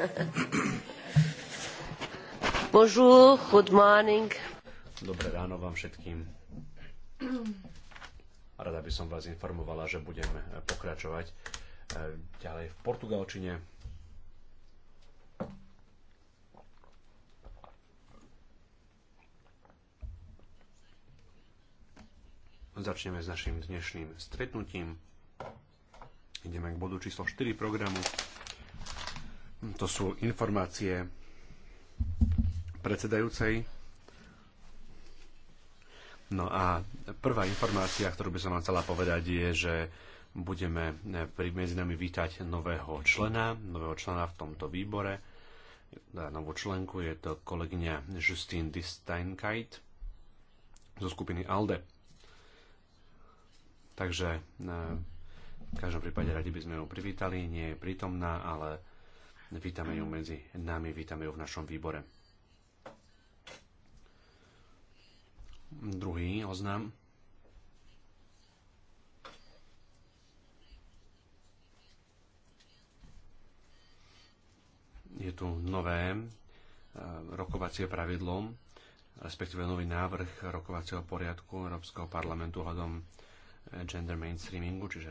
Bonjour, good morning. Dobré ráno vám všetkým. Rada by som vás informovala, že budem pokračovať eh, ďalej v portugalčine. Začneme s našim dnešným stretnutím. Ideme k bodu číslo 4 programu to sú informácie predsedajúcej. No a prvá informácia, ktorú by som vám chcela povedať, je, že budeme medzi nami vítať nového člena, nového člena v tomto výbore. Na novú členku je to kolegyňa Justine Disteinkite zo skupiny ALDE. Takže eh, v každom prípade radi by sme ju privítali, nie je prítomná, ale Vítame ju medzi nami, vítame ju v našom výbore. Druhý oznám. Je tu nové e, rokovacie pravidlo, respektíve nový návrh rokovacieho poriadku Európskeho parlamentu hľadom e, gender mainstreamingu, čiže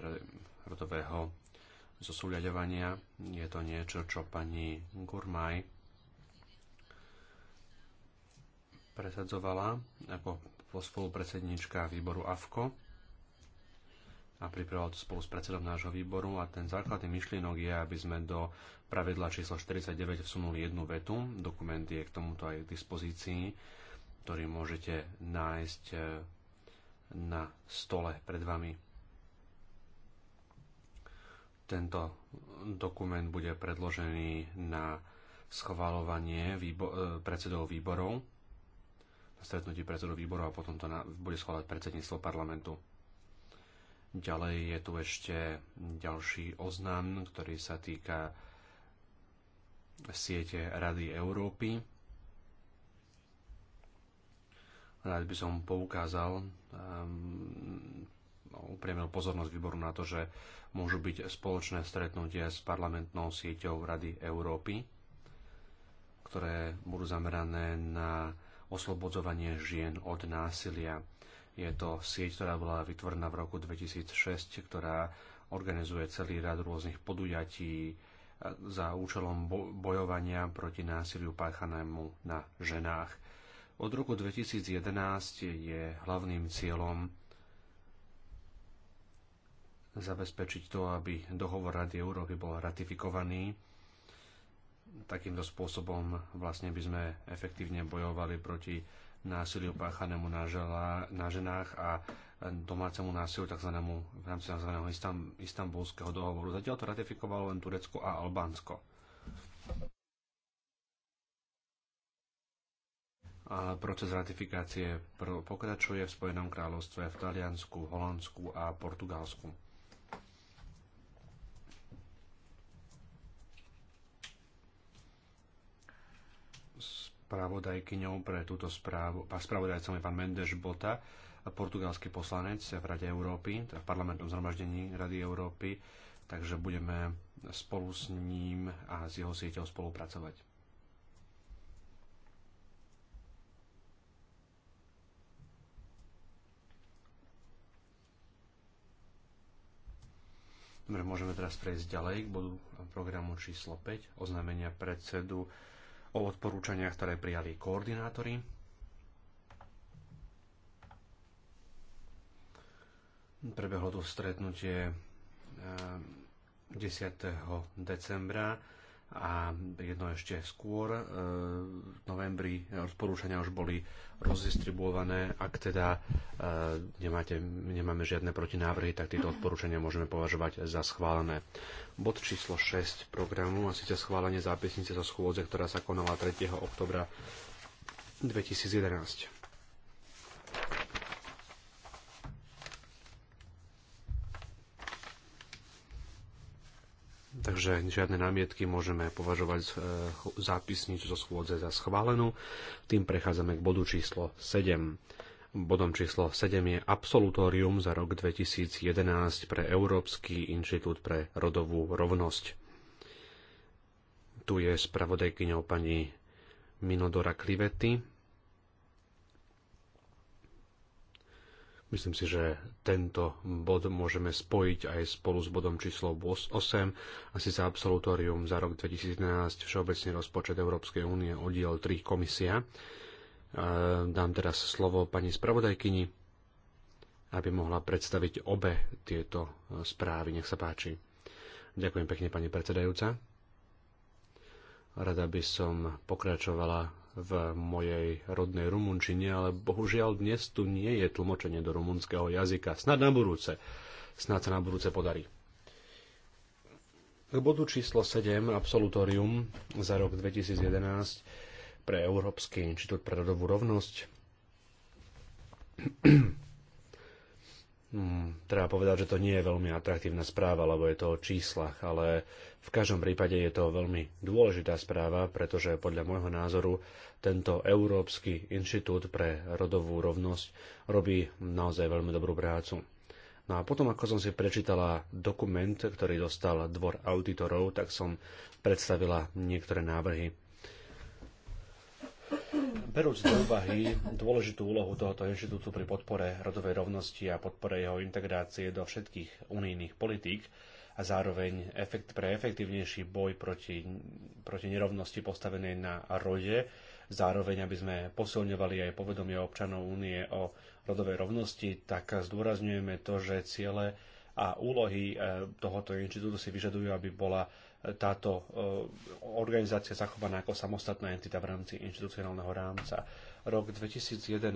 rodového zosúľadovania. Je to niečo, čo pani Gurmaj presadzovala ako spolupredsednička výboru AFKO a pripravila to spolu s predsedom nášho výboru a ten základný myšlienok je, aby sme do pravidla číslo 49 vsunuli jednu vetu. Dokument je k tomuto aj k dispozícii, ktorý môžete nájsť eh, na stole pred vami. Tento dokument bude predložený na schvalovanie výbo- e, predsedov výborov, na stretnutí predsedov výborov a potom to na, bude schváľať predsedníctvo parlamentu. Ďalej je tu ešte ďalší oznam, ktorý sa týka siete Rady Európy. Rád by som poukázal ehm, No, upriemil pozornosť výboru na to, že môžu byť spoločné stretnutie s parlamentnou sieťou Rady Európy, ktoré budú zamerané na oslobodzovanie žien od násilia. Je to sieť, ktorá bola vytvorená v roku 2006, ktorá organizuje celý rad rôznych podujatí e, za účelom bojovania proti násiliu páchanému na ženách. Od roku 2011 je hlavným cieľom zabezpečiť to, aby dohovor Rady Európy bol ratifikovaný. Takýmto spôsobom vlastne by sme efektívne bojovali proti násiliu páchanému na, žela, na ženách a domácemu násiliu tzv. v rámci tzv. istambulského dohovoru. Zatiaľ to ratifikovalo len Turecko a Albánsko. ale proces ratifikácie pokračuje v Spojenom kráľovstve, v Taliansku, Holandsku a Portugalsku. spravodajkyňou pre túto správu, a spravodajcom je pán Mendes Bota, portugalský poslanec v Rade Európy, teda v parlamentnom zhromaždení Rady Európy, takže budeme spolu s ním a s jeho sieťou spolupracovať. Dobre, môžeme teraz prejsť ďalej k bodu programu číslo 5, oznámenia predsedu o odporúčaniach, ktoré prijali koordinátori. Prebehlo tu stretnutie 10. Eh, decembra a jedno ešte skôr eh, v novembri odporúčania už boli rozdistribuované. Ak teda eh, nemáte, nemáme žiadne protinávrhy, tak tieto odporúčania môžeme považovať za schválené bod číslo 6 programu a síce schválenie zápisnice zo schôdze, ktorá sa konala 3. oktobra 2011. Takže žiadne námietky môžeme považovať eh, zápisnicu zo schôdze za schválenú. Tým prechádzame k bodu číslo 7 Bodom číslo 7 je absolutórium za rok 2011 pre Európsky inštitút pre rodovú rovnosť. Tu je spravodajkyňou pani Minodora Klivety. Myslím si, že tento bod môžeme spojiť aj spolu s bodom číslo 8, asi za absolutórium za rok 2011 Všeobecný rozpočet Európskej únie oddiel 3 komisia. Dám teraz slovo pani spravodajkyni, aby mohla predstaviť obe tieto e, správy. Nech sa páči. Ďakujem pekne, pani predsedajúca. Rada by som pokračovala v mojej rodnej rumunčine, ale bohužiaľ dnes tu nie je tlmočenie do rumunského jazyka. Snad na budúce. Snad sa na budúce podarí. K bodu číslo 7, absolutorium za rok 2011, pre Európsky inštitút pre rodovú rovnosť. Hmm, treba povedať, že to nie je veľmi atraktívna správa, lebo je to o číslach, ale v každom prípade je to veľmi dôležitá správa, pretože podľa môjho názoru tento Európsky inštitút pre rodovú rovnosť robí naozaj veľmi dobrú prácu. No a potom, ako som si prečítala dokument, ktorý dostal dvor auditorov, tak som predstavila niektoré návrhy berúc do úvahy dôležitú úlohu tohoto inštitútu pri podpore rodovej rovnosti a podpore jeho integrácie do všetkých unijných politík a zároveň efekt pre efektívnejší boj proti, proti nerovnosti postavenej na rode, zároveň aby sme posilňovali aj povedomie občanov únie o rodovej rovnosti, tak zdôrazňujeme to, že ciele a úlohy eh, tohoto inštitútu si vyžadujú, aby bola táto eh, organizácia zachovaná ako samostatná entita v rámci inštitucionálneho rámca. Rok 2011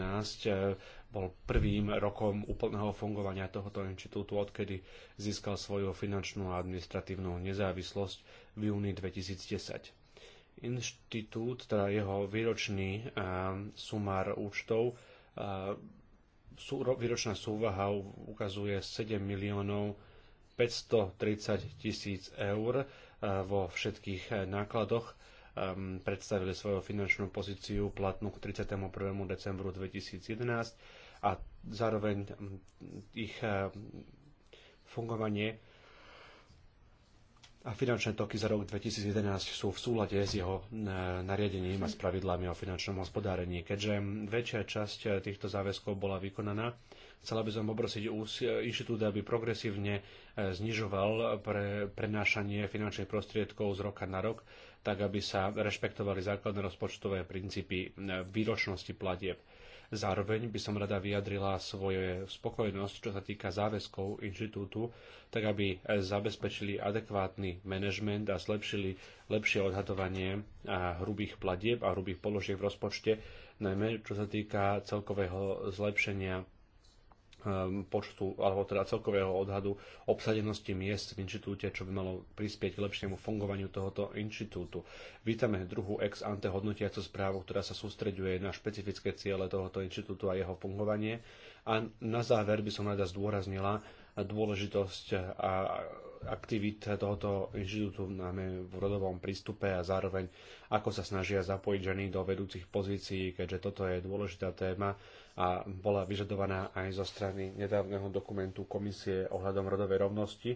eh, bol prvým rokom úplného fungovania tohoto inštitútu, odkedy získal svoju finančnú a administratívnu nezávislosť v júni 2010. Inštitút, teda jeho výročný eh, sumár účtov, výročná súvaha ukazuje 7 miliónov 530 tisíc eur vo všetkých e, nákladoch ehm, predstavili svoju finančnú pozíciu platnú k 31. decembru 2011 a zároveň ich e, fungovanie a finančné toky za rok 2011 sú v súlade s jeho e, nariadením a s pravidlami o finančnom hospodárení. Keďže väčšia časť týchto záväzkov bola vykonaná, Chcela by som poprosiť inštitút, aby progresívne e, znižoval pre prenášanie finančných prostriedkov z roka na rok, tak aby sa rešpektovali základné rozpočtové princípy e, výročnosti platieb. Zároveň by som rada vyjadrila svoje spokojnosť, čo sa týka záväzkov inštitútu, tak aby e, zabezpečili adekvátny manažment a zlepšili lepšie odhadovanie hrubých platieb a hrubých položiek v rozpočte, najmä čo sa týka celkového zlepšenia Ehm, počtu, alebo teda celkového odhadu obsadenosti miest v inštitúte, čo by malo prispieť k lepšiemu fungovaniu tohoto inštitútu. Vítame druhú ex ante hodnotiacu správu, ktorá sa sústreďuje na špecifické ciele tohoto inštitútu a jeho fungovanie. A na záver by som rada zdôraznila dôležitosť a aktivít tohoto inštitútu máme v rodovom prístupe a zároveň ako sa snažia zapojiť ženy do vedúcich pozícií, keďže toto je dôležitá téma a bola vyžadovaná aj zo strany nedávneho dokumentu Komisie ohľadom rodovej rovnosti.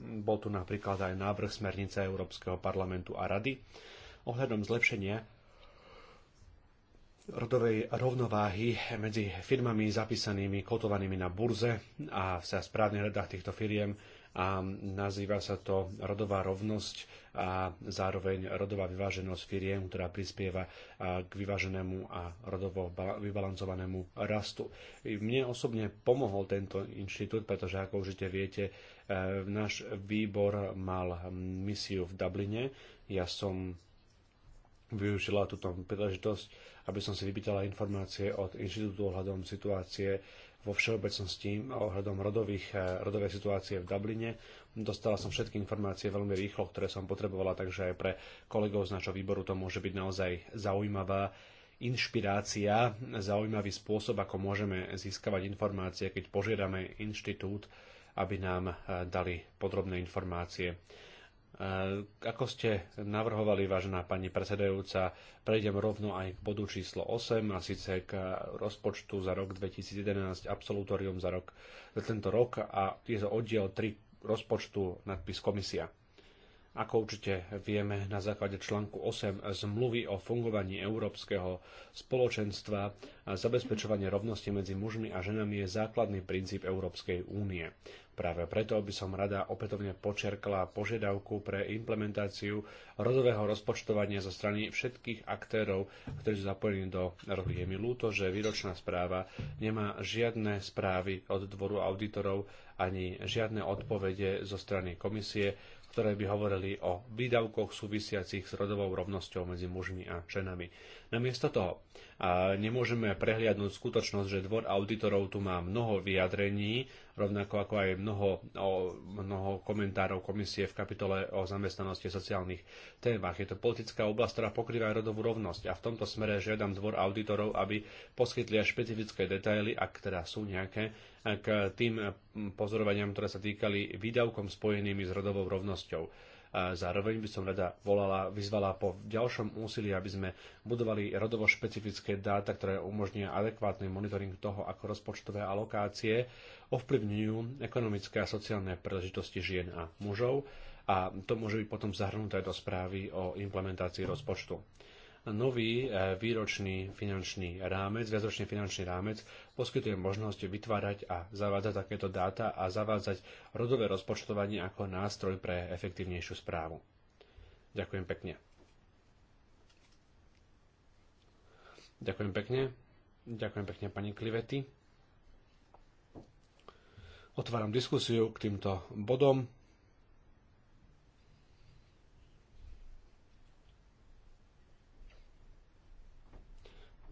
Bol tu napríklad aj návrh smernice Európskeho parlamentu a rady ohľadom zlepšenia rodovej rovnováhy medzi firmami zapísanými, kotovanými na burze a sa správnych radách týchto firiem a nazýva sa to rodová rovnosť a zároveň rodová vyváženosť firiem, ktorá prispieva k vyváženému a rodovo vybalancovanému rastu. Mne osobne pomohol tento inštitút, pretože ako určite viete, e, náš výbor mal misiu v Dubline. Ja som využila túto príležitosť, aby som si vypýtala informácie od inštitútu ohľadom situácie vo všeobecnosti ohľadom rodových, eh, rodovej situácie v Dubline. Dostala som všetky informácie veľmi rýchlo, ktoré som potrebovala, takže aj pre kolegov z našho výboru to môže byť naozaj zaujímavá inšpirácia, zaujímavý spôsob, ako môžeme získavať informácie, keď požiadame inštitút, aby nám eh, dali podrobné informácie. E, ako ste navrhovali, vážená pani predsedajúca, prejdem rovno aj k bodu číslo 8, a síce k rozpočtu za rok 2011, absolutorium za, rok, za tento rok a je to oddiel 3 rozpočtu nadpis komisia. Ako určite vieme, na základe článku 8 zmluvy o fungovaní Európskeho spoločenstva a zabezpečovanie rovnosti medzi mužmi a ženami je základný princíp Európskej únie. Práve preto by som rada opätovne počerkla požiadavku pre implementáciu rodového rozpočtovania zo strany všetkých aktérov, ktorí sú zapojení do rohu. Je mi ľúto, že výročná správa nemá žiadne správy od dvoru auditorov ani žiadne odpovede zo strany komisie, ktoré by hovorili o výdavkoch súvisiacich s rodovou rovnosťou medzi mužmi a ženami. Namiesto toho a nemôžeme prehliadnúť skutočnosť, že dvor auditorov tu má mnoho vyjadrení, rovnako ako aj mnoho, o, mnoho komentárov komisie v kapitole o zamestnanosti a sociálnych témach. Je to politická oblasť, ktorá pokrýva aj rodovú rovnosť a v tomto smere žiadam dvor auditorov, aby poskytli aj špecifické detaily, ak teda sú nejaké, k tým pozorovaniam, ktoré sa týkali výdavkom spojenými s rodovou rovnosťou. A zároveň by som rada volala, vyzvala po ďalšom úsilí, aby sme budovali rodovo špecifické dáta, ktoré umožnia adekvátny monitoring toho, ako rozpočtové alokácie ovplyvňujú ekonomické a sociálne príležitosti žien a mužov a to môže byť potom zahrnuté do správy o implementácii rozpočtu nový eh, výročný finančný rámec, viacročný finančný rámec poskytuje možnosť vytvárať a zavádzať takéto dáta a zavádzať rodové rozpočtovanie ako nástroj pre efektívnejšiu správu. Ďakujem pekne. Ďakujem pekne. Ďakujem pekne pani Klivety. Otváram diskusiu k týmto bodom.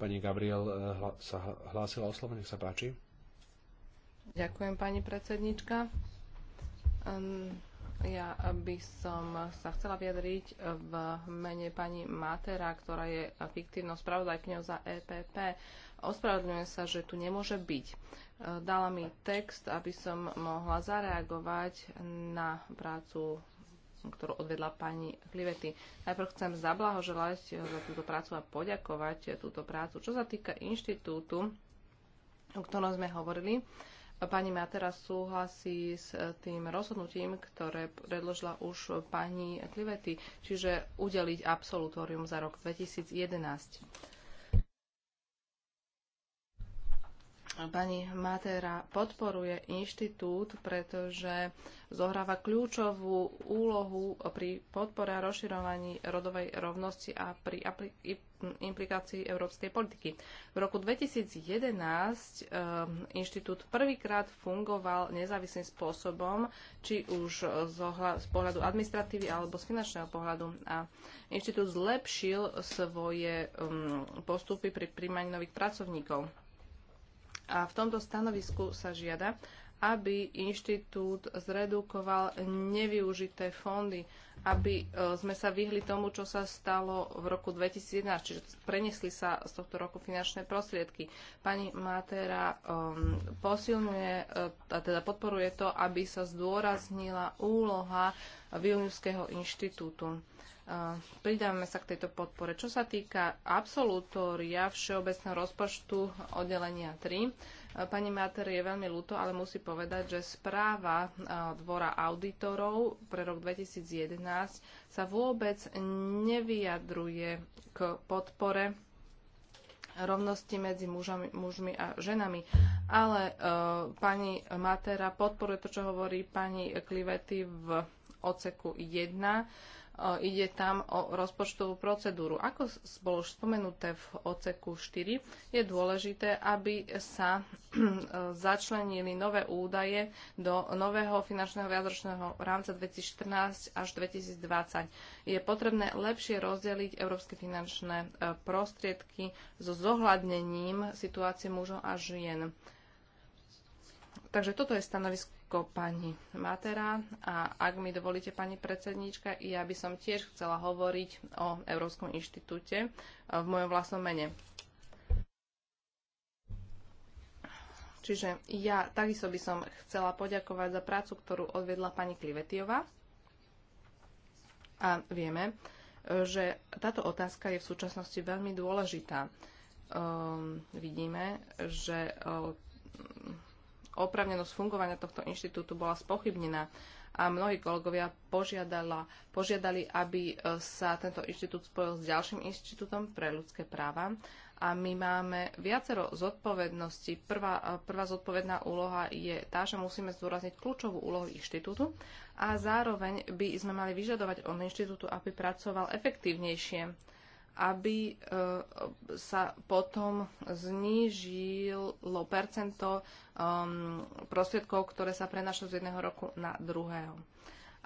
Pani Gabriel eh, sa hlásila o slovo, nech sa páči. Ďakujem, pani predsednička. ja by som sa chcela vyjadriť v mene pani Matera, ktorá je fiktívnou spravodajkňou za EPP. Ospravedlňujem sa, že tu nemôže byť. Eh, dala mi text, aby som mohla zareagovať na prácu ktorú odvedla pani Klivety. Najprv chcem zablahoželať eh, za túto prácu a poďakovať eh, túto prácu. Čo sa týka inštitútu, o ktorom sme hovorili, Pani Matera súhlasí s eh, tým rozhodnutím, ktoré predložila už pani Klivety, čiže udeliť absolutórium za rok 2011. Pani Matera podporuje inštitút, pretože zohráva kľúčovú úlohu pri podpore a rozširovaní rodovej rovnosti a pri implikácii európskej politiky. V roku 2011 um, ehm, inštitút prvýkrát fungoval nezávislým spôsobom, či už z, z pohľadu administratívy alebo z finančného pohľadu. A inštitút zlepšil svoje um, postupy pri príjmaní nových pracovníkov a v tomto stanovisku sa žiada, aby inštitút zredukoval nevyužité fondy, aby e, sme sa vyhli tomu, čo sa stalo v roku 2011, čiže prenesli sa z tohto roku finančné prostriedky. Pani Matera um, posilňuje, e, a teda podporuje to, aby sa zdôraznila úloha Vilniuského inštitútu. Eh, pridávame sa k tejto podpore. Čo sa týka absolutória všeobecného rozpočtu oddelenia 3, eh, pani Mater je veľmi ľúto, ale musí povedať, že správa eh, Dvora auditorov pre rok 2011 sa vôbec nevyjadruje k podpore rovnosti medzi mužami, mužmi a ženami. Ale e, pani Matera podporuje to, čo hovorí pani Klivety v oceku 1 ide tam o rozpočtovú procedúru. Ako bolo už spomenuté v oceku 4, je dôležité, aby sa e, začlenili nové údaje do nového finančného viacročného rámca 2014 až 2020. Je potrebné lepšie rozdeliť európske finančné e, prostriedky so zohľadnením situácie mužov a žien. Takže toto je stanovisko stanovisko pani Matera a ak mi dovolíte, pani predsedníčka, ja by som tiež chcela hovoriť o Európskom inštitúte v mojom vlastnom mene. Čiže ja takisto by som chcela poďakovať za prácu, ktorú odvedla pani Klivetiová. A vieme, že táto otázka je v súčasnosti veľmi dôležitá. Um, vidíme, že um, oprávnenosť fungovania tohto inštitútu bola spochybnená a mnohí kolegovia požiadala, požiadali, aby e, sa tento inštitút spojil s ďalším inštitútom pre ľudské práva. A my máme viacero zodpovedností. Prvá, e, prvá zodpovedná úloha je tá, že musíme zdôrazniť kľúčovú úlohu inštitútu a zároveň by sme mali vyžadovať od inštitútu, aby pracoval efektívnejšie aby e, sa potom znížilo percento um, prostriedkov, ktoré sa prenašajú z jedného roku na druhého.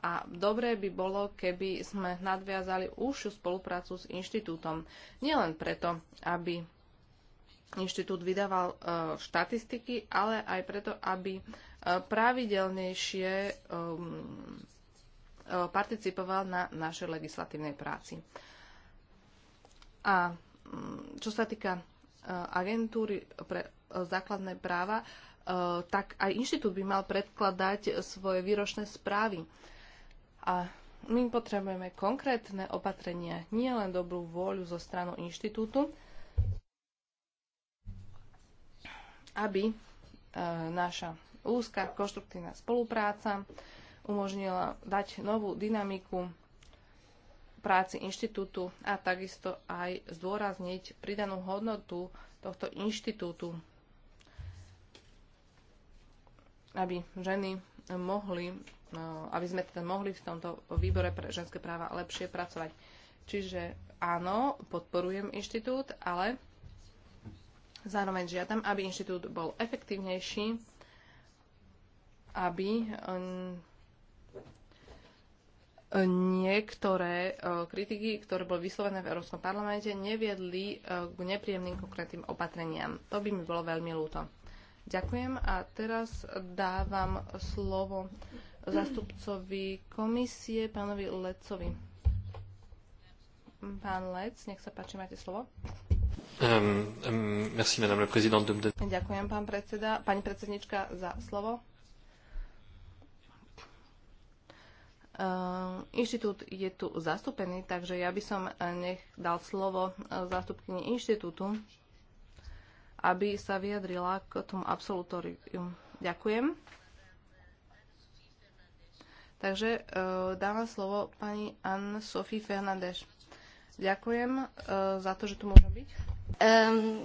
A dobré by bolo, keby sme nadviazali užšiu spoluprácu s inštitútom. Nielen preto, aby inštitút vydával e, štatistiky, ale aj preto, aby e, pravidelnejšie um, participoval na našej legislatívnej práci. A mm, čo sa týka e, agentúry pre e, základné práva, e, tak aj inštitút by mal predkladať svoje výročné správy. A my potrebujeme konkrétne opatrenia, nie len dobrú vôľu zo stranu inštitútu, aby naša úzka konštruktívna spolupráca umožnila dať novú dynamiku práci inštitútu a takisto aj zdôrazniť pridanú hodnotu tohto inštitútu, aby ženy mohli, no, aby sme teda mohli v tomto výbore pre ženské práva lepšie pracovať. Čiže áno, podporujem inštitút, ale zároveň žiadam, aby inštitút bol efektívnejší, aby niektoré e, kritiky, ktoré boli vyslovené v Európskom parlamente, neviedli e, k nepríjemným konkrétnym opatreniam. To by mi bolo veľmi ľúto. Ďakujem a teraz dávam slovo zastupcovi komisie, pánovi Lecovi. Pán Lec, nech sa páči, máte slovo. Um, um, merci, madame la présidente. Ďakujem, pán predseda, pani predsednička, za slovo. Ehm, inštitút je tu zastúpený, takže ja by som eh, nech dal slovo eh, zástupkyni inštitútu, aby sa vyjadrila k tomu absolutóriu. Ďakujem. Takže eh, dávam slovo pani Anne-Sophie Fernández. Ďakujem za to, že tu môžem byť. Um,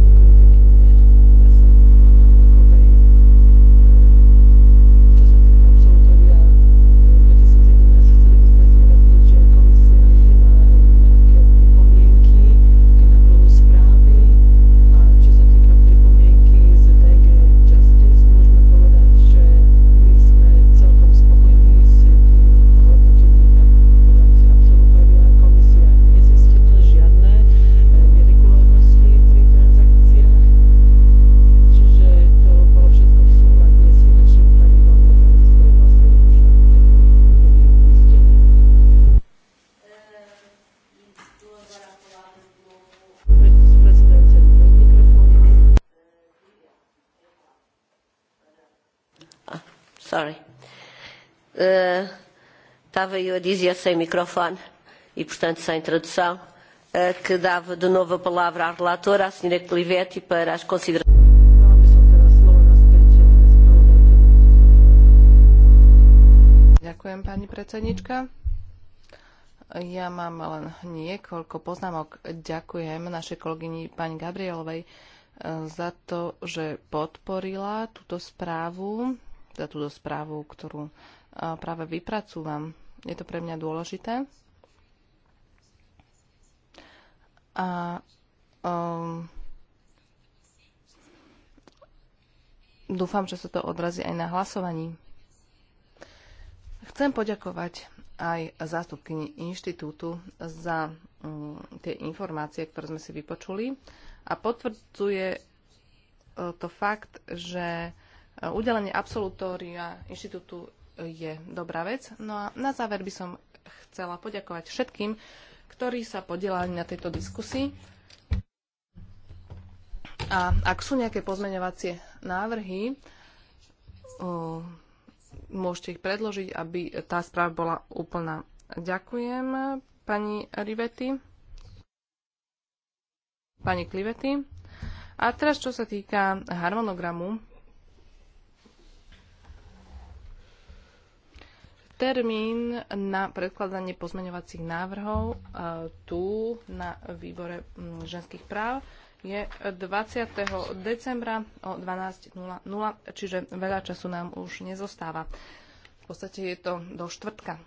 sorry. Uh, estava eu a dizer sem microfone e, portanto, sem tradução, uh, que dava de novo a palavra à relatora, à senhora Clivetti, para as considerações. Ďakujem, pani predsednička. Ja mám len niekoľko poznámok. Ďakujem našej kolegyni pani Gabrielovej e, za to, že podporila túto správu za túto správu, ktorú práve vypracúvam. Je to pre mňa dôležité. A um, dúfam, že sa to odrazí aj na hlasovaní. Chcem poďakovať aj zástupkyni inštitútu za um, tie informácie, ktoré sme si vypočuli a potvrdzuje uh, to fakt, že Eh, udelenie absolutória inštitútu eh, je dobrá vec. No a na záver by som chcela poďakovať všetkým, ktorí sa podielali na tejto diskusii. A ak sú nejaké pozmeňovacie návrhy, eh, môžete ich predložiť, aby tá správa bola úplná. Ďakujem pani Rivety, pani Klivety. A teraz, čo sa týka harmonogramu, Termín na predkladanie pozmeňovacích návrhov e, tu na výbore ženských práv je 20. decembra o 12.00, čiže veľa času nám už nezostáva. V podstate je to do štvrtka.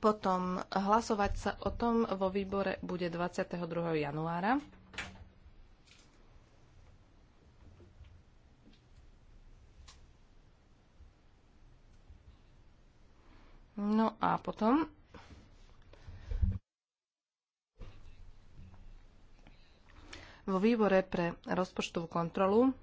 Potom hlasovať sa o tom vo výbore bude 22. januára No a potom vo výbore pre rozpočtovú kontrolu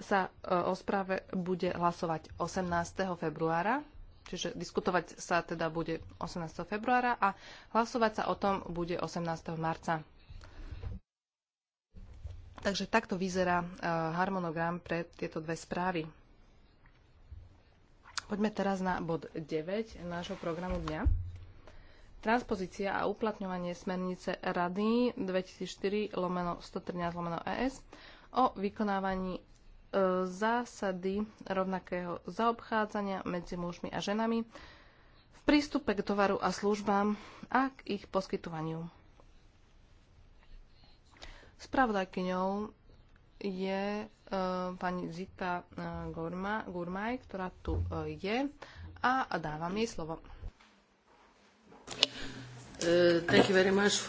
sa e, o správe bude hlasovať 18. februára, čiže diskutovať sa teda bude 18. februára a hlasovať sa o tom bude 18. marca. Takže takto vyzerá e, harmonogram pre tieto dve správy. Poďme teraz na bod 9 nášho programu dňa. Transpozícia a uplatňovanie smernice Rady 2004 lomeno 113 lomeno ES o vykonávaní e, zásady rovnakého zaobchádzania medzi mužmi a ženami v prístupe k tovaru a službám a k ich poskytovaniu. Spravodajkyňou je e, pani Zipa e, Gurmaj, ktorá tu e, je a dávam jej slovo. Uh, thank you very much.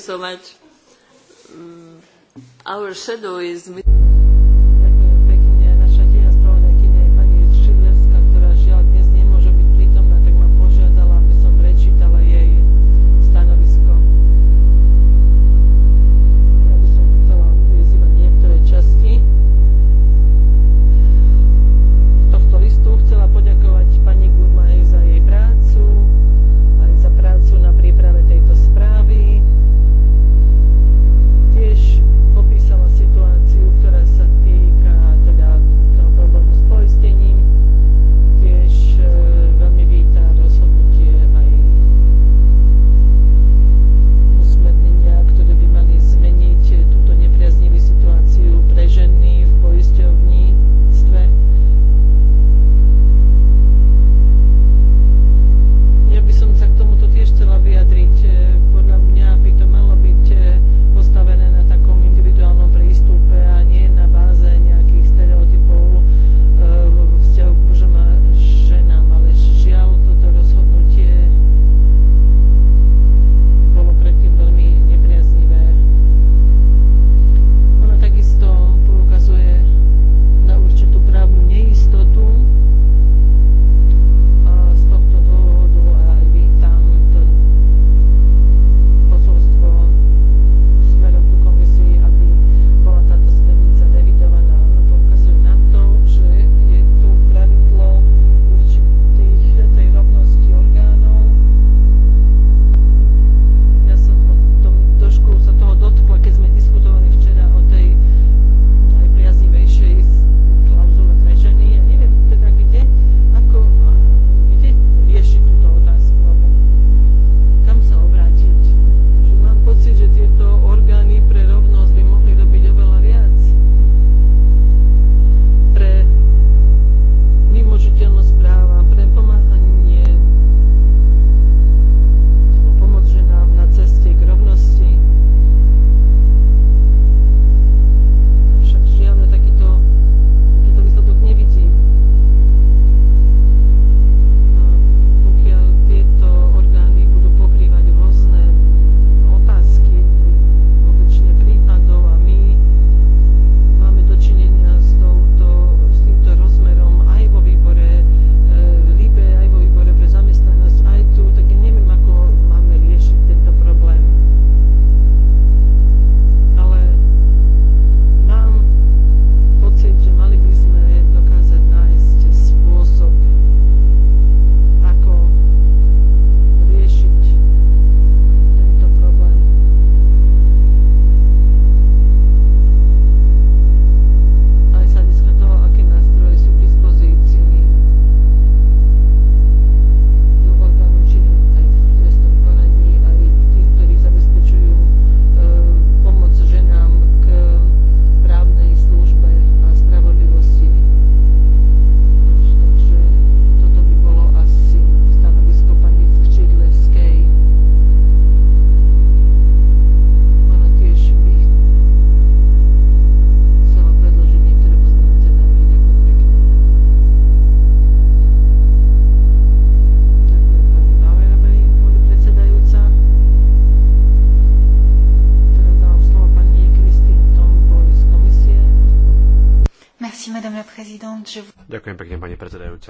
so much. Um, our shadow is...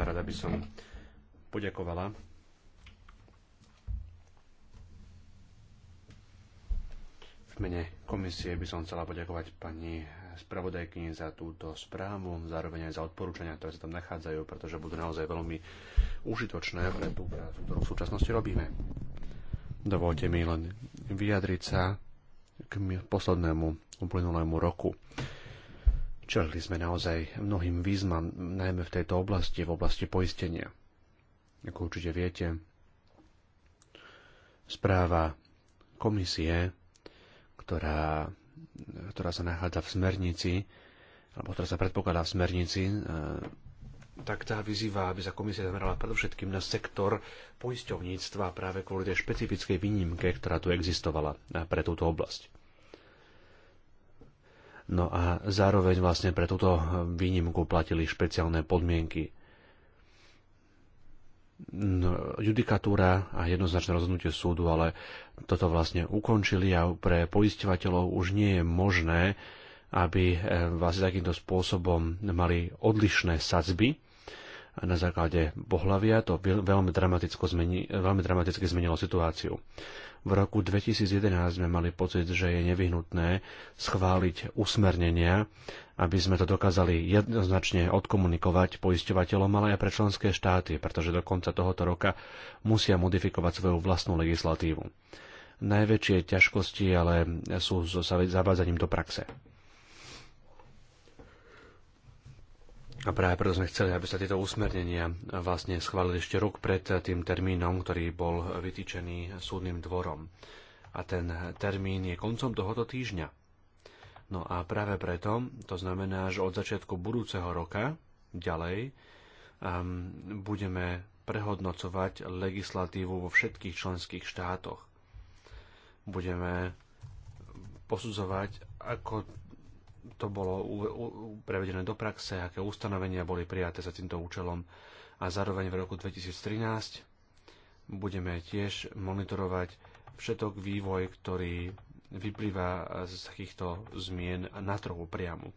sa rada by som poďakovala V mene komisie by som chcela poďakovať pani spravodajkyni za túto správu, zároveň aj za odporúčania, ktoré sa tam nachádzajú, pretože budú naozaj veľmi užitočné pre tú prácu, ktorú v súčasnosti robíme. Dovolte mi len vyjadriť sa k poslednému uplynulému roku. Čelili sme naozaj mnohým výzvam, najmä v tejto oblasti, v oblasti poistenia. Ako určite viete, správa komisie, ktorá, ktorá sa nachádza v smernici, alebo ktorá sa predpokladá v smernici, e, tak tá vyzýva, aby sa komisia zamerala predovšetkým na sektor poisťovníctva práve kvôli tej špecifickej výnimke, ktorá tu existovala e, pre túto oblasť. No a zároveň vlastne pre túto výnimku platili špeciálne podmienky. No, judikatúra a jednoznačné rozhodnutie súdu, ale toto vlastne ukončili a pre poisťovateľov už nie je možné, aby eh, vlastne takýmto spôsobom mali odlišné sadzby, na základe pohľavia, to veľmi, dramaticko zmeni, veľmi dramaticky zmenilo situáciu. V roku 2011 sme mali pocit, že je nevyhnutné schváliť usmernenia, aby sme to dokázali jednoznačne odkomunikovať poisťovateľom, ale aj pre členské štáty, pretože do konca tohoto roka musia modifikovať svoju vlastnú legislatívu. Najväčšie ťažkosti ale sú so zavádzaním do praxe. A práve preto sme chceli, aby sa tieto usmernenia vlastne schválili ešte rok pred tým termínom, ktorý bol vytýčený súdnym dvorom. A ten termín je koncom tohoto týždňa. No a práve preto, to znamená, že od začiatku budúceho roka ďalej um, budeme prehodnocovať legislatívu vo všetkých členských štátoch. Budeme posudzovať, ako to bolo prevedené do praxe, aké ustanovenia boli prijaté za týmto účelom a zároveň v roku 2013 budeme tiež monitorovať všetok vývoj, ktorý vyplýva z takýchto zmien na trhu priamu.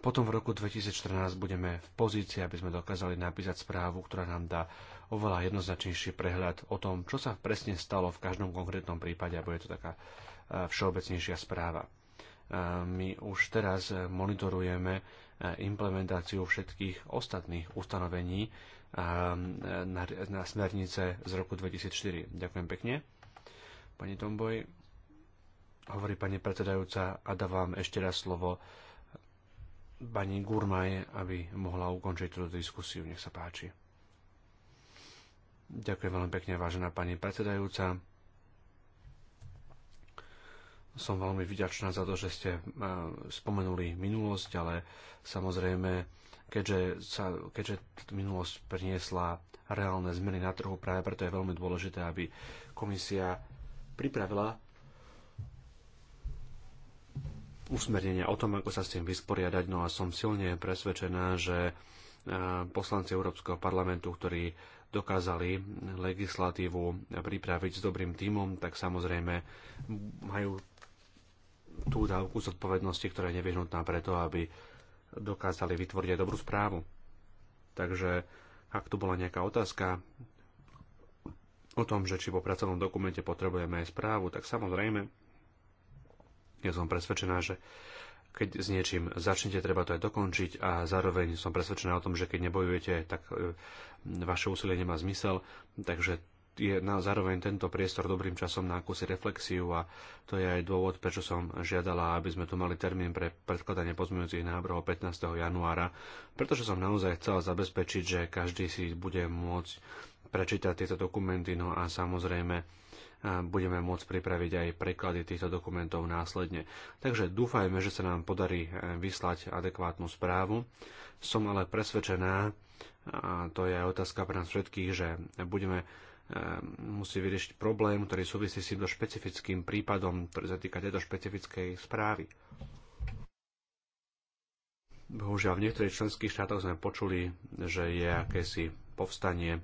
Potom v roku 2014 budeme v pozícii, aby sme dokázali napísať správu, ktorá nám dá oveľa jednoznačnejší prehľad o tom, čo sa presne stalo v každom konkrétnom prípade a bude to taká eh, všeobecnejšia správa my už teraz monitorujeme e, implementáciu všetkých ostatných ustanovení e, na smernice z roku 2004. Ďakujem pekne. Pani Tomboj, hovorí pani predsedajúca a dávam ešte raz slovo pani Gurmaj, aby mohla ukončiť túto diskusiu. Nech sa páči. Ďakujem veľmi pekne, vážená pani predsedajúca som veľmi vďačná za to, že ste e, spomenuli minulosť, ale samozrejme, keďže, sa, keďže minulosť priniesla reálne zmeny na trhu, práve preto je veľmi dôležité, aby komisia pripravila usmernenia o tom, ako sa s tým vysporiadať. No a som silne presvedčená, že e, poslanci Európskeho parlamentu, ktorí dokázali legislatívu pripraviť s dobrým tímom, tak samozrejme majú tú dávku zodpovednosti, ktorá je nevyhnutná preto, aby dokázali vytvoriť aj dobrú správu. Takže ak tu bola nejaká otázka o tom, že či po pracovnom dokumente potrebujeme aj správu, tak samozrejme, ja som presvedčená, že keď s niečím začnete, treba to aj dokončiť a zároveň som presvedčená o tom, že keď nebojujete, tak e, vaše úsilie nemá zmysel, takže je na zároveň tento priestor dobrým časom na akúsi reflexiu a to je aj dôvod, prečo som žiadala, aby sme tu mali termín pre predkladanie pozmeňujúcich návrhov 15. januára, pretože som naozaj chcela zabezpečiť, že každý si bude môcť prečítať tieto dokumenty, no a samozrejme budeme môcť pripraviť aj preklady týchto dokumentov následne. Takže dúfajme, že sa nám podarí e, vyslať adekvátnu správu. Som ale presvedčená, a to je aj otázka pre nás všetkých, že budeme Ehm, musí vyriešiť problém, ktorý súvisí s týmto špecifickým prípadom, ktorý sa týka tejto špecifickej správy. Bohužiaľ, v niektorých členských štátoch sme počuli, že je akési povstanie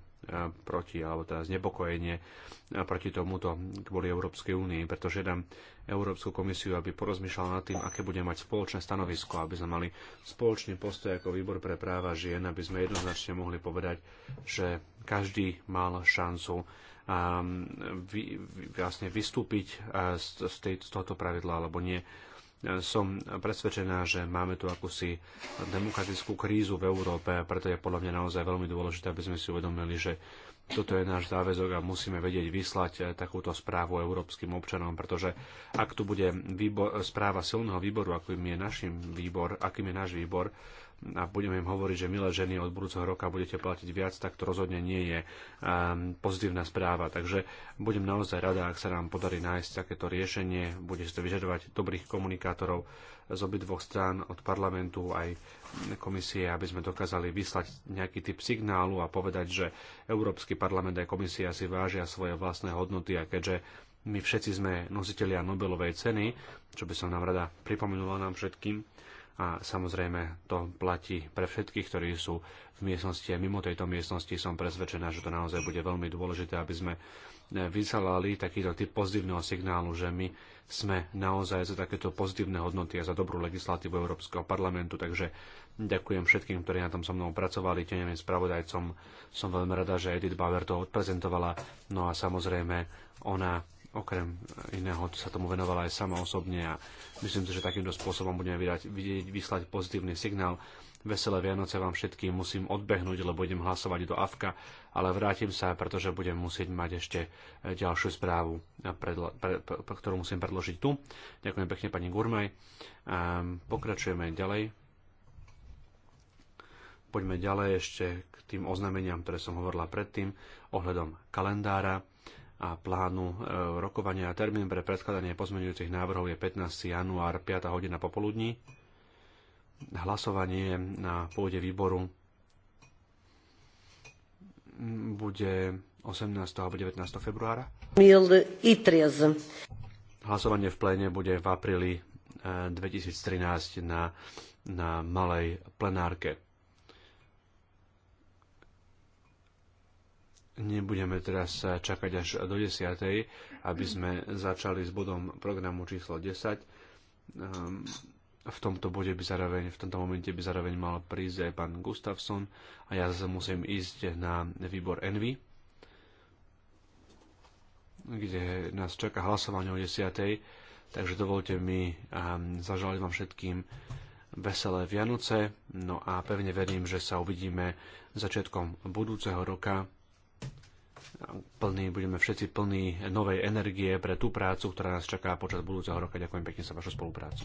proti, alebo teda znepokojenie proti tomuto kvôli Európskej únii, pretože dám Európsku komisiu, aby porozmýšľala nad tým, aké bude mať spoločné stanovisko, aby sme mali spoločný postoj ako výbor pre práva žien, aby sme jednoznačne mohli povedať, že každý mal šancu um, vy, vlastne vystúpiť uh, z, z, tej, z tohto pravidla alebo nie som presvedčená, že máme tu akúsi demokratickú krízu v Európe a preto je podľa mňa naozaj veľmi dôležité, aby sme si uvedomili, že toto je náš záväzok a musíme vedieť vyslať eh, takúto správu európskym občanom, pretože ak tu bude výbor, správa silného výboru, akým je, našim výbor, akým je náš výbor, a budeme im hovoriť, že milé ženy od budúceho roka budete platiť viac, tak to rozhodne nie je ehm, pozitívna správa. Takže budem naozaj rada, ak sa nám podarí nájsť takéto riešenie. Bude si to vyžadovať dobrých komunikátorov z obidvoch strán, od parlamentu aj komisie, aby sme dokázali vyslať nejaký typ signálu a povedať, že Európsky parlament aj komisia si vážia svoje vlastné hodnoty a keďže my všetci sme nositelia Nobelovej ceny, čo by som nám rada pripomenula nám všetkým, a samozrejme to platí pre všetkých, ktorí sú v miestnosti a mimo tejto miestnosti. Som presvedčená, že to naozaj bude veľmi dôležité, aby sme e, vysalali takýto typ pozitívneho signálu, že my sme naozaj za takéto pozitívne hodnoty a za dobrú legislatívu Európskeho parlamentu. Takže ďakujem všetkým, ktorí na tom so mnou pracovali, teneným spravodajcom. Som veľmi rada, že Edith Bauer to odprezentovala. No a samozrejme, ona okrem iného sa tomu venovala aj sama osobne a myslím si, že takýmto spôsobom budeme vydať, vidieť, vyslať pozitívny signál. Veselé Vianoce vám všetkým musím odbehnúť, lebo idem hlasovať do AFKA, ale vrátim sa, pretože budem musieť mať ešte eh, ďalšiu správu, eh, predla, pre, pre, pre, ktorú musím predložiť tu. Ďakujem pekne pani Gurmaj. Um, pokračujeme ďalej. Poďme ďalej ešte k tým oznameniam, ktoré som hovorila predtým, ohľadom kalendára a plánu e, rokovania a termín pre predkladanie pozmeňujúcich návrhov je 15. január 5. hodina popoludní. Hlasovanie na pôde výboru bude 18. alebo 19. februára. Hlasovanie v pléne bude v apríli 2013 e, na, na malej plenárke. Nebudeme teraz čakať až do 10. aby sme začali s bodom programu číslo 10. Ehm, v tomto bode by zároveň, v tomto momente by zároveň mal prísť aj pán Gustafsson a ja zase musím ísť na výbor Envy, kde nás čaká hlasovanie o 10. Takže dovolte mi ehm, zaželať vám všetkým veselé Vianoce, no a pevne verím, že sa uvidíme začiatkom budúceho roka plný, budeme všetci plní novej energie pre tú prácu, ktorá nás čaká počas budúceho roka. Ďakujem pekne za vašu spoluprácu.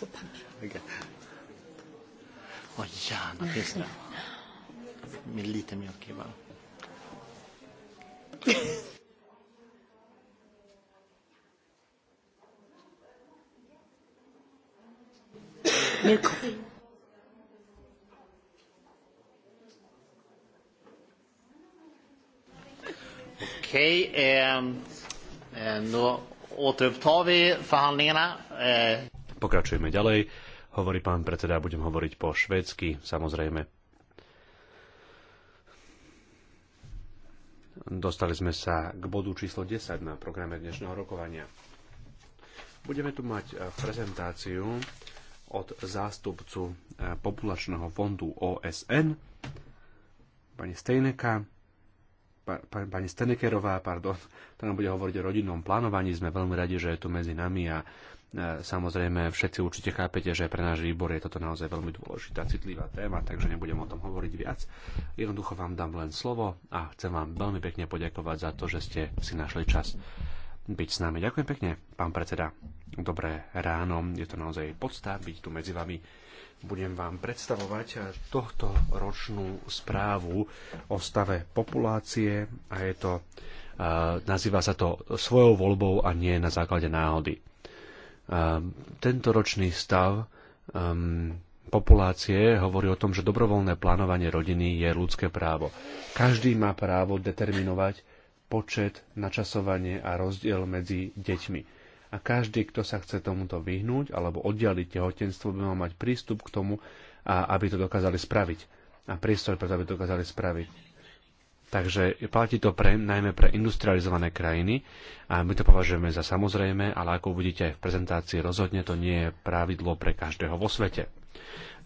so punchy. lite mjölk Okej, eh, då återupptar vi förhandlingarna. Eh. Pokračujeme ďalej. Hovorí pán predseda, budem hovoriť po švédsky, samozrejme. Dostali sme sa k bodu číslo 10 na programe dnešného rokovania. Budeme tu mať eh, prezentáciu od zástupcu eh, Populačného fondu OSN, pani Stejneka, pani Stenekerová, pardon, ktorá bude hovoriť o rodinnom plánovaní. Sme veľmi radi, že je tu medzi nami a e, samozrejme všetci určite chápete, že pre náš výbor je toto naozaj veľmi dôležitá, citlivá téma, takže nebudem o tom hovoriť viac. Jednoducho vám dám len slovo a chcem vám veľmi pekne poďakovať za to, že ste si našli čas byť s nami. Ďakujem pekne, pán predseda. Dobré ráno, je to naozaj podsta byť tu medzi vami budem vám predstavovať tohto ročnú správu o stave populácie a je to, nazýva sa to svojou voľbou a nie na základe náhody. Tento ročný stav populácie hovorí o tom, že dobrovoľné plánovanie rodiny je ľudské právo. Každý má právo determinovať počet, načasovanie a rozdiel medzi deťmi a každý, kto sa chce tomuto vyhnúť alebo oddialiť tehotenstvo, by mal mať prístup k tomu, a aby to dokázali spraviť. A priestor preto, aby to dokázali spraviť. Takže platí to pre, najmä pre industrializované krajiny a my to považujeme za samozrejme, ale ako uvidíte aj v prezentácii, rozhodne to nie je pravidlo pre každého vo svete.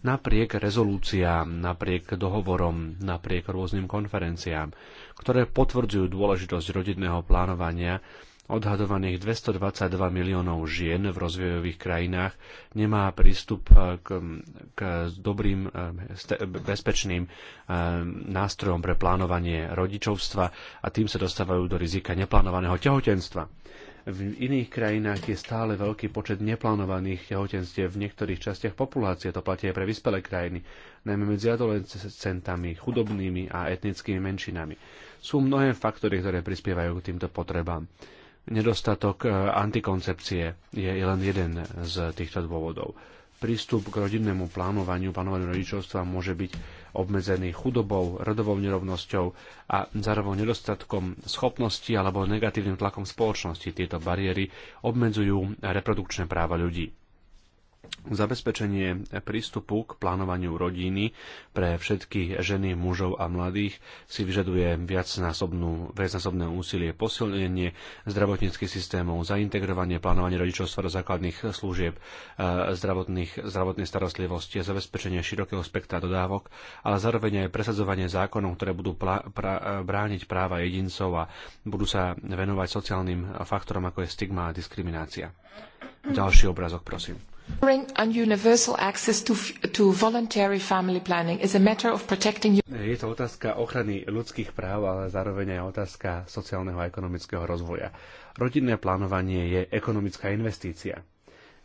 Napriek rezolúciám, napriek dohovorom, napriek rôznym konferenciám, ktoré potvrdzujú dôležitosť rodinného plánovania, odhadovaných 222 miliónov žien v rozvojových krajinách nemá prístup eh, k, k dobrým, eh, bezpečným eh, nástrojom pre plánovanie rodičovstva a tým sa dostávajú do rizika neplánovaného tehotenstva. V iných krajinách je stále veľký počet neplánovaných tehotenstiev v niektorých častiach populácie, to platí aj pre vyspelé krajiny, najmä medzi adolescentami, chudobnými a etnickými menšinami. Sú mnohé faktory, ktoré prispievajú k týmto potrebám nedostatok e, antikoncepcie je len jeden z týchto dôvodov. Prístup k rodinnému plánovaniu, plánovaniu rodičovstva môže byť obmedzený chudobou, rodovou nerovnosťou a zároveň nedostatkom schopnosti alebo negatívnym tlakom spoločnosti. Tieto bariéry obmedzujú reprodukčné práva ľudí. Zabezpečenie prístupu k plánovaniu rodiny pre všetky ženy, mužov a mladých si vyžaduje viacnásobné úsilie, posilnenie zdravotníckých systémov, zaintegrovanie plánovanie rodičovstva do základných služieb e, zdravotných, zdravotnej starostlivosti a zabezpečenie širokého spektra dodávok, ale zároveň aj presadzovanie zákonov, ktoré budú plá, pra, e, brániť práva jedincov a budú sa venovať sociálnym faktorom, ako je stigma a diskriminácia. Ďalší obrázok, prosím. Je to otázka ochrany ľudských práv, ale zároveň aj otázka sociálneho a ekonomického rozvoja. Rodinné plánovanie je ekonomická investícia.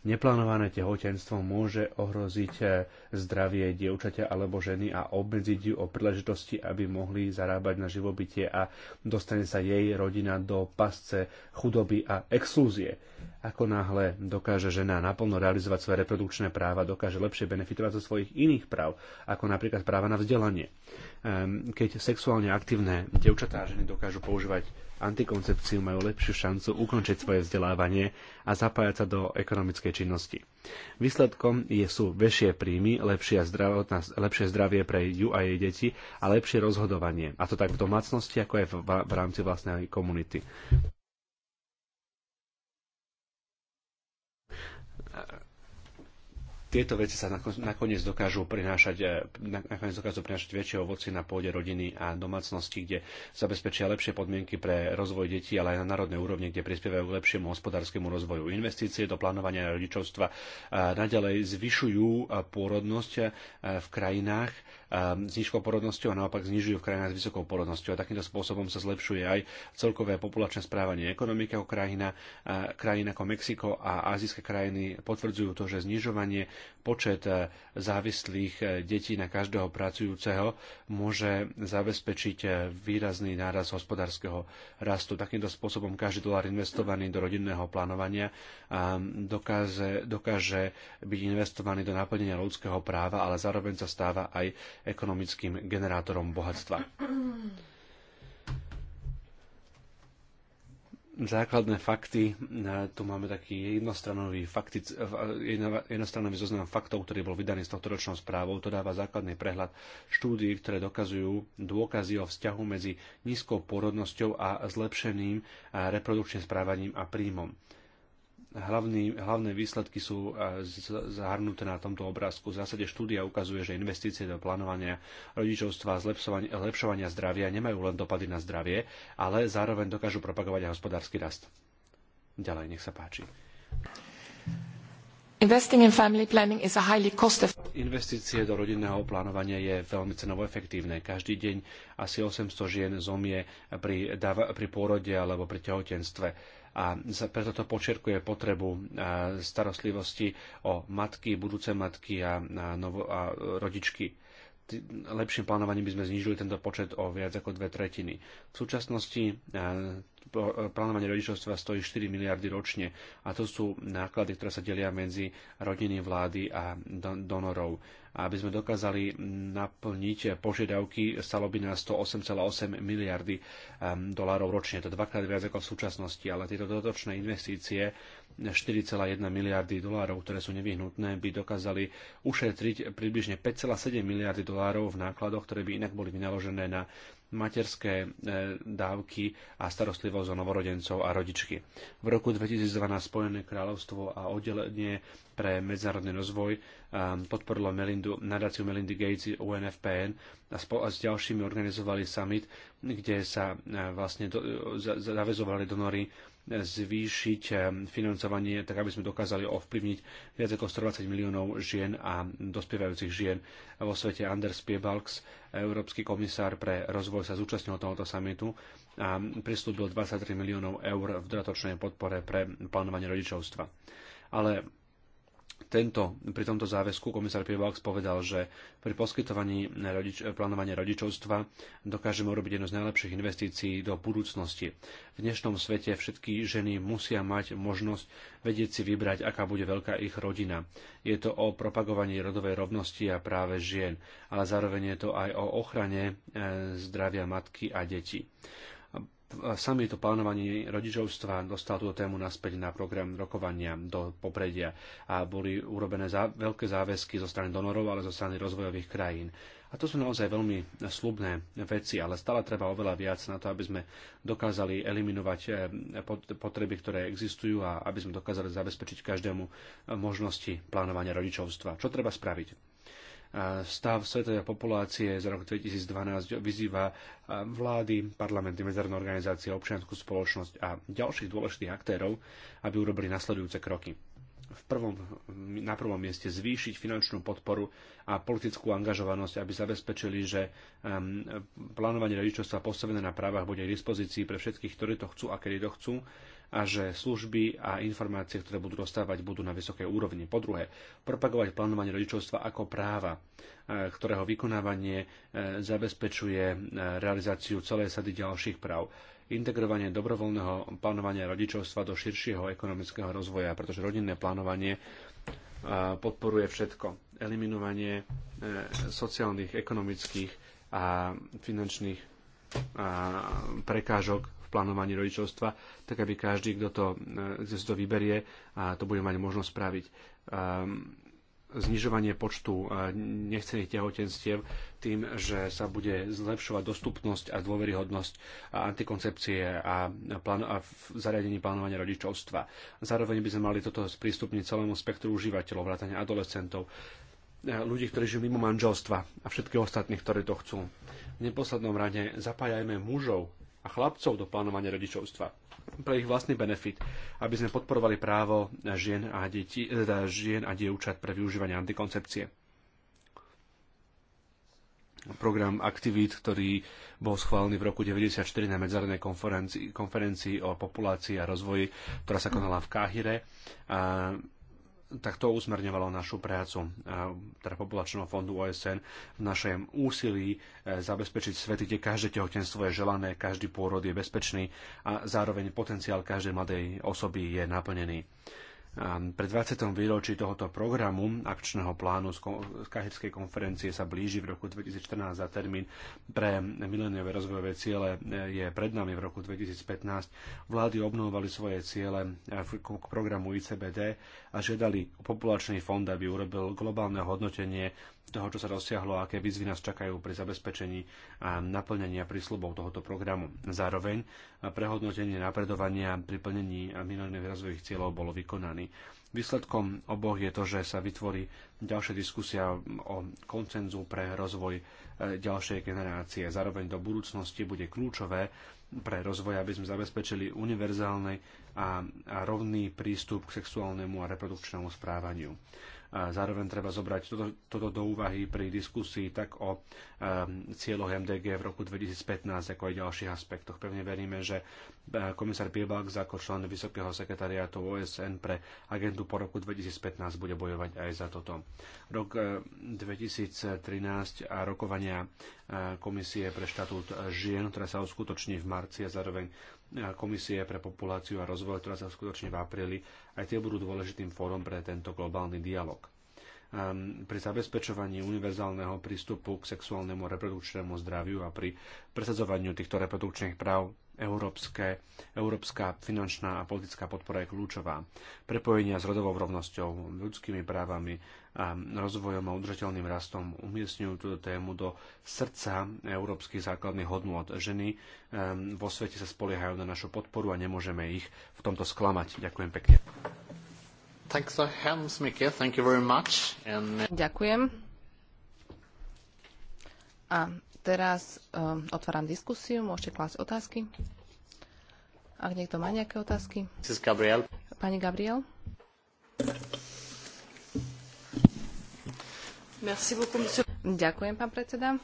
Neplánované tehotenstvo môže ohroziť eh, zdravie dievčaťa alebo ženy a obmedziť ju o príležitosti, aby mohli zarábať na živobytie a dostane sa jej rodina do pasce chudoby a exklúzie. Ako náhle dokáže žena naplno realizovať svoje reprodukčné práva, dokáže lepšie benefitovať zo svojich iných práv, ako napríklad práva na vzdelanie. Ehm, keď sexuálne aktívne dievčatá a ženy dokážu používať antikoncepciu, majú lepšiu šancu ukončiť svoje vzdelávanie a zapájať sa do ekonomickej činnosti. Výsledkom je sú väčšie príjmy, lepšie, zdravotná, lepšie zdravie pre ju a jej deti a lepšie rozhodovanie. A to tak v domácnosti, ako aj v, v rámci vlastnej komunity. tieto veci sa nakoniec dokážu prinášať, e, nakoniec dokážu prinášať väčšie ovoci na pôde rodiny a domácnosti, kde zabezpečia lepšie podmienky pre rozvoj detí, ale aj na národnej úrovni, kde prispievajú k lepšiemu hospodárskemu rozvoju. Investície do plánovania rodičovstva e, naďalej zvyšujú e, pôrodnosť v krajinách, Ehm, s nízkou porodnosťou a naopak znižujú v krajinách s vysokou porodnosťou. A takýmto spôsobom sa zlepšuje aj celkové populačné správanie ekonomiky ako krajina. Krajina ako Mexiko a azijské krajiny potvrdzujú to, že znižovanie počet e, závislých e, detí na každého pracujúceho môže zabezpečiť e, výrazný náraz hospodárskeho rastu. Takýmto spôsobom každý dolár investovaný do rodinného plánovania dokáže, dokáže byť investovaný do naplnenia ľudského práva, ale zároveň sa stáva aj ekonomickým generátorom bohatstva. základné fakty. Tu máme taký jednostranový, faktic, jednostranový zoznam faktov, ktorý bol vydaný s tohto ročnou správou. To dáva základný prehľad štúdií, ktoré dokazujú dôkazy o vzťahu medzi nízkou porodnosťou a zlepšeným reprodukčným správaním a príjmom. Hlavný, hlavné výsledky sú e, zahrnuté na tomto obrázku. V zásade štúdia ukazuje, že investície do plánovania rodičovstva a zlepšovania zdravia nemajú len dopady na zdravie, ale zároveň dokážu propagovať aj hospodársky rast. Ďalej, nech sa páči. Investing in family planning is a highly cost Investície do rodinného plánovania je veľmi cenovo efektívne. Každý deň asi 800 žien zomie pri, pri pôrode alebo pri tehotenstve a preto to počerkuje potrebu e, starostlivosti o matky, budúce matky a, a, novo, a rodičky lepším plánovaním by sme znížili tento počet o viac ako dve tretiny. V súčasnosti e, plánovanie rodičovstva stojí 4 miliardy ročne a to sú náklady, ktoré sa delia medzi rodiny vlády a donorov. A aby sme dokázali naplniť požiadavky, stalo by nás to 8,8 miliardy ehm, dolárov ročne. To dvakrát viac ako v súčasnosti, ale tieto dodatočné investície 4,1 miliardy dolárov, ktoré sú nevyhnutné, by dokázali ušetriť približne 5,7 miliardy dolárov v nákladoch, ktoré by inak boli vynaložené na materské e, dávky a starostlivosť o novorodencov a rodičky. V roku 2012 Spojené kráľovstvo a oddelenie pre medzinárodný rozvoj e, podporilo Melindu, nadáciu Melindy Gates UNFPN a, spolu a s ďalšími organizovali summit, kde sa e, vlastne do- zavezovali donory zvýšiť eh, financovanie, tak aby sme dokázali ovplyvniť viac ako 120 miliónov žien a dospievajúcich žien vo svete. Anders Piebalgs, európsky komisár pre rozvoj, sa zúčastnil tohoto samitu a prislúbil 23 miliónov eur v dodatočnej podpore pre plánovanie rodičovstva. Ale tento, pri tomto záväzku komisár Piebalgs povedal, že pri poskytovaní rodič, plánovania rodičovstva dokážeme urobiť jednu z najlepších investícií do budúcnosti. V dnešnom svete všetky ženy musia mať možnosť vedieť si vybrať, aká bude veľká ich rodina. Je to o propagovaní rodovej rovnosti a práve žien, ale zároveň je to aj o ochrane eh, zdravia matky a detí. Samý to plánovanie rodičovstva dostal túto tému naspäť na program rokovania do popredia a boli urobené zá, veľké záväzky zo strany donorov, ale zo strany rozvojových krajín. A to sú naozaj veľmi slubné veci, ale stále treba oveľa viac na to, aby sme dokázali eliminovať eh, potreby, ktoré existujú a aby sme dokázali zabezpečiť každému eh, možnosti plánovania rodičovstva. Čo treba spraviť? Stav svetovej populácie z roku 2012 vyzýva vlády, parlamenty, medzárodné organizácie, občianskú spoločnosť a ďalších dôležitých aktérov, aby urobili nasledujúce kroky. V prvom, na prvom mieste zvýšiť finančnú podporu a politickú angažovanosť, aby zabezpečili, že um, plánovanie rodičovstva postavené na právach bude k dispozícii pre všetkých, ktorí to chcú a kedy to chcú a že služby a informácie, ktoré budú dostávať, budú na vysokej úrovni. Po druhé, propagovať plánovanie rodičovstva ako práva, e, ktorého vykonávanie e, zabezpečuje e, realizáciu celej sady ďalších práv integrovanie dobrovoľného plánovania rodičovstva do širšieho ekonomického rozvoja, pretože rodinné plánovanie podporuje všetko. Eliminovanie sociálnych, ekonomických a finančných prekážok plánovaní rodičovstva, tak aby každý, kto, to, e, kto si to vyberie, a to bude mať možnosť spraviť. Ehm, znižovanie počtu e, nechcených tehotenstiev tým, že sa bude zlepšovať dostupnosť a dôveryhodnosť antikoncepcie a, plán, a zariadení plánovania rodičovstva. Zároveň by sme mali toto sprístupniť celému spektru užívateľov, vrátane adolescentov, e, ľudí, ktorí žijú mimo manželstva a všetkých ostatných, ktorí to chcú. V neposlednom rade zapájajme mužov a chlapcov do plánovania rodičovstva pre ich vlastný benefit, aby sme podporovali právo žien a, deti, teda žien a dievčat pre využívanie antikoncepcie program Aktivit, ktorý bol schválený v roku 1994 na medzárodnej konferencii, konferencii o populácii a rozvoji, ktorá sa konala v Káhire. A tak to usmerňovalo našu prácu e, teda populačného fondu OSN v našem úsilí e, zabezpečiť svety, kde každé tehotenstvo je želané, každý pôrod je bezpečný a zároveň potenciál každej mladej osoby je naplnený. Pre 20. výročí tohoto programu akčného plánu z Kahirskej konferencie sa blíži v roku 2014 za termín pre mileniové rozvojové ciele e, je pred nami v roku 2015. Vlády obnovovali svoje ciele e, k programu ICBD a žiadali populačný fond, aby urobil globálne hodnotenie toho, čo sa dosiahlo aké výzvy nás čakajú pri zabezpečení a naplnenia prísľubov tohoto programu. Zároveň prehodnotenie napredovania pri plnení minulých rozvojových cieľov bolo vykonaný. Výsledkom oboch je to, že sa vytvorí ďalšia diskusia o koncenzu pre rozvoj e, ďalšej generácie. Zároveň do budúcnosti bude kľúčové pre rozvoj, aby sme zabezpečili univerzálny a rovný prístup k sexuálnemu a reprodukčnému správaniu. Zároveň treba zobrať toto, toto do úvahy pri diskusii tak o ehm, cieľoch MDG v roku 2015, ako aj ďalších aspektoch. Pevne veríme, že e, komisár Piebalgs ako člen Vysokého sekretariátu OSN pre agendu po roku 2015 bude bojovať aj za toto. Rok 2013 e, a rokovania e, Komisie pre štatút žien, ktoré sa uskutoční v marci a zároveň Komisie pre populáciu a rozvoj, ktorá sa skutočne v apríli, aj tie budú dôležitým fórom pre tento globálny dialog. Ehm, pri zabezpečovaní univerzálneho prístupu k sexuálnemu reprodukčnému zdraviu a pri presadzovaniu týchto reprodukčných práv európske, európska finančná a politická podpora je kľúčová. Prepojenia s rodovou rovnosťou, ľudskými právami, a rozvojom a udržateľným rastom umiestňujú túto tému do srdca európskych základných hodnôt. Ženy vo svete sa spoliehajú na našu podporu a nemôžeme ich v tomto sklamať. Ďakujem pekne. Ďakujem. A teraz um, otváram diskusiu, môžete klásť otázky. Ak niekto má nejaké otázky. Pani Gabriel. Ďakujem, pán predseda.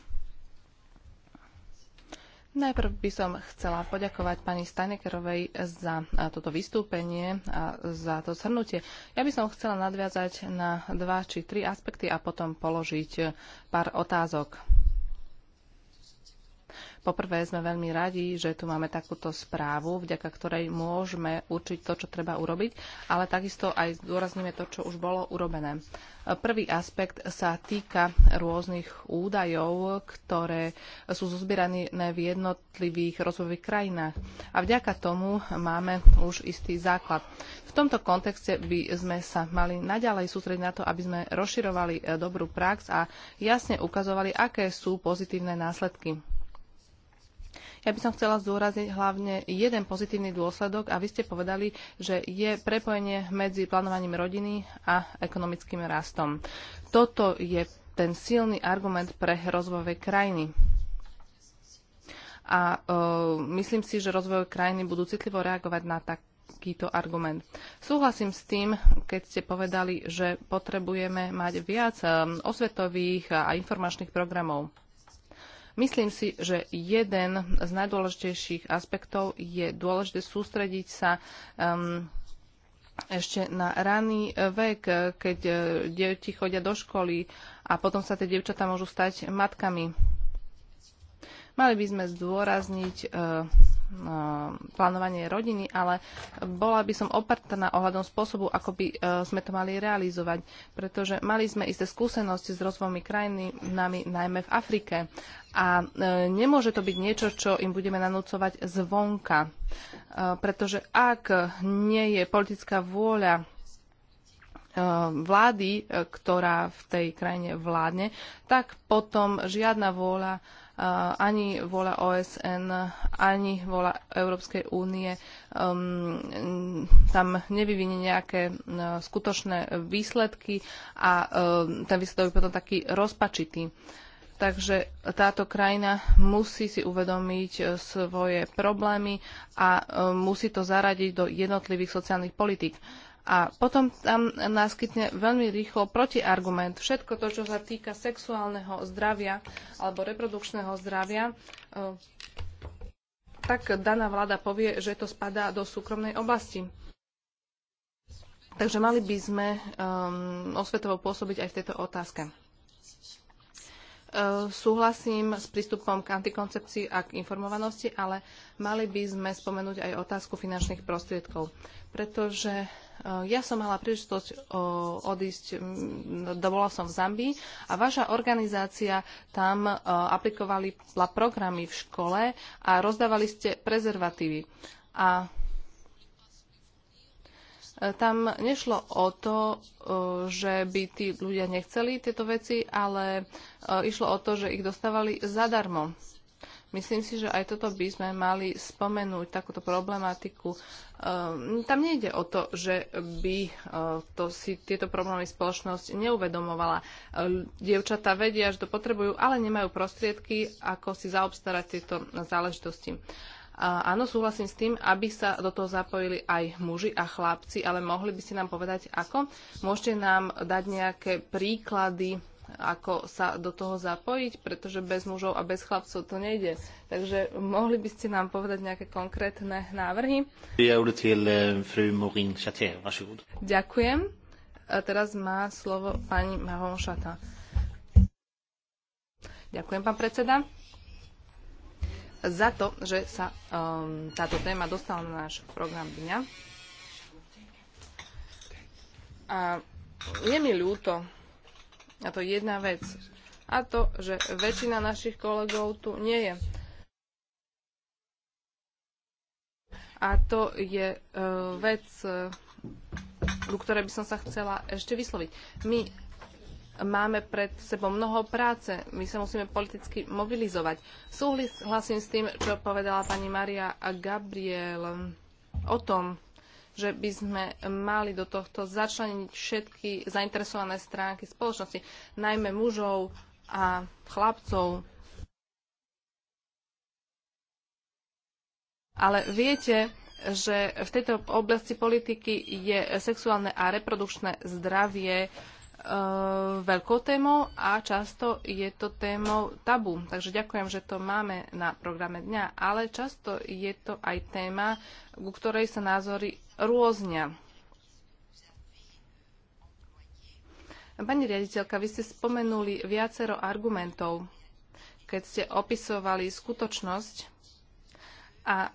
Najprv by som chcela poďakovať pani Stanekerovej za toto vystúpenie a za to zhrnutie. Ja by som chcela nadviazať na dva či tri aspekty a potom položiť e, pár otázok. Poprvé sme veľmi radi, že tu máme takúto správu, vďaka ktorej môžeme určiť to, čo treba urobiť, ale takisto aj zdôrazníme to, čo už bolo urobené. Prvý aspekt sa týka rôznych údajov, ktoré sú zozbierané v jednotlivých rozvojových krajinách. A vďaka tomu máme už istý základ. V tomto kontexte by sme sa mali naďalej sústrediť na to, aby sme rozširovali dobrú prax a jasne ukazovali, aké sú pozitívne následky. Ja by som chcela zdôrazniť hlavne jeden pozitívny dôsledok a vy ste povedali, že je prepojenie medzi plánovaním rodiny a ekonomickým rastom. Toto je ten silný argument pre rozvojové krajiny. A e, myslím si, že rozvojové krajiny budú citlivo reagovať na tak, takýto argument. Súhlasím s tým, keď ste povedali, že potrebujeme mať viac e, osvetových a informačných programov. Myslím si, že jeden z najdôležitejších aspektov je dôležité sústrediť sa um, ešte na raný vek, keď eh, deti chodia do školy a potom sa tie devčatá môžu stať matkami. Mali by sme zdôrazniť uh, plánovanie rodiny, ale bola by som opatrná ohľadom spôsobu, ako by e, sme to mali realizovať, pretože mali sme isté skúsenosti s rozvojmi krajinami, najmä v Afrike. A e, nemôže to byť niečo, čo im budeme nanúcovať zvonka, e, pretože ak nie je politická vôľa vlády, ktorá v tej krajine vládne, tak potom žiadna vôľa Eh, ani vola OSN, ani vola Európskej únie um, tam nevyvinie nejaké uh, skutočné výsledky a uh, ten výsledok je potom taký rozpačitý. Takže táto krajina musí si uvedomiť eh, svoje problémy a musí to zaradiť do jednotlivých sociálnych politík. A potom tam náskytne veľmi rýchlo protiargument. Všetko to, čo sa týka sexuálneho zdravia alebo reprodukčného zdravia, eh, tak daná vláda povie, že to spadá do súkromnej oblasti. Takže mali by sme um, osvetovo pôsobiť aj v tejto otázke. E, súhlasím s prístupom k antikoncepcii a k informovanosti, ale mali by sme spomenúť aj otázku finančných prostriedkov. Pretože e, ja som mala príležitosť odísť, dovolala som v Zambii a vaša organizácia tam e, aplikovala programy v škole a rozdávali ste prezervatívy. A tam nešlo o to, e, že by tí ľudia nechceli tieto veci, ale e, išlo o to, že ich dostávali zadarmo. Myslím si, že aj toto by sme mali spomenúť, takúto problematiku. Ehm, tam nejde o to, že by e, to si tieto problémy spoločnosť neuvedomovala. Dievčatá vedia, že to potrebujú, ale nemajú prostriedky, ako si zaobstarať tieto záležitosti. A áno, súhlasím s tým, aby sa do toho zapojili aj muži a chlapci, ale mohli by ste nám povedať, ako? Môžete nám dať nejaké príklady, ako sa do toho zapojiť, pretože bez mužov a bez chlapcov to nejde. Takže mohli by ste nám povedať nejaké konkrétne návrhy? Eh, Ďakujem. A teraz má slovo pani Šatá. Ďakujem, pán predseda za to, že sa um, táto téma dostala na náš program dňa. A je mi ľúto, a to jedna vec, a to, že väčšina našich kolegov tu nie je. A to je uh, vec, uh, ku ktorej by som sa chcela ešte vysloviť. My máme pred sebou mnoho práce. My sa musíme politicky mobilizovať. Súhlasím s tým, čo povedala pani Maria a Gabriel o tom, že by sme mali do tohto začleniť všetky zainteresované stránky spoločnosti, najmä mužov a chlapcov. Ale viete, že v tejto oblasti politiky je sexuálne a reprodukčné zdravie uh, Eh, veľkou témou a často je to témou tabu. Takže ďakujem, že to máme na programe dňa, ale často je to aj téma, ku ktorej sa názory rôznia. Pani riaditeľka, vy ste spomenuli viacero argumentov, keď ste opisovali skutočnosť a e,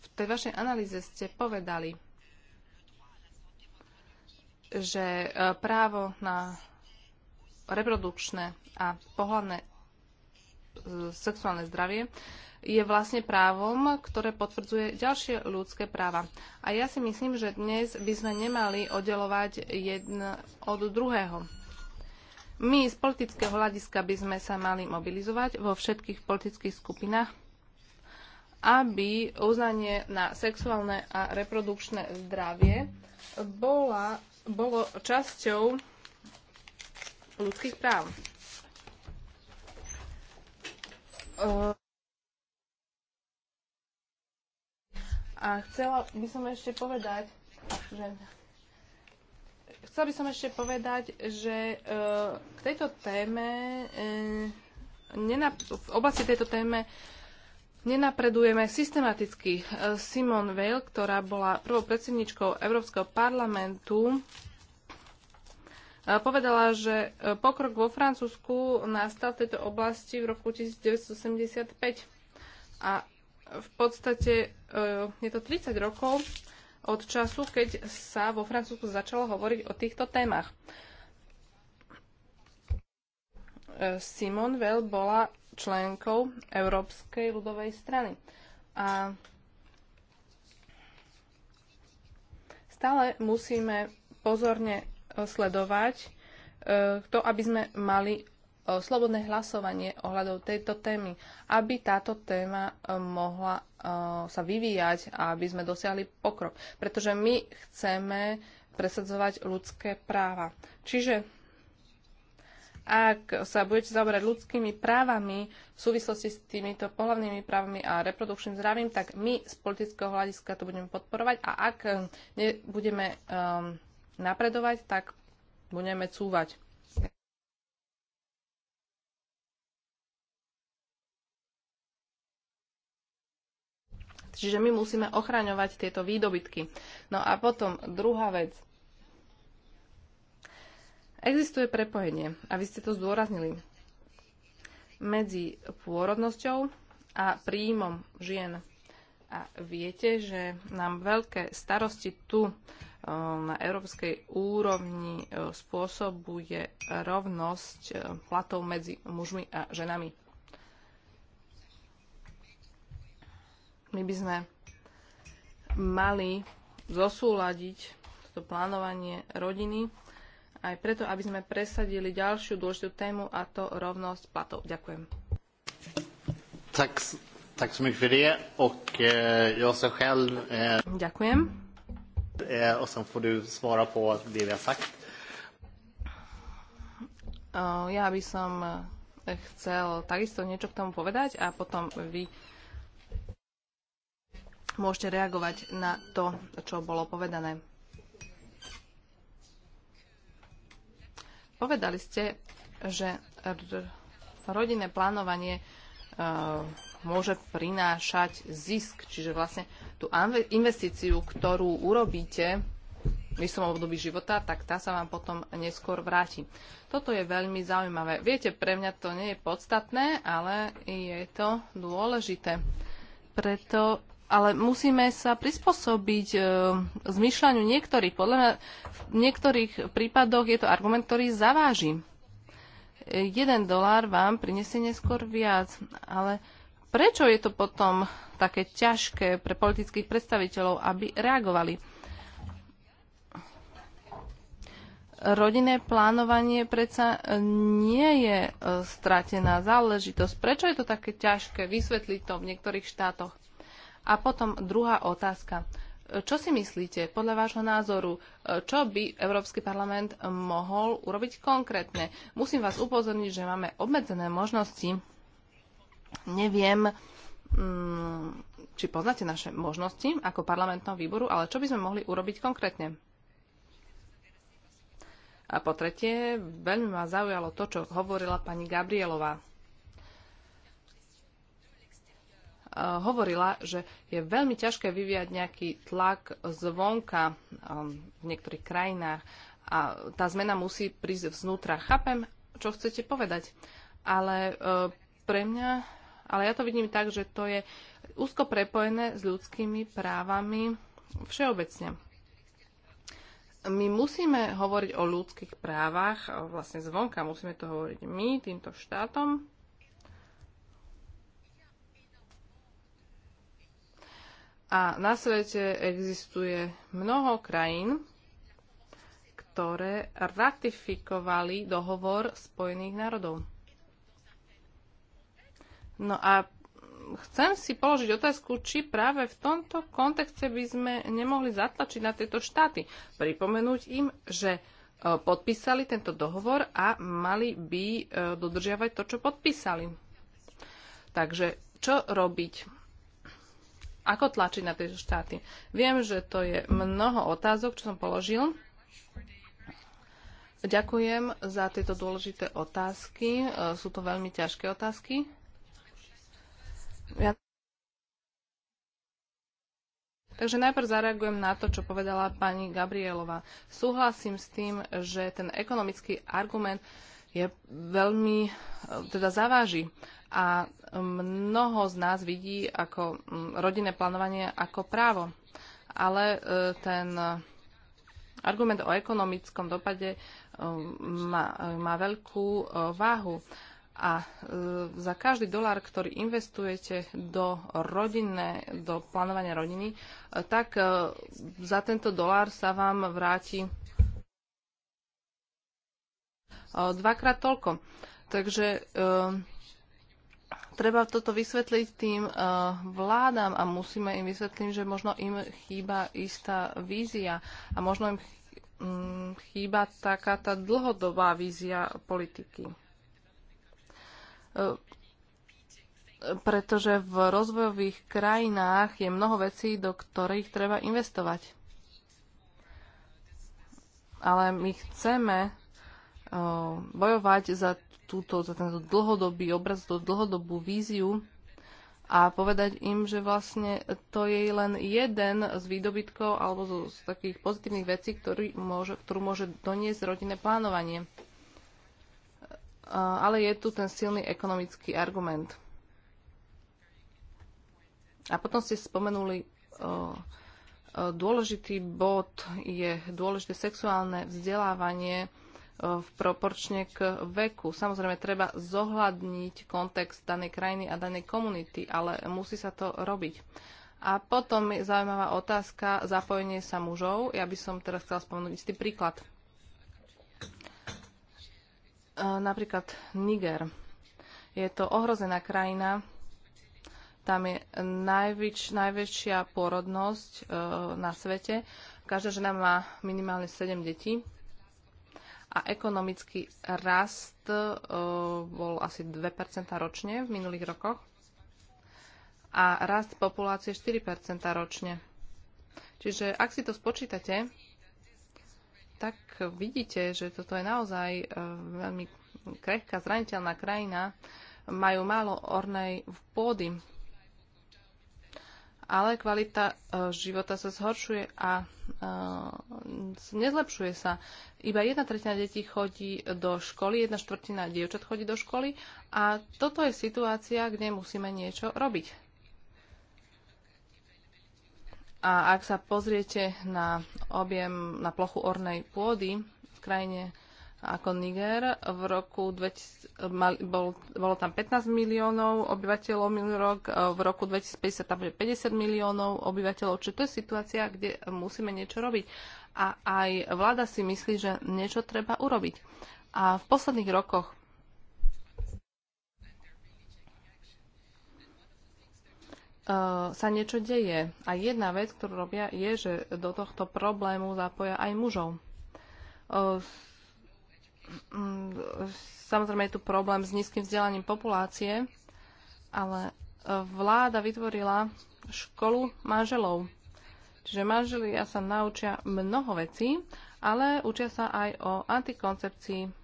v tej vašej analýze ste povedali, že e, právo na reprodukčné a pohľadné e, sexuálne zdravie je vlastne právom, ktoré potvrdzuje ďalšie ľudské práva. A ja si myslím, že dnes by sme nemali oddelovať jeden od druhého. My z politického hľadiska by sme sa mali mobilizovať vo všetkých politických skupinách, aby uznanie na sexuálne a reprodukčné zdravie bola bolo časťou ľudských práv. A chcela by som ešte povedať, že chcela by som ešte povedať, že e, k tejto téme e, v oblasti tejto téme nenapredujeme systematicky. E, Simone Veil, ktorá bola prvou predsedničkou Európskeho parlamentu, e, povedala, že e, pokrok vo Francúzsku nastal v tejto oblasti v roku 1985. A v podstate je to 30 rokov od času, keď sa vo Francúzsku začalo hovoriť o týchto témach. Simone Veil bola členkou Európskej ľudovej strany. A stále musíme pozorne e, sledovať e, to, aby sme mali e, slobodné hlasovanie ohľadom tejto témy, aby táto téma mohla sa vyvíjať a aby sme dosiahli pokrok. Pretože my chceme presadzovať ľudské práva. Čiže ak sa budete zaoberať ľudskými právami v súvislosti s týmito pohľavnými právami a reprodukčným zdravím, tak my z politického hľadiska to budeme podporovať a ak eh, nebudeme um, napredovať, tak budeme cúvať. Čiže my musíme ochraňovať tieto výdobytky. No a potom druhá vec – Existuje prepojenie, a vy ste to zdôraznili, medzi pôrodnosťou a príjmom žien. A viete, že nám veľké starosti tu e, na európskej úrovni e, spôsobuje rovnosť e, platov medzi mužmi a ženami. My by sme mali zosúľadiť toto plánovanie rodiny aj preto, aby sme presadili ďalšiu dôležitú tému a to rovnosť platov. Ďakujem. Tak, tak ok, eh, ja eh... Ďakujem. Eh, och sen får du svara på det vi har sagt. Ja by som eh, chcel takisto niečo k tomu povedať a potom vy môžete reagovať na to, čo bolo povedané. Povedali ste, že rodinné plánovanie e, môže prinášať zisk. Čiže vlastne tú investíciu, ktorú urobíte v istom období života, tak tá sa vám potom neskôr vráti. Toto je veľmi zaujímavé. Viete, pre mňa to nie je podstatné, ale je to dôležité. Preto ale musíme sa prispôsobiť e, zmyšľaniu niektorých. Podľa mňa v niektorých prípadoch je to argument, ktorý zaváži. E, jeden dolár vám prinesie neskôr viac, ale prečo je to potom také ťažké pre politických predstaviteľov, aby reagovali? rodinné plánovanie predsa nie je e, stratená záležitosť. Prečo je to také ťažké vysvetliť to v niektorých štátoch? A potom druhá otázka. Čo si myslíte, podľa vášho názoru, čo by Európsky parlament mohol urobiť konkrétne? Musím vás upozorniť, že máme obmedzené možnosti. Neviem, mm, či poznáte naše možnosti ako parlamentnom výboru, ale čo by sme mohli urobiť konkrétne? A po tretie, veľmi ma zaujalo to, čo hovorila pani Gabrielová hovorila, že je veľmi ťažké vyvíjať nejaký tlak zvonka um, v niektorých krajinách a tá zmena musí prísť vznútra. Chápem, čo chcete povedať, ale e, pre mňa, ale ja to vidím tak, že to je úzko prepojené s ľudskými právami všeobecne. My musíme hovoriť o ľudských právach vlastne zvonka, musíme to hovoriť my, týmto štátom, A na svete existuje mnoho krajín, ktoré ratifikovali dohovor Spojených národov. No a chcem si položiť otázku, či práve v tomto kontexte by sme nemohli zatlačiť na tieto štáty. Pripomenúť im, že e, podpísali tento dohovor a mali by e, dodržiavať to, čo podpísali. Takže čo robiť? ako tlačiť na tieto štáty. Viem, že to je mnoho otázok, čo som položil. Ďakujem za tieto dôležité otázky. E, sú to veľmi ťažké otázky. Ja... Takže najprv zareagujem na to, čo povedala pani Gabrielová. Súhlasím s tým, že ten ekonomický argument je veľmi, e, teda zaváži a mnoho z nás vidí ako mm, rodinné plánovanie ako právo. Ale e, ten argument o ekonomickom dopade e, má, e, má veľkú váhu. A za každý dolár, ktorý investujete do rodinné, do plánovania rodiny, tak za tento dolár sa vám vráti dvakrát toľko. Takže treba toto vysvetliť tým eh, vládam a musíme im vysvetliť, že možno im chýba istá vízia a možno im mm, chýba taká tá dlhodobá vízia politiky. Eh, pretože v rozvojových krajinách je mnoho vecí, do ktorých treba investovať. Ale my chceme eh, bojovať za túto, za tento dlhodobý obraz, tú dlhodobú víziu a povedať im, že vlastne to je len jeden z výdobytkov alebo z, z takých pozitívnych vecí, ktorý môže, ktorú môže doniesť rodinné plánovanie. Ale je tu ten silný ekonomický argument. A potom ste spomenuli dôležitý bod je dôležité sexuálne vzdelávanie E, v proporčne k veku. Samozrejme, treba zohľadniť kontext danej krajiny a danej komunity, ale musí sa to robiť. A potom je zaujímavá otázka zapojenie sa mužov. Ja by som teraz chcela spomenúť istý príklad. E, napríklad Niger. Je to ohrozená krajina, tam je najväč, najväčšia porodnosť e, na svete. Každá žena má minimálne 7 detí a ekonomický rast e, bol asi 2% ročne v minulých rokoch a rast populácie 4% ročne. Čiže ak si to spočítate, tak vidíte, že toto je naozaj e, veľmi krehká, zraniteľná krajina. Majú málo ornej v pôdy ale kvalita e, života sa zhoršuje a e, nezlepšuje sa. Iba jedna tretina detí chodí do školy, jedna štvrtina dievčat chodí do školy a toto je situácia, kde musíme niečo robiť. A ak sa pozriete na objem, na plochu ornej pôdy v krajine ako Niger. V roku 2000, mal, bol, bolo tam 15 miliónov obyvateľov minulý rok, v roku 2050 tam bude 50 miliónov obyvateľov, čiže to je situácia, kde musíme niečo robiť. A aj vláda si myslí, že niečo treba urobiť. A v posledných rokoch e, sa niečo deje. A jedna vec, ktorú robia, je, že do tohto problému zapoja aj mužov. E, Mm, samozrejme je tu problém s nízkym vzdelaním populácie, ale vláda vytvorila školu manželov. Čiže manželia sa naučia mnoho vecí, ale učia sa aj o antikoncepcii.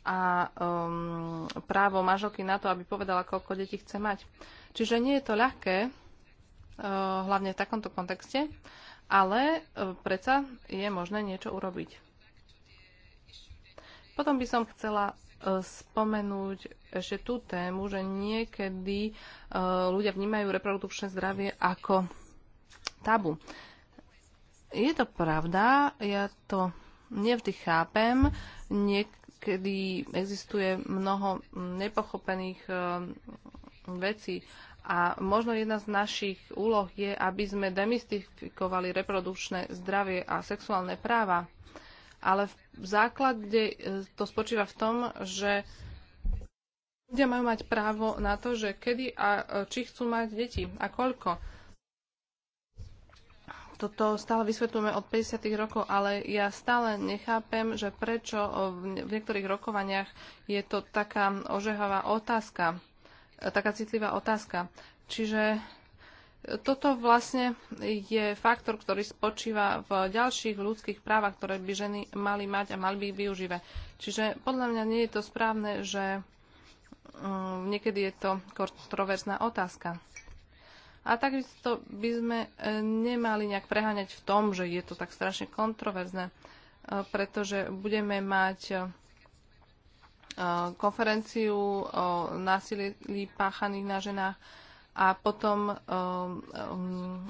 a um, právo manželky na to, aby povedala, koľko detí chce mať. Čiže nie je to ľahké, uh, hlavne v takomto kontexte, ale e, predsa je možné niečo urobiť. Potom by som chcela e, spomenúť ešte tú tému, že niekedy e, ľudia vnímajú reprodukčné zdravie ako tabu. Je to pravda, ja to nevždy chápem. Niekedy existuje mnoho nepochopených vecí a možno jedna z našich úloh je, aby sme demystifikovali reprodukčné zdravie a sexuálne práva. Ale v základe e, to spočíva v tom, že ľudia majú mať právo na to, že kedy a e, či chcú mať deti a koľko. Toto stále vysvetľujeme od 50. rokov, ale ja stále nechápem, že prečo e, v niektorých rokovaniach je to taká ožehavá otázka taká citlivá otázka. Čiže toto vlastne je faktor, ktorý spočíva v ďalších ľudských právach, ktoré by ženy mali mať a mali by ich využívať. Čiže podľa mňa nie je to správne, že um, niekedy je to kontroverzná otázka. A takisto by sme e, nemali nejak preháňať v tom, že je to tak strašne kontroverzné, e, pretože budeme mať E, konferenciu o násilí páchaných na ženách a potom um,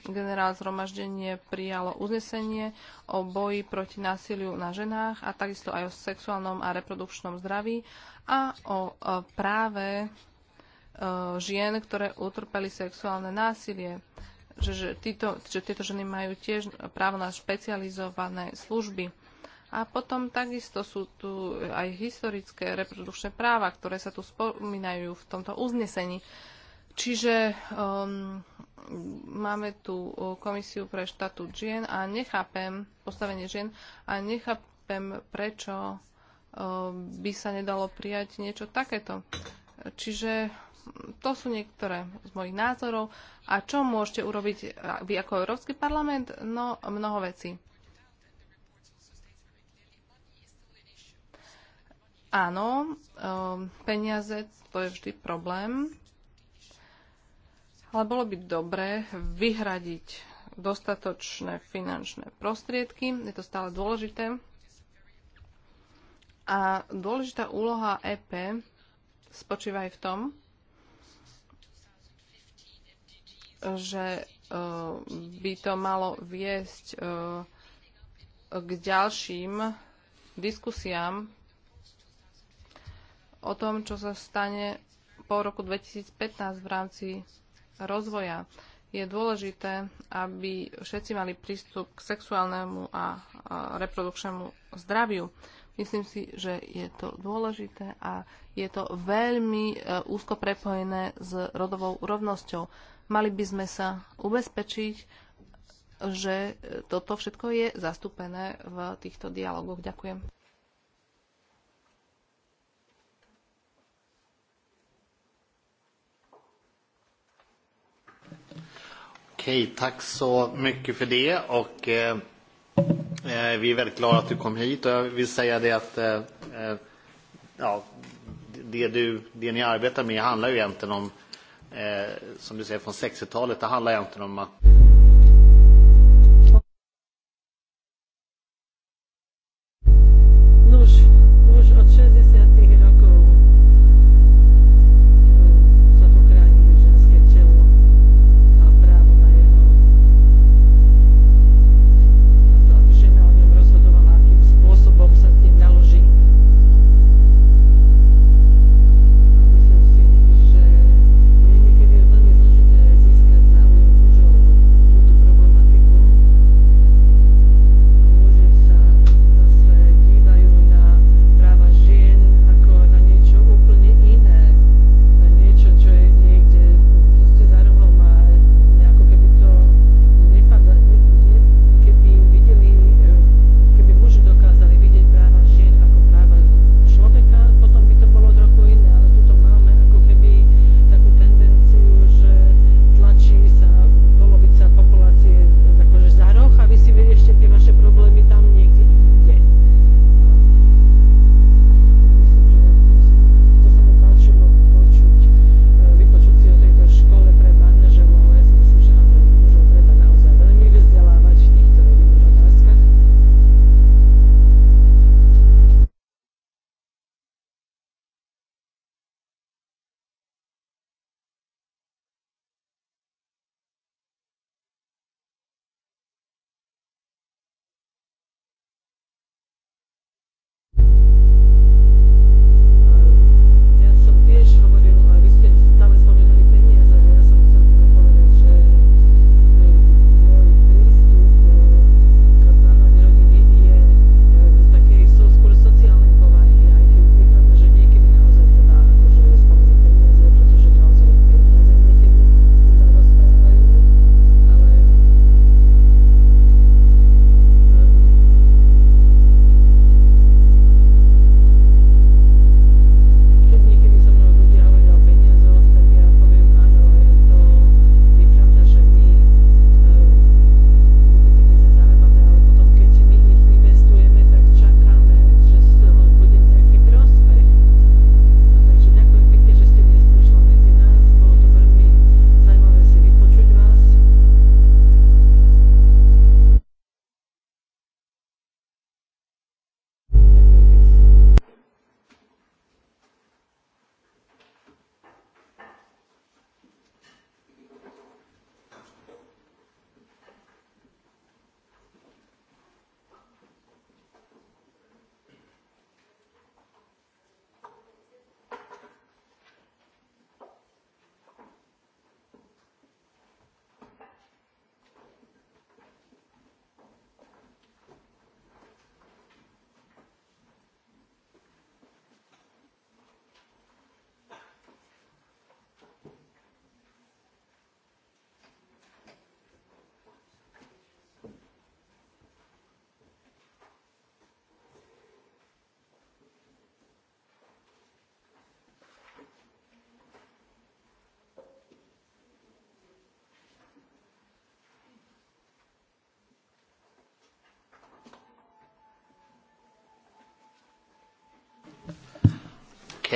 generál zhromaždenie prijalo uznesenie o boji proti násiliu na ženách a takisto aj o sexuálnom a reprodukčnom zdraví a o o práve uh, žien, ktoré utrpeli sexuálne násilie. Že, že, títo, že tieto ženy majú tiež právo na špecializované služby. A potom takisto sú tu aj historické reprodukčné práva, ktoré sa tu spomínajú v tomto uznesení. Čiže um, máme tu komisiu pre štatút žien a nechápem postavenie žien a nechápem, prečo um, by sa nedalo prijať niečo takéto. Čiže to sú niektoré z mojich názorov. A čo môžete urobiť vy ako Európsky parlament? No, mnoho vecí. Áno, ehm, peniaze to je vždy problém, ale bolo by dobré vyhradiť dostatočné finančné prostriedky. Je to stále dôležité. A dôležitá úloha EP spočíva aj v tom, že ehm, by to malo viesť ehm, k ďalším diskusiám o tom, čo sa stane po roku 2015 v rámci rozvoja. Je dôležité, aby všetci mali prístup k sexuálnemu a reprodukčnému zdraviu. Myslím si, že je to dôležité a je to veľmi e, úzko prepojené s rodovou rovnosťou. Mali by sme sa ubezpečiť, že toto všetko je zastúpené v týchto dialogoch. Ďakujem. Okej, okay, tack så mycket för det. Och, eh, eh, vi är väldigt glada att du kom hit. Och jag vill säga det att eh, eh, ja, det, du, det ni arbetar med handlar ju egentligen om, eh, som du säger, från 60-talet. Det handlar egentligen om att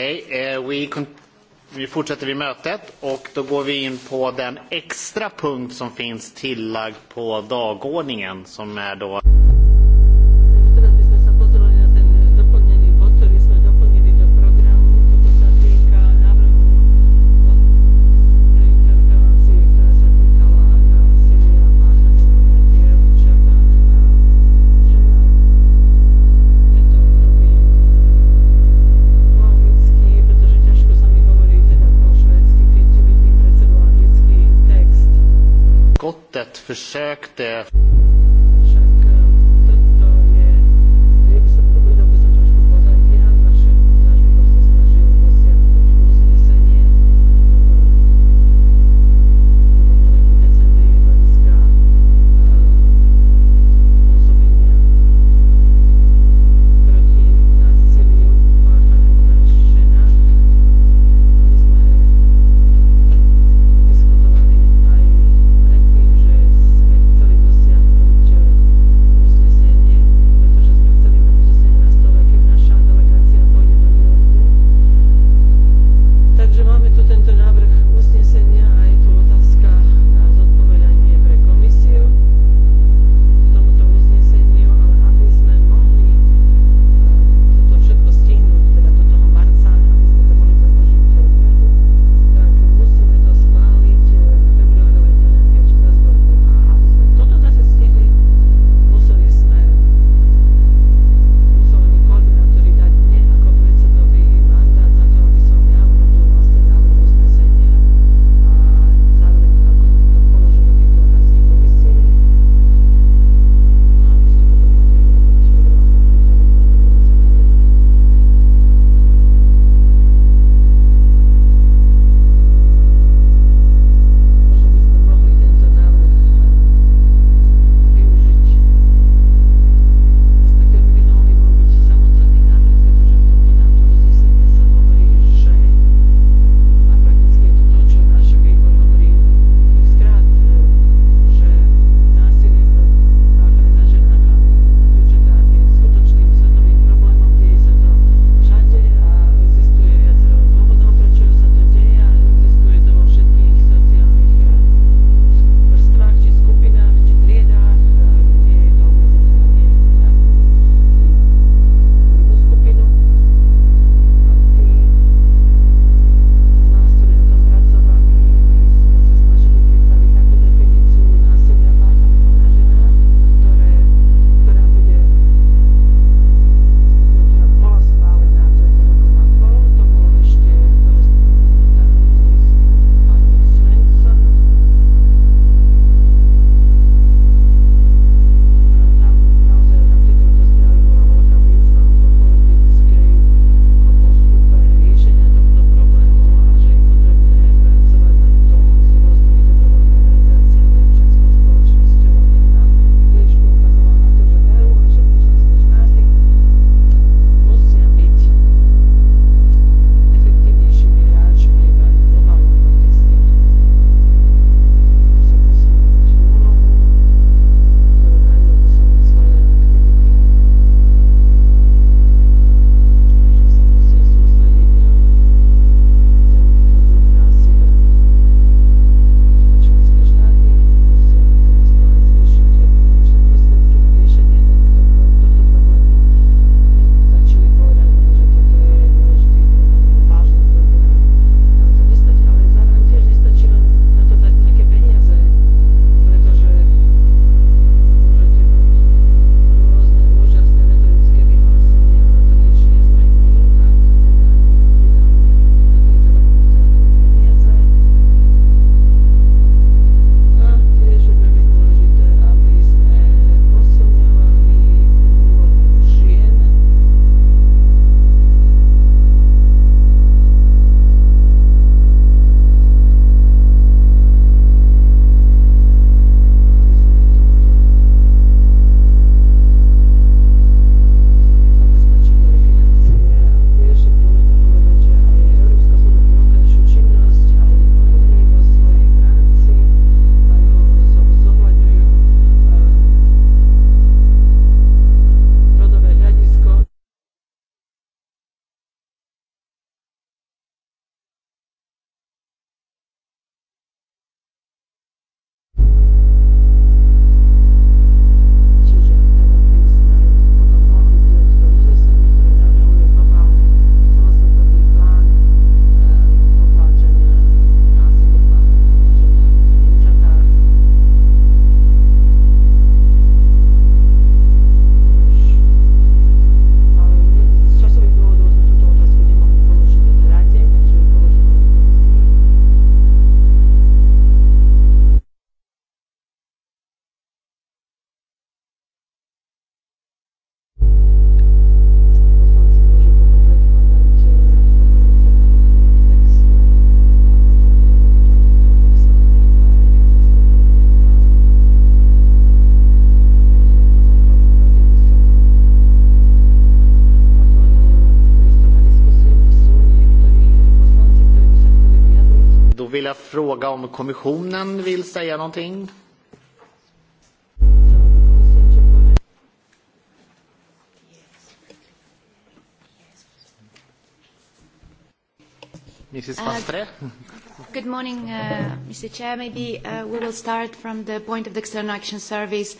Okej, eh, okay, vi fortsätter vid mötet och då går vi in på den extra punkt som finns tillagd på dagordningen som är då to shake their vilja fråga om kommissionen vill säga någonting? Mrs. Pastre. Uh, good morning, uh, Mr. Chair. Maybe uh, we will start from the point of the External Action Service.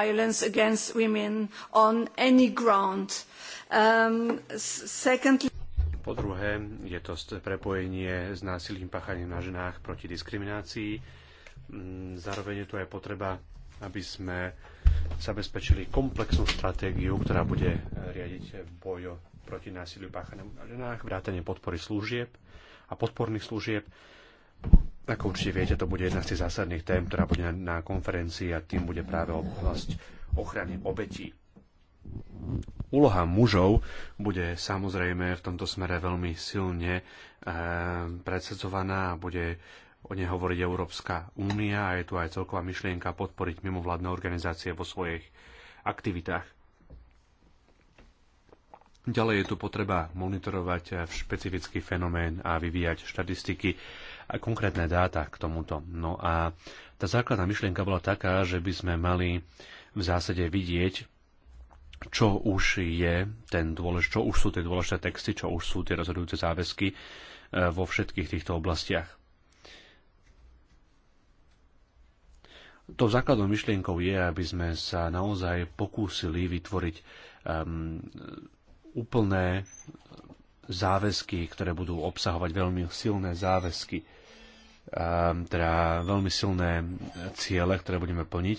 violence against women on any ground. Um, secondly, po druhé, je to prepojenie s násilím páchaním na ženách proti diskriminácii. Mm, zároveň je tu aj potreba, aby sme zabezpečili komplexnú stratégiu, ktorá bude eh, riadiť boj proti násiliu páchanému na ženách, vrátanie podpory služieb a podporných služieb ako určite viete, to bude jedna z tých zásadných tém, ktorá bude na konferencii a tým bude práve oblasť ochrany obetí. Úloha mužov bude samozrejme v tomto smere veľmi silne eh, predsedzovaná a bude o nej hovoriť Európska únia a je tu aj celková myšlienka podporiť mimovládne organizácie vo svojich aktivitách. Ďalej je tu potreba monitorovať eh, špecifický fenomén a vyvíjať štatistiky konkrétne dáta k tomuto. No a tá základná myšlienka bola taká, že by sme mali v zásade vidieť, čo už je ten dôlež, čo už sú tie dôležité texty, čo už sú tie rozhodujúce záväzky e, vo všetkých týchto oblastiach. Tou základnou myšlienkou je, aby sme sa naozaj pokúsili vytvoriť um, úplné záväzky, ktoré budú obsahovať veľmi silné záväzky, um, teda veľmi silné ciele, ktoré budeme plniť.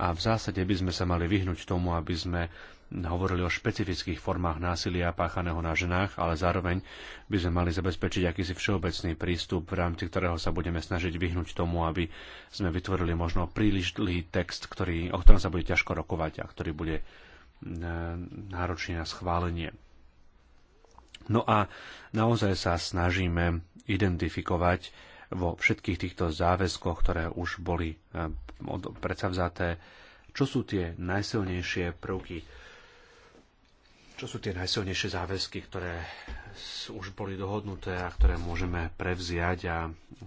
A v zásade by sme sa mali vyhnúť tomu, aby sme hovorili o špecifických formách násilia páchaného na ženách, ale zároveň by sme mali zabezpečiť akýsi všeobecný prístup, v rámci ktorého sa budeme snažiť vyhnúť tomu, aby sme vytvorili možno príliš dlhý text, ktorý, o ktorom sa bude ťažko rokovať a ktorý bude e, náročný na schválenie. No a naozaj sa snažíme identifikovať vo všetkých týchto záväzkoch, ktoré už boli eh, predsavzaté, čo sú tie najsilnejšie prvky, čo sú tie najsilnejšie záväzky, ktoré už boli dohodnuté a ktoré môžeme prevziať a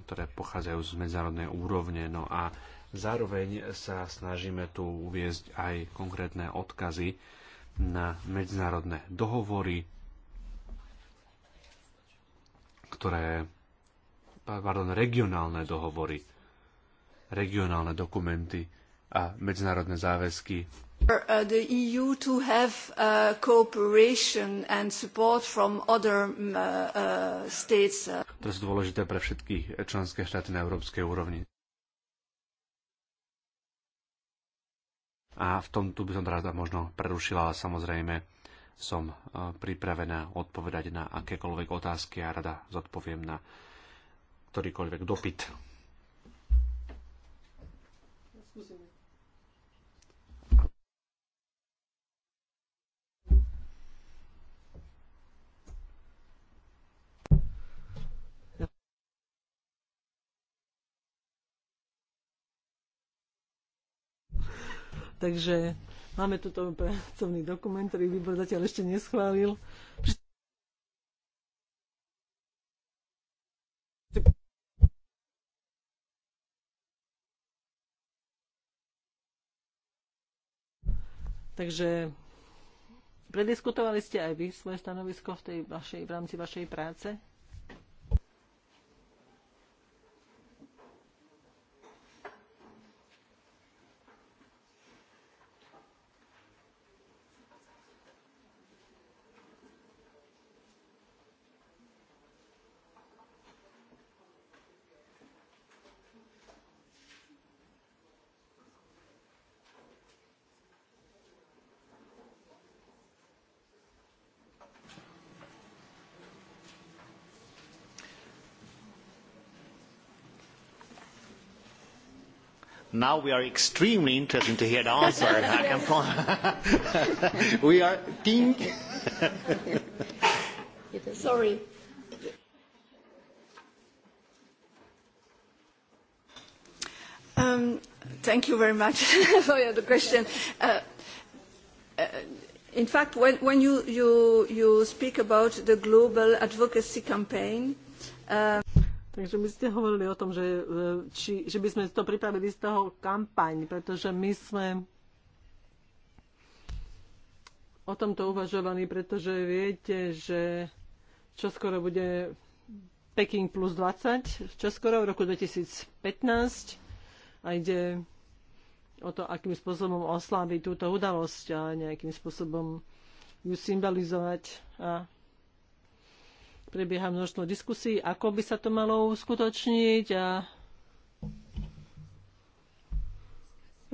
ktoré pochádzajú z medzinárodnej úrovne. No a zároveň sa snažíme tu uviezť aj konkrétne odkazy na medzinárodné dohovory, ktoré, pardon, regionálne dohovory, regionálne dokumenty a medzinárodné záväzky. Uh, the EU to have uh, cooperation and support from other uh, uh, states. Uh. To sú dôležité pre všetky členské štáty na európskej úrovni. A v tom tu by som rada možno prerušila, ale samozrejme som pripravená odpovedať na akékoľvek otázky a rada zodpoviem na ktorýkoľvek dopyt. Takže Máme tu pracovný dokument, ktorý výbor zatiaľ ešte neschválil. Takže prediskutovali ste aj vy svoje stanovisko v, tej vašej, v rámci vašej práce? Now we are extremely interested to hear the answer. we are ding. Sorry. Um, thank you very much for the question. Uh, uh, in fact, when, when you, you, you speak about the global advocacy campaign, um, Takže my ste hovorili o tom, že, e, či, že by sme to pripravili z toho kampaň, pretože my sme o tomto uvažovaní, pretože viete, že čo skoro bude Peking plus 20, čo skoro v roku 2015 a ide o to, akým spôsobom osláviť túto udalosť a nejakým spôsobom ju symbolizovať a prebieha množstvo diskusí, ako by sa to malo uskutočniť a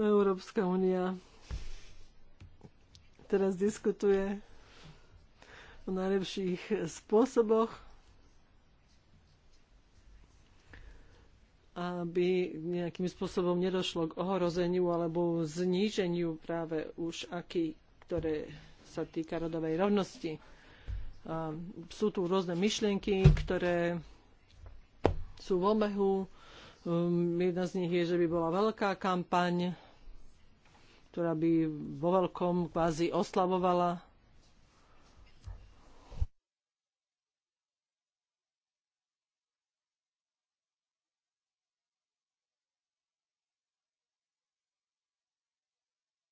Európska únia teraz diskutuje o najlepších spôsoboch, aby nejakým spôsobom nedošlo k ohrozeniu alebo zníženiu práve už aký, ktoré sa týka rodovej rovnosti. Ehm, sú tu rôzne myšlienky, ktoré sú v obehu. Ehm, jedna z nich je, že by bola veľká kampaň, ktorá by vo veľkom kvázi oslavovala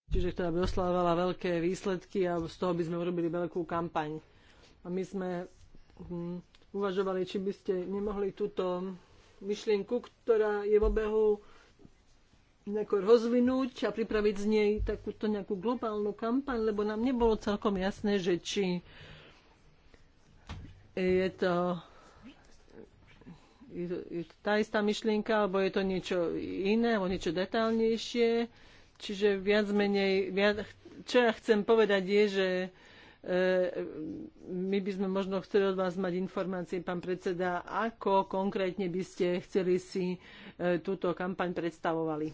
čiže ktorá by oslávala veľké výsledky a z toho by sme urobili veľkú kampaň. A my sme hm, uvažovali, či by ste nemohli túto myšlienku, ktorá je v obehu nejako rozvinúť a pripraviť z nej takúto nejakú globálnu kampaň, lebo nám nebolo celkom jasné, že či je to, je to, je to tá istá myšlienka, alebo je to niečo iné, alebo niečo detálnejšie. Čiže viac menej, viac, čo ja chcem povedať je, že my by sme možno chceli od vás mať informácie, pán predseda, ako konkrétne by ste chceli si e, túto kampaň predstavovali.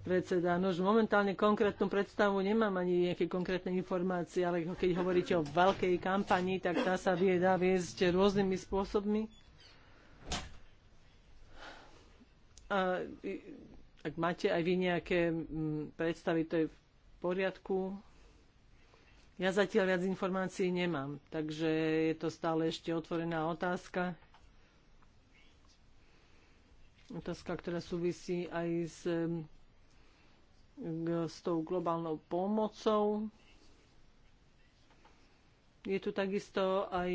Predseda, nož momentálne konkrétnu predstavu nemám ani nejaké konkrétne informácie, ale keď hovoríte o veľkej kampani, tak tá sa vie, dá viesť rôznymi spôsobmi. A ak máte aj vy nejaké predstavy, to je v poriadku. Ja zatiaľ viac informácií nemám, takže je to stále ešte otvorená otázka. Otázka, ktorá súvisí aj s, s tou globálnou pomocou. Je tu takisto aj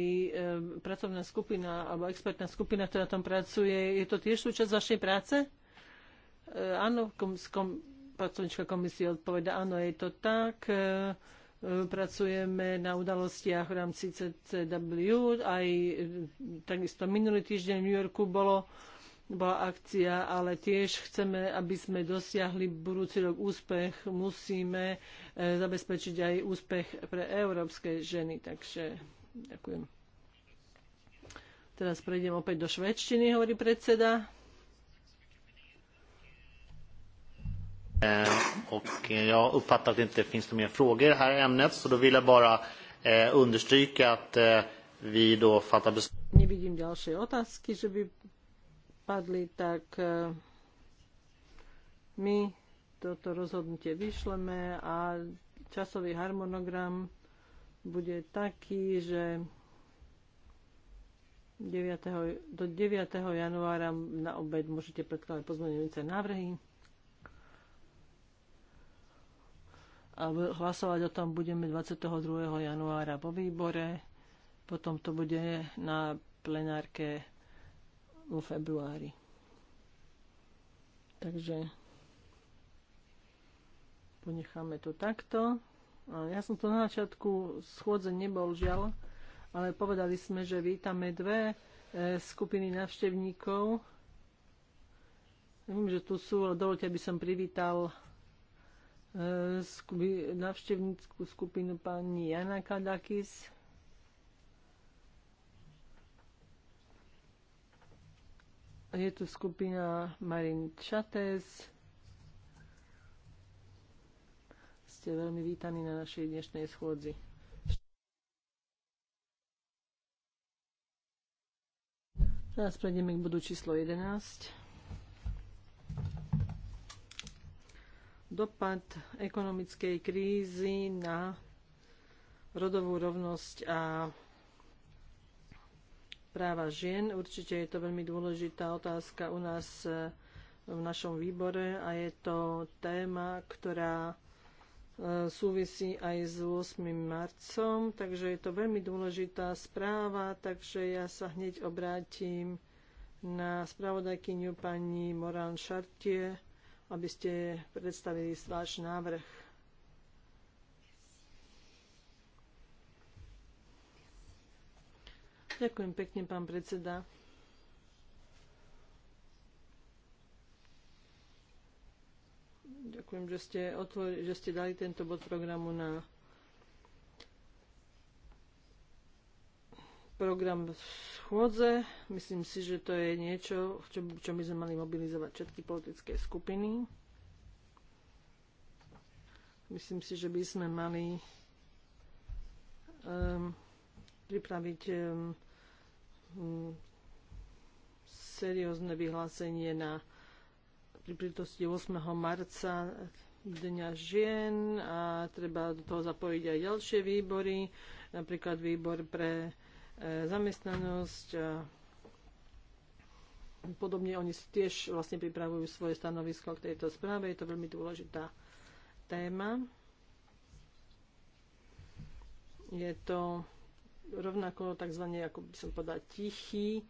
pracovná skupina alebo expertná skupina, ktorá tam pracuje. Je to tiež súčasť vašej práce? E, áno, kom, kom, pracovníčka komisie odpoveda, áno, je to tak. E, E, pracujeme na udalostiach v rámci CCW. Aj e, takisto minulý týždeň v New Yorku bolo, bola akcia, ale tiež chceme, aby sme dosiahli budúci rok úspech. Musíme e, zabezpečiť aj úspech pre európske ženy. Takže ďakujem. Teraz prejdem opäť do švedštiny, hovorí predseda. Eh, och jag uppfattar att det inte finns några mer frågor i det här ämnet, så då vill jag bara eh, understryka att eh, vi då fattar beslut. padli, tak my toto rozhodnutie vyšleme a časový harmonogram bude taký, že 9. do 9. januára na obed môžete predkladať pozmeňujúce návrhy. a hlasovať o tom budeme 22. januára vo výbore. Potom to bude na plenárke vo februári. Takže ponecháme to takto. Ja som to na začiatku schôdze nebol žiaľ, ale povedali sme, že vítame dve e, skupiny návštevníkov. Viem, že tu sú, ale dovolte, aby som privítal navštevníckú skupinu pani Jana Kadakis. Je tu skupina Marin Čates. Ste veľmi vítaní na našej dnešnej schôdzi. Teraz prejdeme k bodu číslo 11. dopad ekonomickej krízy na rodovú rovnosť a práva žien. Určite je to veľmi dôležitá otázka u nás e, v našom výbore a je to téma, ktorá e, súvisí aj s 8. marcom, takže je to veľmi dôležitá správa, takže ja sa hneď obrátim na spravodajkyňu pani Morán Šartie, aby ste predstavili váš návrh. Ďakujem pekne, pán predseda. Ďakujem, že ste, otvorili, že ste dali tento bod programu na program schôdze. Myslím si, že to je niečo, v čom, čo by sme mali mobilizovať všetky politické skupiny. Myslím si, že by sme mali um, pripraviť um, seriózne vyhlásenie na príležitosti 8. marca Dňa žien a treba do toho zapojiť aj ďalšie výbory, napríklad výbor pre E, zamestnanosť a podobne. Oni tiež vlastne pripravujú svoje stanovisko k tejto správe. Je to veľmi dôležitá téma. Je to rovnako tzv. ako by som povedala tichý,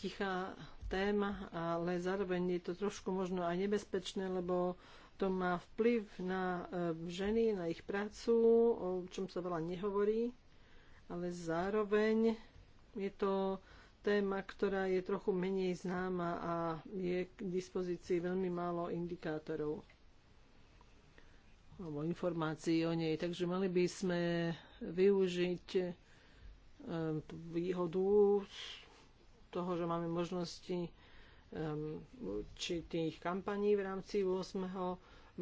tichá téma, ale zároveň je to trošku možno aj nebezpečné, lebo to má vplyv na e, ženy, na ich prácu, o čom sa veľa nehovorí ale zároveň je to téma, ktorá je trochu menej známa a je k dispozícii veľmi málo indikátorov alebo informácií o nej. Takže mali by sme využiť e, výhodu toho, že máme možnosti určitých kampaní v rámci 8.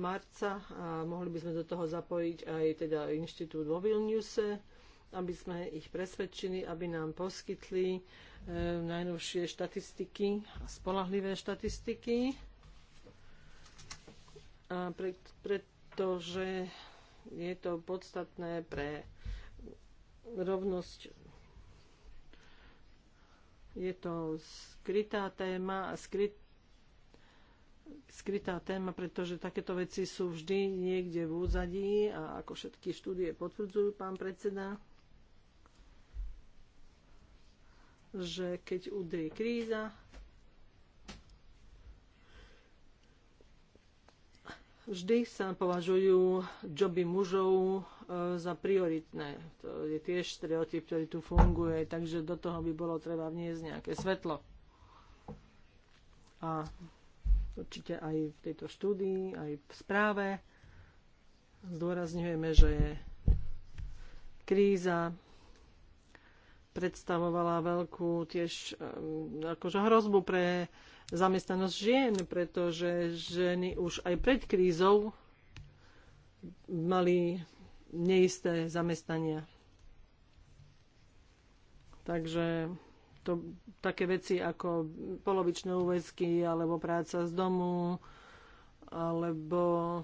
marca a mohli by sme do toho zapojiť aj teda inštitút vo Vilniuse, aby sme ich presvedčili, aby nám poskytli e, najnovšie štatistiky a spolahlivé štatistiky. A pre, pretože je to podstatné pre rovnosť. Je to skrytá téma a skryt, skrytá téma, pretože takéto veci sú vždy niekde v úzadí a ako všetky štúdie potvrdzujú, pán predseda, že keď udrie kríza, vždy sa považujú joby mužov e, za prioritné. To je tiež stereotyp, ktorý tu funguje, takže do toho by bolo treba vniesť nejaké svetlo. A určite aj v tejto štúdii, aj v správe zdôrazňujeme, že je kríza predstavovala veľkú tiež akože hrozbu pre zamestnanosť žien, pretože ženy už aj pred krízou mali neisté zamestnania. Takže to, také veci ako polovičné úväzky alebo práca z domu alebo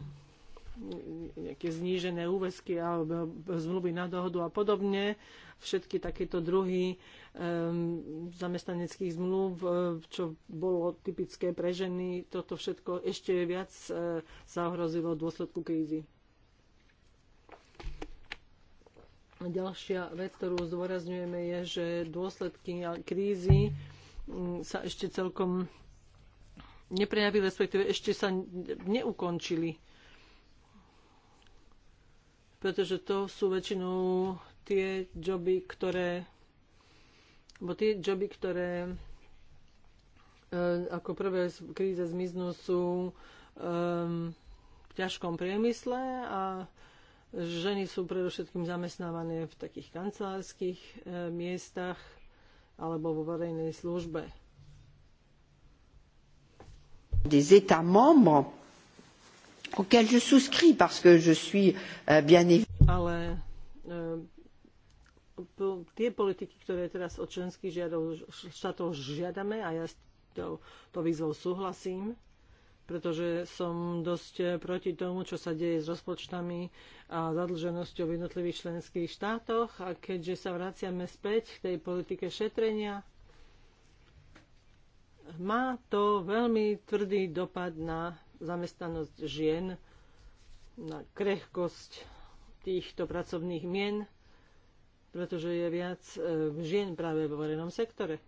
nejaké znížené úvesky alebo zmluvy na dohodu a podobne. Všetky takéto druhy um, zamestnaneckých zmluv, e, čo bolo typické pre ženy, toto všetko ešte viac uh, zahrozilo v dôsledku krízy. Ďalšia vec, ktorú zdôrazňujeme, je, že dôsledky krízy sa ešte celkom neprejavili, respektíve ešte sa neukončili pretože to sú väčšinou tie joby, ktoré bo tie joby, ktoré e, ako prvé kríze zmiznú sú um, v ťažkom priemysle a ženy sú predovšetkým zamestnávané v takých kancelárskych e, miestach alebo vo verejnej službe. Des États membres auquel je souscris parce que je suis euh, bien évidemment euh, tie politiky, ktoré teraz od členských štátov žiadame a ja s tou, tou výzvou súhlasím, pretože som dosť eh, proti tomu, čo sa deje s rozpočtami a zadlženosťou v jednotlivých členských štátoch. A keďže sa vraciame späť k tej politike šetrenia, má to veľmi tvrdý dopad na zamestnanosť žien, na krehkosť týchto pracovných mien, pretože je viac e, žien práve vo verejnom sektore.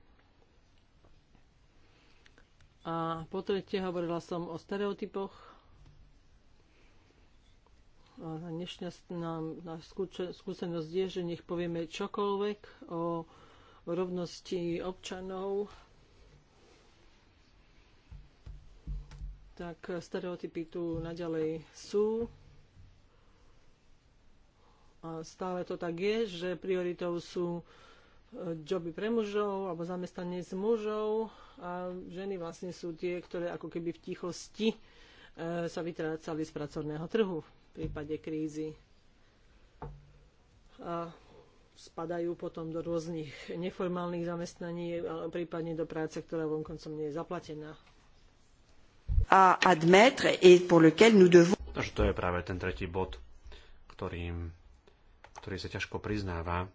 A po tretie hovorila som o stereotypoch, a nešťastná skúsenosť je, že nech povieme čokoľvek o rovnosti občanov, tak stereotypy tu naďalej sú. A stále to tak je, že prioritou sú e, joby pre mužov alebo zamestnanie s mužov a ženy vlastne sú tie, ktoré ako keby v tichosti e, sa vytrácali z pracovného trhu v prípade krízy. A spadajú potom do rôznych neformálnych zamestnaní, prípadne do práce, ktorá vonkoncom nie je zaplatená à admettre et pour lequel nous devons... Takže to je práve ten tretí bod, ktorý, ktorý sa ťažko priznáva,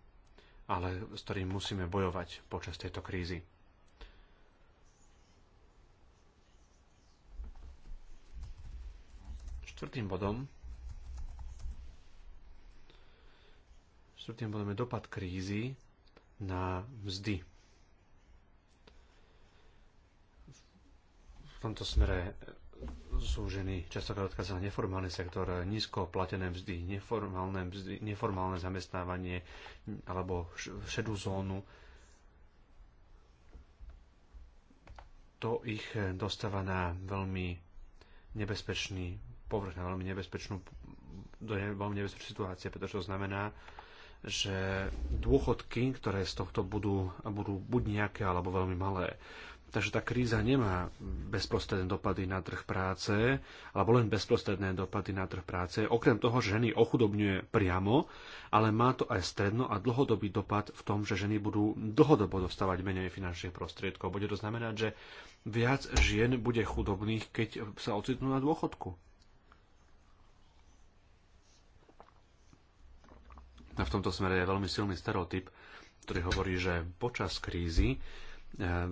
ale s ktorým musíme bojovať počas tejto krízy. Štvrtým bodom štvrtým bodom je dopad krízy na mzdy tomto smere sú ženy častokrát odkazané na neformálny sektor, nízko platené mzdy, neformálne, mzdy, neformálne zamestnávanie alebo šedú zónu. To ich dostáva na veľmi nebezpečný povrch, na veľmi nebezpečnú do veľmi nebezpečnú situácie, pretože to znamená, že dôchodky, ktoré z tohto budú, budú buď nejaké alebo veľmi malé. Takže tá kríza nemá bezprostredné dopady na trh práce, alebo len bezprostredné dopady na trh práce. Okrem toho, že ženy ochudobňuje priamo, ale má to aj stredno a dlhodobý dopad v tom, že ženy budú dlhodobo dostávať menej finančných prostriedkov. Bude to znamenať, že viac žien bude chudobných, keď sa ocitnú na dôchodku. A v tomto smere je veľmi silný stereotyp, ktorý hovorí, že počas krízy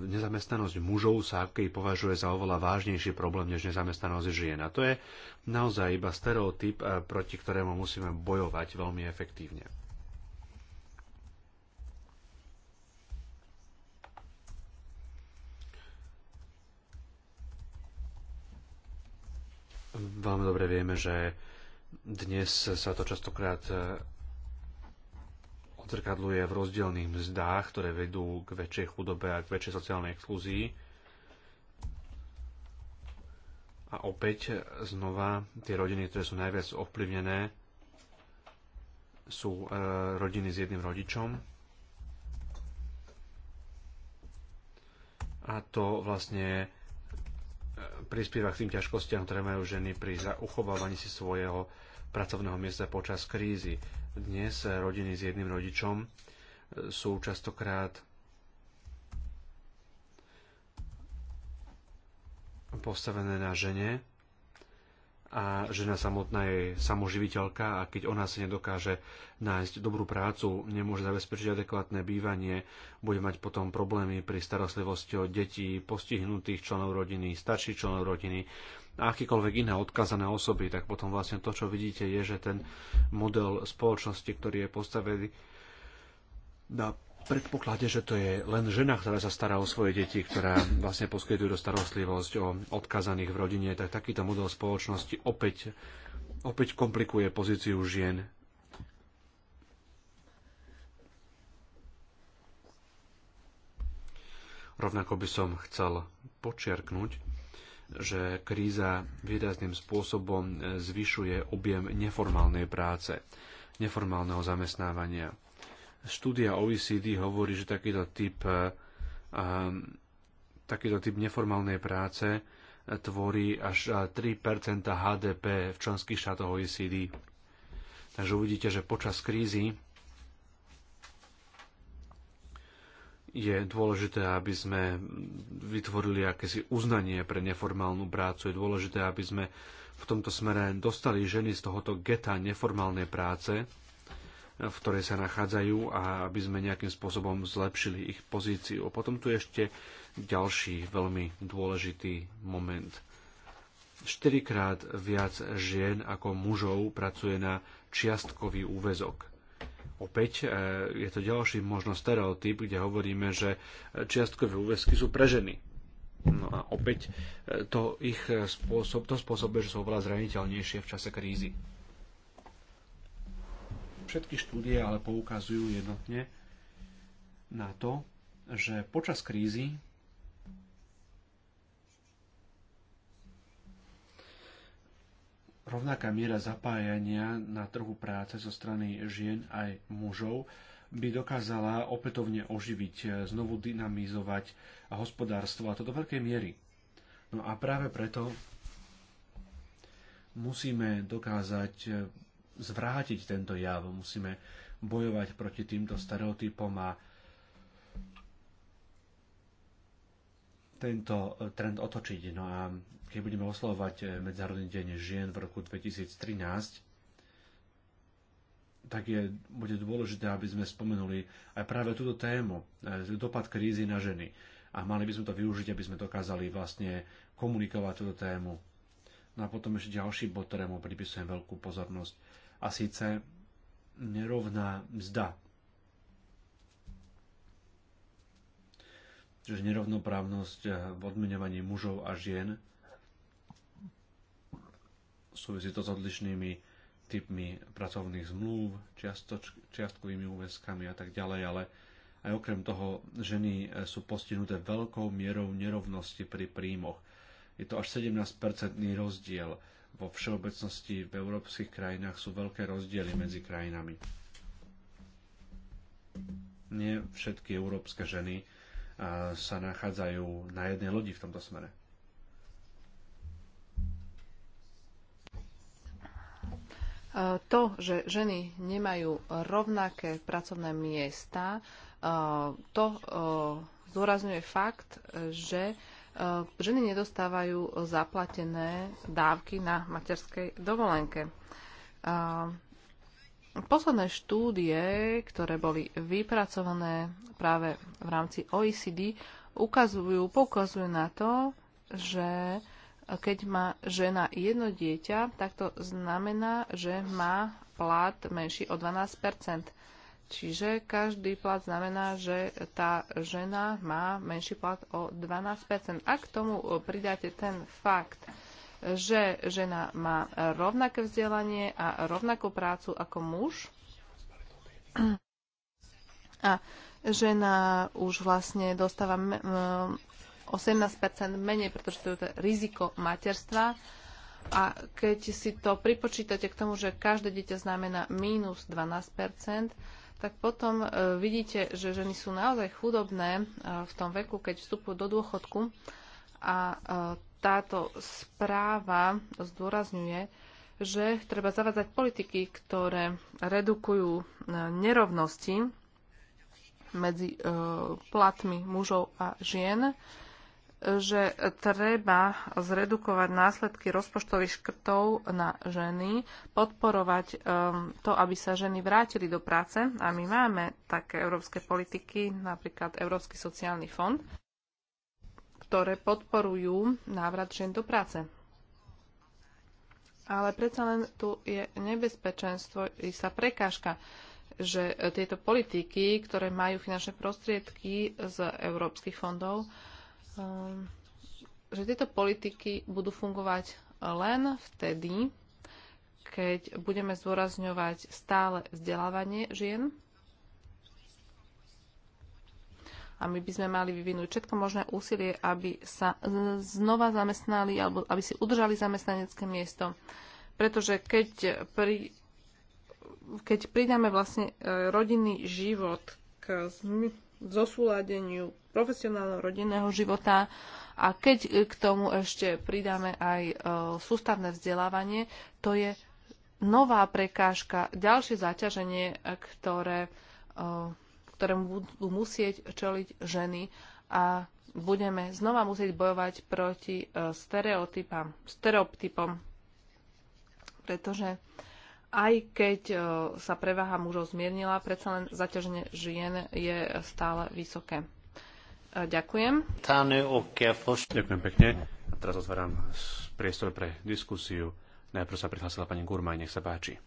nezamestnanosť mužov sa akej považuje za oveľa vážnejší problém než nezamestnanosť žien. A to je naozaj iba stereotyp, eh, proti ktorému musíme bojovať veľmi efektívne. Veľmi dobre vieme, že dnes sa to častokrát eh, odzrkadluje v rozdielných mzdách, ktoré vedú k väčšej chudobe a k väčšej sociálnej exklúzii. A opäť znova tie rodiny, ktoré sú najviac ovplyvnené, sú e, rodiny s jedným rodičom. A to vlastne e, prispieva k tým ťažkostiam, ktoré majú ženy pri uchovávaní si svojho pracovného miesta počas krízy dnes rodiny s jedným rodičom e, sú častokrát postavené na žene a žena samotná je samoživiteľka a keď ona si nedokáže nájsť dobrú prácu, nemôže zabezpečiť adekvátne bývanie, bude mať potom problémy pri starostlivosti o detí, postihnutých členov rodiny, starších členov rodiny a akýkoľvek iné odkazané osoby, tak potom vlastne to, čo vidíte, je, že ten model spoločnosti, ktorý je postavený na predpoklade, že to je len žena, ktorá sa stará o svoje deti, ktorá vlastne poskytuje starostlivosť o odkazaných v rodine, tak takýto model spoločnosti opäť, opäť komplikuje pozíciu žien Rovnako by som chcel počiarknúť, že kríza výrazným spôsobom e, zvyšuje objem neformálnej práce, neformálneho zamestnávania. Štúdia OECD hovorí, že takýto typ, e, takýto typ neformálnej práce e, tvorí až 3 HDP v členských štátoch OECD. Takže uvidíte, že počas krízy je dôležité, aby sme vytvorili akési uznanie pre neformálnu prácu. Je dôležité, aby sme v tomto smere dostali ženy z tohoto geta neformálnej práce, v ktorej sa nachádzajú a aby sme nejakým spôsobom zlepšili ich pozíciu. A potom tu ešte ďalší veľmi dôležitý moment. Štyrikrát viac žien ako mužov pracuje na čiastkový úvezok Opäť e, je to ďalší možno stereotyp, kde hovoríme, že čiastkové úvesky sú pre ženy. No a opäť e, to ich spôsob, to spôsobuje, že sú oveľa zraniteľnejšie v čase krízy. Všetky štúdie ale poukazujú jednotne na to, že počas krízy rovnaká miera zapájania na trhu práce zo strany žien aj mužov by dokázala opätovne oživiť, e, znovu dynamizovať hospodárstvo a to do veľkej miery. No a práve preto musíme dokázať e, zvrátiť tento jav, musíme bojovať proti týmto stereotypom a tento e, trend otočiť. No a keď budeme oslovovať e, Medzárodný deň žien v roku 2013, tak je, bude dôležité, aby sme spomenuli aj práve túto tému, e, dopad krízy na ženy. A mali by sme to využiť, aby sme dokázali vlastne komunikovať túto tému. No a potom ešte ďalší bod, ktorému pripisujem veľkú pozornosť. A síce nerovná mzda čiže nerovnoprávnosť eh, v odmenovaní mužov a žien. Súvisí to s odlišnými typmi pracovných zmluv, čiastoč, čiastkovými úväzkami a tak ďalej, ale aj okrem toho ženy eh, sú postihnuté veľkou mierou nerovnosti pri príjmoch. Je to až 17-percentný rozdiel. Vo všeobecnosti v európskych krajinách sú veľké rozdiely medzi krajinami. Nie všetky európske ženy sa nachádzajú na jednej lodi v tomto smere. To, že ženy nemajú rovnaké pracovné miesta, to zdôrazňuje fakt, že ženy nedostávajú zaplatené dávky na materskej dovolenke. Posledné štúdie, ktoré boli vypracované práve v rámci OECD, ukazujú, poukazujú na to, že keď má žena jedno dieťa, tak to znamená, že má plat menší o 12 Čiže každý plat znamená, že tá žena má menší plat o 12 Ak k tomu pridáte ten fakt, že žena má rovnaké vzdelanie a rovnakú prácu ako muž. A žena už vlastne dostáva 18% menej, pretože to je to riziko materstva. A keď si to pripočítate k tomu, že každé dieťa znamená mínus 12%, tak potom e, vidíte, že ženy sú naozaj chudobné e, v tom veku, keď vstupujú do dôchodku. A e, táto správa zdôrazňuje, že treba zavádzať politiky, ktoré redukujú e, nerovnosti medzi e, platmi mužov a žien, že treba zredukovať následky rozpočtových škrtov na ženy, podporovať e, to, aby sa ženy vrátili do práce. A my máme také európske politiky, napríklad Európsky sociálny fond ktoré podporujú návrat žien do práce. Ale predsa len tu je nebezpečenstvo, je sa prekážka, že tieto politiky, ktoré majú finančné prostriedky z európskych fondov, ehm, že tieto politiky budú fungovať len vtedy, keď budeme zdôrazňovať stále vzdelávanie žien a my by sme mali vyvinúť všetko možné úsilie, aby sa znova zamestnali alebo aby si udržali zamestnanecké miesto. Pretože keď, pri, keď pridáme vlastne e, rodinný život k zosúladeniu profesionálneho rodinného života a keď k tomu ešte pridáme aj e, sústavné vzdelávanie, to je nová prekážka, ďalšie zaťaženie, ktoré e, ktorému budú musieť čeliť ženy a budeme znova musieť bojovať proti e, stereotypom, stereotypom pretože aj keď e, sa prevaha mužov zmiernila, predsa len zaťaženie žien je stále vysoké. E, ďakujem. Ďakujem pekne. A teraz otváram priestor pre diskusiu. Najprv sa prihlásila pani Gurmaj, nech sa páči.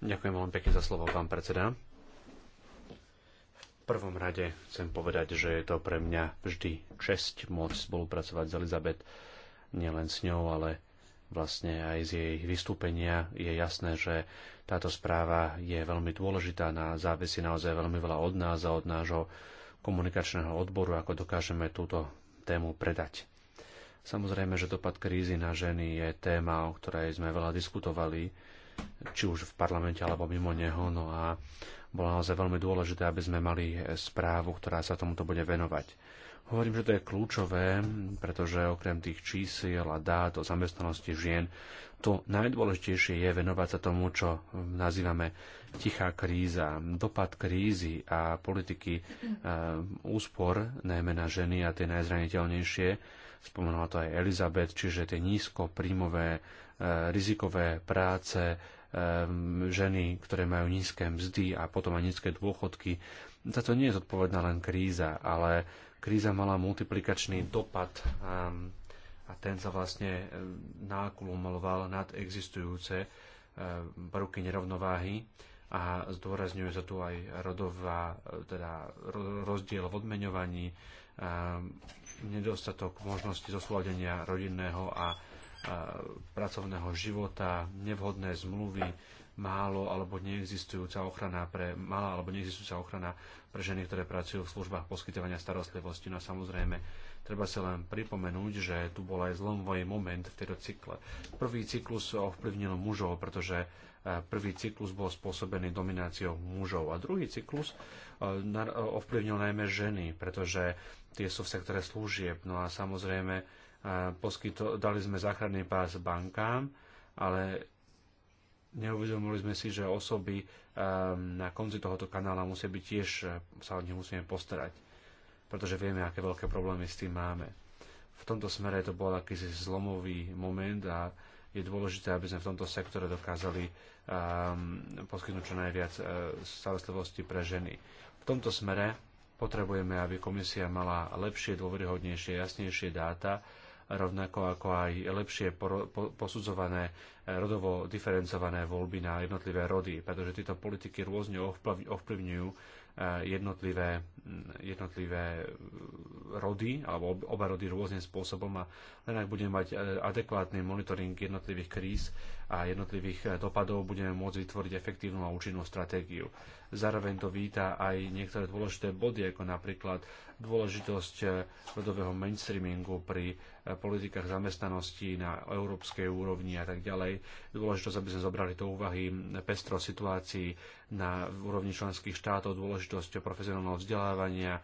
Ďakujem veľmi pekne za slovo, pán predseda prvom rade chcem povedať, že je to pre mňa vždy česť môcť spolupracovať s Elizabet, nielen s ňou, ale vlastne aj z jej vystúpenia je jasné, že táto správa je veľmi dôležitá, na závisí naozaj veľmi veľa od nás a od nášho komunikačného odboru, ako dokážeme túto tému predať. Samozrejme, že dopad krízy na ženy je téma, o ktorej sme veľa diskutovali, či už v parlamente alebo mimo neho. No a bolo naozaj veľmi dôležité, aby sme mali správu, ktorá sa tomuto bude venovať. Hovorím, že to je kľúčové, pretože okrem tých čísiel a dát o zamestnanosti žien, to najdôležitejšie je venovať sa tomu, čo nazývame tichá kríza, dopad krízy a politiky e, úspor, najmä na ženy a tie najzraniteľnejšie. Spomenula to aj Elizabeth, čiže tie nízko príjmové, e, eh, rizikové práce, ženy, ktoré majú nízke mzdy a potom aj nízke dôchodky. Táto nie je zodpovedná len kríza, ale kríza mala multiplikačný dopad a ten sa vlastne nákulumoval nad existujúce prvky nerovnováhy a zdôrazňuje sa tu aj rodová, teda rozdiel v odmeňovaní, nedostatok možnosti zosúladenia rodinného a pracovného života, nevhodné zmluvy, málo alebo neexistujúca ochrana pre malá alebo neexistujúca ochrana pre ženy, ktoré pracujú v službách poskytovania starostlivosti. No a samozrejme, treba sa len pripomenúť, že tu bol aj zlomový moment v tejto cykle. Prvý cyklus ovplyvnil mužov, pretože e, prvý cyklus bol spôsobený domináciou mužov a druhý cyklus e, ovplyvnil najmä ženy, pretože tie sú v sektore služieb. No a samozrejme, poskyto, dali sme záchranný pás bankám, ale neuvedomili sme si, že osoby um, na konci tohoto kanála musia byť tiež, e, sa o nich musíme postarať, pretože vieme, aké veľké problémy s tým máme. V tomto smere to bol akýsi zlomový moment a je dôležité, aby sme v tomto sektore dokázali um, poskytnúť čo najviac uh, starostlivosti pre ženy. V tomto smere potrebujeme, aby komisia mala lepšie, dôveryhodnejšie, jasnejšie dáta, rovnako ako aj lepšie posudzované eh, rodovo diferencované voľby na jednotlivé rody, pretože tieto politiky rôzne ovplyvňujú eh, jednotlivé, mm, jednotlivé rody, alebo oba rody rôznym spôsobom a len ak budeme mať e, adekvátny monitoring jednotlivých kríz a jednotlivých e, dopadov, budeme môcť vytvoriť efektívnu a účinnú stratégiu. Zároveň to víta aj niektoré dôležité body, ako napríklad dôležitosť e, rodového mainstreamingu pri politikách zamestnanosti na európskej úrovni a tak ďalej. Dôležitosť, aby sme zobrali do úvahy pestro situácií na úrovni členských štátov, dôležitosť profesionálneho vzdelávania, e,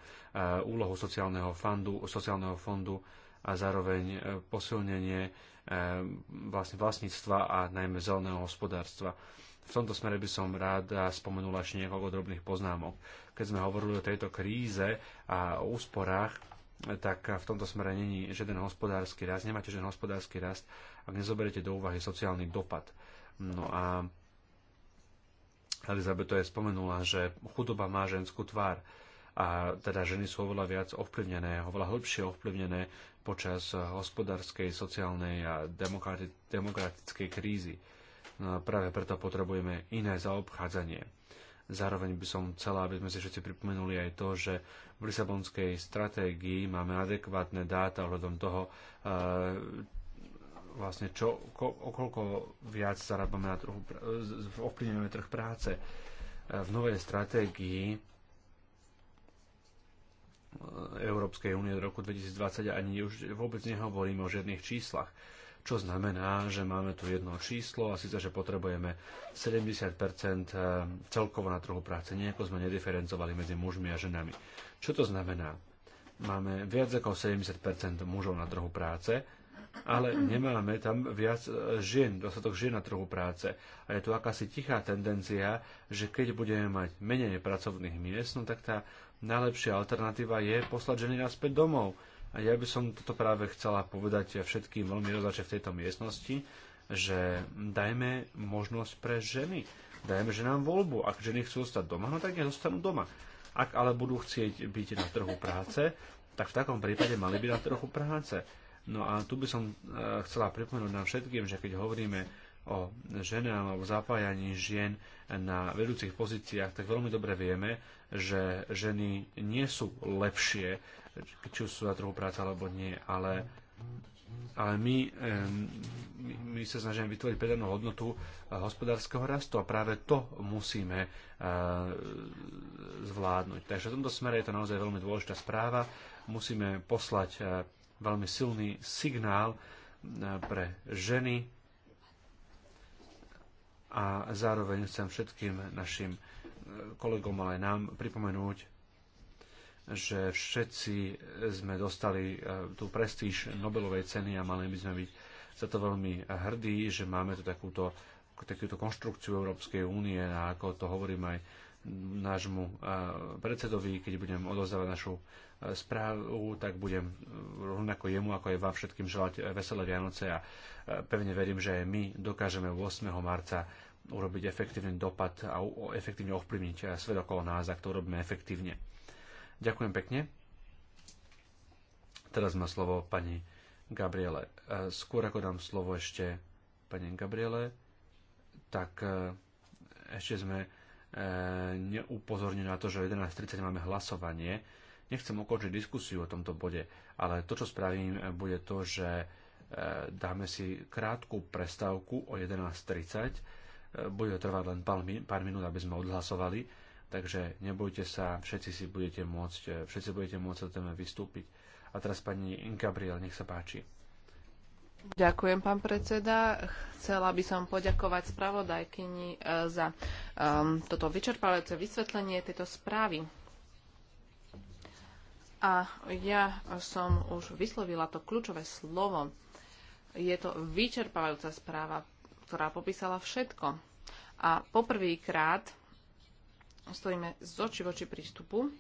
úlohu sociálneho fondu, sociálneho fondu a zároveň e, posilnenie e, vlastne vlastníctva a najmä zeleného hospodárstva. V tomto smere by som rád spomenula ešte niekoľko drobných poznámok. Keď sme hovorili o tejto kríze a o úsporách, tak v tomto smere není žiaden hospodársky rast, nemáte žiaden hospodársky rast, ak nezoberiete do úvahy sociálny dopad. No a Elizabeto je spomenula, že chudoba má ženskú tvár a teda ženy sú oveľa viac ovplyvnené, oveľa hĺbšie ovplyvnené počas eh, hospodárskej, sociálnej a demokratickej krízy. No a práve preto potrebujeme iné zaobchádzanie. Zároveň by som chcela, aby sme si všetci pripomenuli aj to, že v Lisabonskej stratégii máme adekvátne dáta ohľadom toho, eh, vlastne čo, ko, okoľko viac zarábame na trhu, ovplyvňujeme trh práce. E, v novej stratégii e, Európskej únie z roku 2020 ani už vôbec nehovoríme o žiadnych číslach. Čo znamená, že máme tu jedno číslo a síce, že potrebujeme 70% e, celkovo na trhu práce. Nejako sme nediferencovali medzi mužmi a ženami. Čo to znamená? Máme viac ako 70% mužov na trhu práce, ale nemáme tam viac e, žien, dostatok žien na trhu práce. A je tu akási tichá tendencia, že keď budeme mať menej pracovných miest, no tak tá najlepšia alternatíva je poslať ženy naspäť domov. A ja by som toto práve chcela povedať všetkým veľmi rozlače v tejto miestnosti, že dajme možnosť pre ženy. Dajme ženám voľbu. Ak ženy chcú zostať doma, no tak nech zostanú doma. Ak ale budú chcieť byť na trhu práce, tak v takom prípade mali byť na trhu práce. No a tu by som e, chcela pripomenúť nám všetkým, že keď hovoríme o ženách alebo zapájaní žien na vedúcich pozíciách, tak veľmi dobre vieme, že ženy nie sú lepšie, či sú na trhu práce alebo nie, ale ale my, e, my, my sa snažíme vytvoriť predanú hodnotu hospodárskeho rastu a práve to musíme e, zvládnuť. Takže v tomto smere je to naozaj veľmi dôležitá správa. Musíme poslať veľmi silný signál eh, pre ženy a zároveň chcem všetkým našim eh, kolegom, ale aj nám pripomenúť, že všetci sme dostali eh, tú prestíž Nobelovej ceny a mali by sme byť za to veľmi hrdí, že máme tu takúto, takúto konštrukciu Európskej únie a ako to hovorím aj nášmu predsedovi, keď budem odozdávať našu správu, tak budem rovnako jemu, ako aj vám všetkým želať veselé Vianoce a e, pevne verím, že aj my dokážeme 8. marca urobiť efektívny dopad a efektívne ovplyvniť e, svet okolo nás, ak to urobíme efektívne. Ďakujem pekne. Teraz má slovo pani Gabriele. E, skôr ako dám slovo ešte pani Gabriele, tak ešte sme neupozornili na to, že o 11.30 máme hlasovanie Nechcem ukončiť diskusiu o tomto bode, ale to, čo spravím, bude to, že e, dáme si krátku prestávku o 11.30. E, bude trvať len pár minút, aby sme odhlasovali, takže nebojte sa, všetci si budete môcť, e, všetci budete môcť o téme vystúpiť. A teraz pani Gabriel, nech sa páči. Ďakujem, pán predseda. Chcela by som poďakovať spravodajkyni za um, toto vyčerpávajúce vysvetlenie tejto správy. A ja som už vyslovila to kľúčové slovo. Je to vyčerpávajúca správa, ktorá popísala všetko. A poprvýkrát stojíme z oči voči prístupu,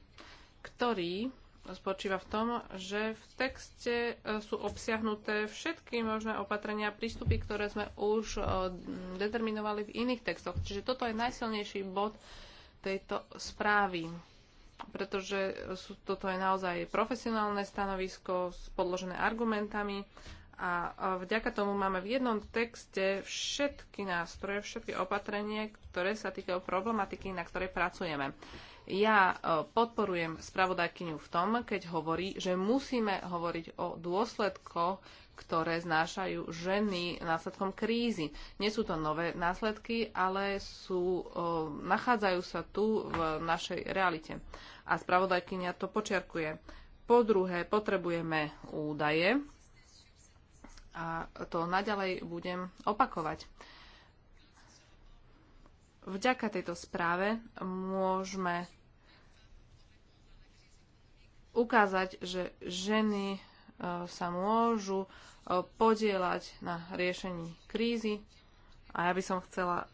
ktorý spočíva v tom, že v texte e, sú obsiahnuté všetky možné opatrenia a prístupy, ktoré sme už e, determinovali v iných textoch. Čiže toto je najsilnejší bod tejto správy pretože sú, toto je naozaj profesionálne stanovisko podložené argumentami a, a vďaka tomu máme v jednom texte všetky nástroje, všetky opatrenie, ktoré sa týkajú problematiky, na ktorej pracujeme. Ja e, podporujem spravodajkyňu v tom, keď hovorí, že musíme hovoriť o dôsledkoch ktoré znášajú ženy následkom krízy. Nie sú to nové následky, ale sú, nachádzajú sa tu v našej realite. A spravodajkynia to počiarkuje. Po druhé, potrebujeme údaje a to naďalej budem opakovať. Vďaka tejto správe môžeme ukázať, že ženy E, sa môžu e, podielať na riešení krízy. A ja by som chcela e,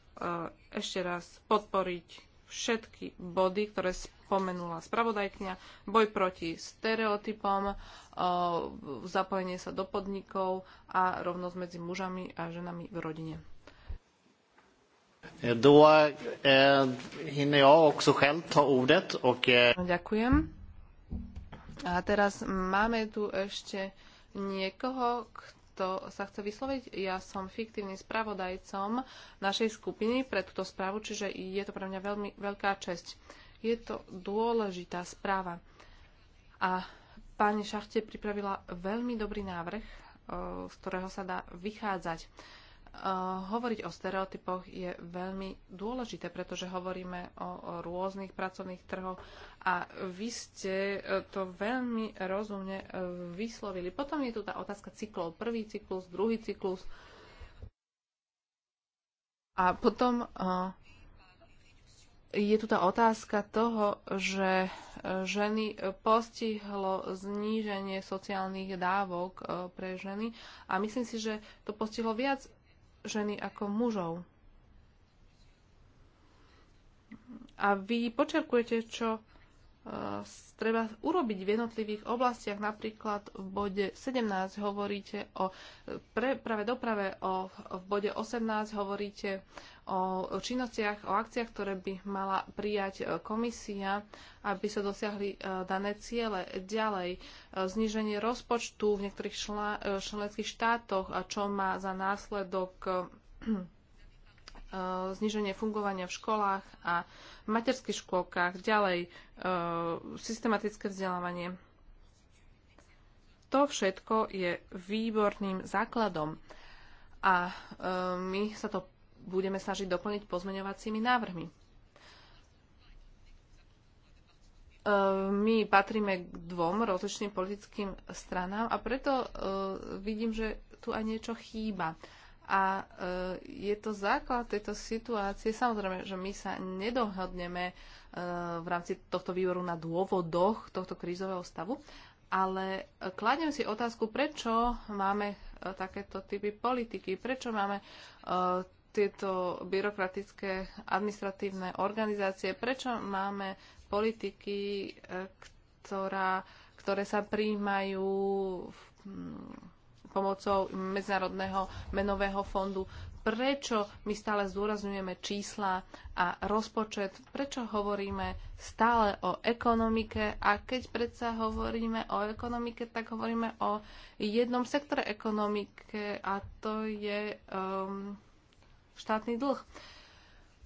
ešte raz podporiť všetky body, ktoré spomenula spravodajkňa. Boj proti stereotypom, zapojenie sa do podnikov a rovnosť medzi mužami a ženami v rodine. Eh, eh, Ďakujem. A teraz máme tu ešte niekoho, kto sa chce vysloviť. Ja som fiktívnym spravodajcom našej skupiny pre túto správu, čiže je to pre mňa veľmi veľká česť. Je to dôležitá správa. A pani Šachte pripravila veľmi dobrý návrh, z ktorého sa dá vychádzať hovoriť o stereotypoch je veľmi dôležité, pretože hovoríme o, o rôznych pracovných trhoch a vy ste e, to veľmi rozumne e, vyslovili. Potom je tu tá otázka cyklov. Prvý cyklus, druhý cyklus. A potom e, je tu tá otázka toho, že ženy postihlo zníženie sociálnych dávok pre ženy a myslím si, že to postihlo viac ženy ako mužov. A vy počerkujete, čo E, treba urobiť v jednotlivých oblastiach. Napríklad v bode 17 hovoríte o e, preprave doprave, o, v bode 18 hovoríte o činnostiach, o akciách, ktoré by mala prijať e, komisia, aby sa dosiahli dané ciele. Ďalej, zníženie rozpočtu v niektorých členských štátoch, a čo má za následok Eh, zniženie fungovania v školách a v materských škôlkach, ďalej eh, systematické vzdelávanie. To všetko je výborným základom a eh, my sa to budeme snažiť doplniť pozmeňovacími návrhmi. my patríme k dvom rozličným politickým stranám a preto vidím, že tu aj niečo chýba. A e, je to základ tejto situácie. Samozrejme, že my sa nedohodneme e, v rámci tohto výboru na dôvodoch tohto krízového stavu, ale e, kladiem si otázku, prečo máme takéto typy politiky, prečo máme tieto byrokratické administratívne organizácie, prečo máme politiky, ktorá, ktoré sa príjmajú v pomocou Medzinárodného menového fondu. Prečo my stále zdôrazňujeme čísla a rozpočet? Prečo hovoríme stále o ekonomike? A keď predsa hovoríme o ekonomike, tak hovoríme o jednom sektore ekonomike a to je um, štátny dlh.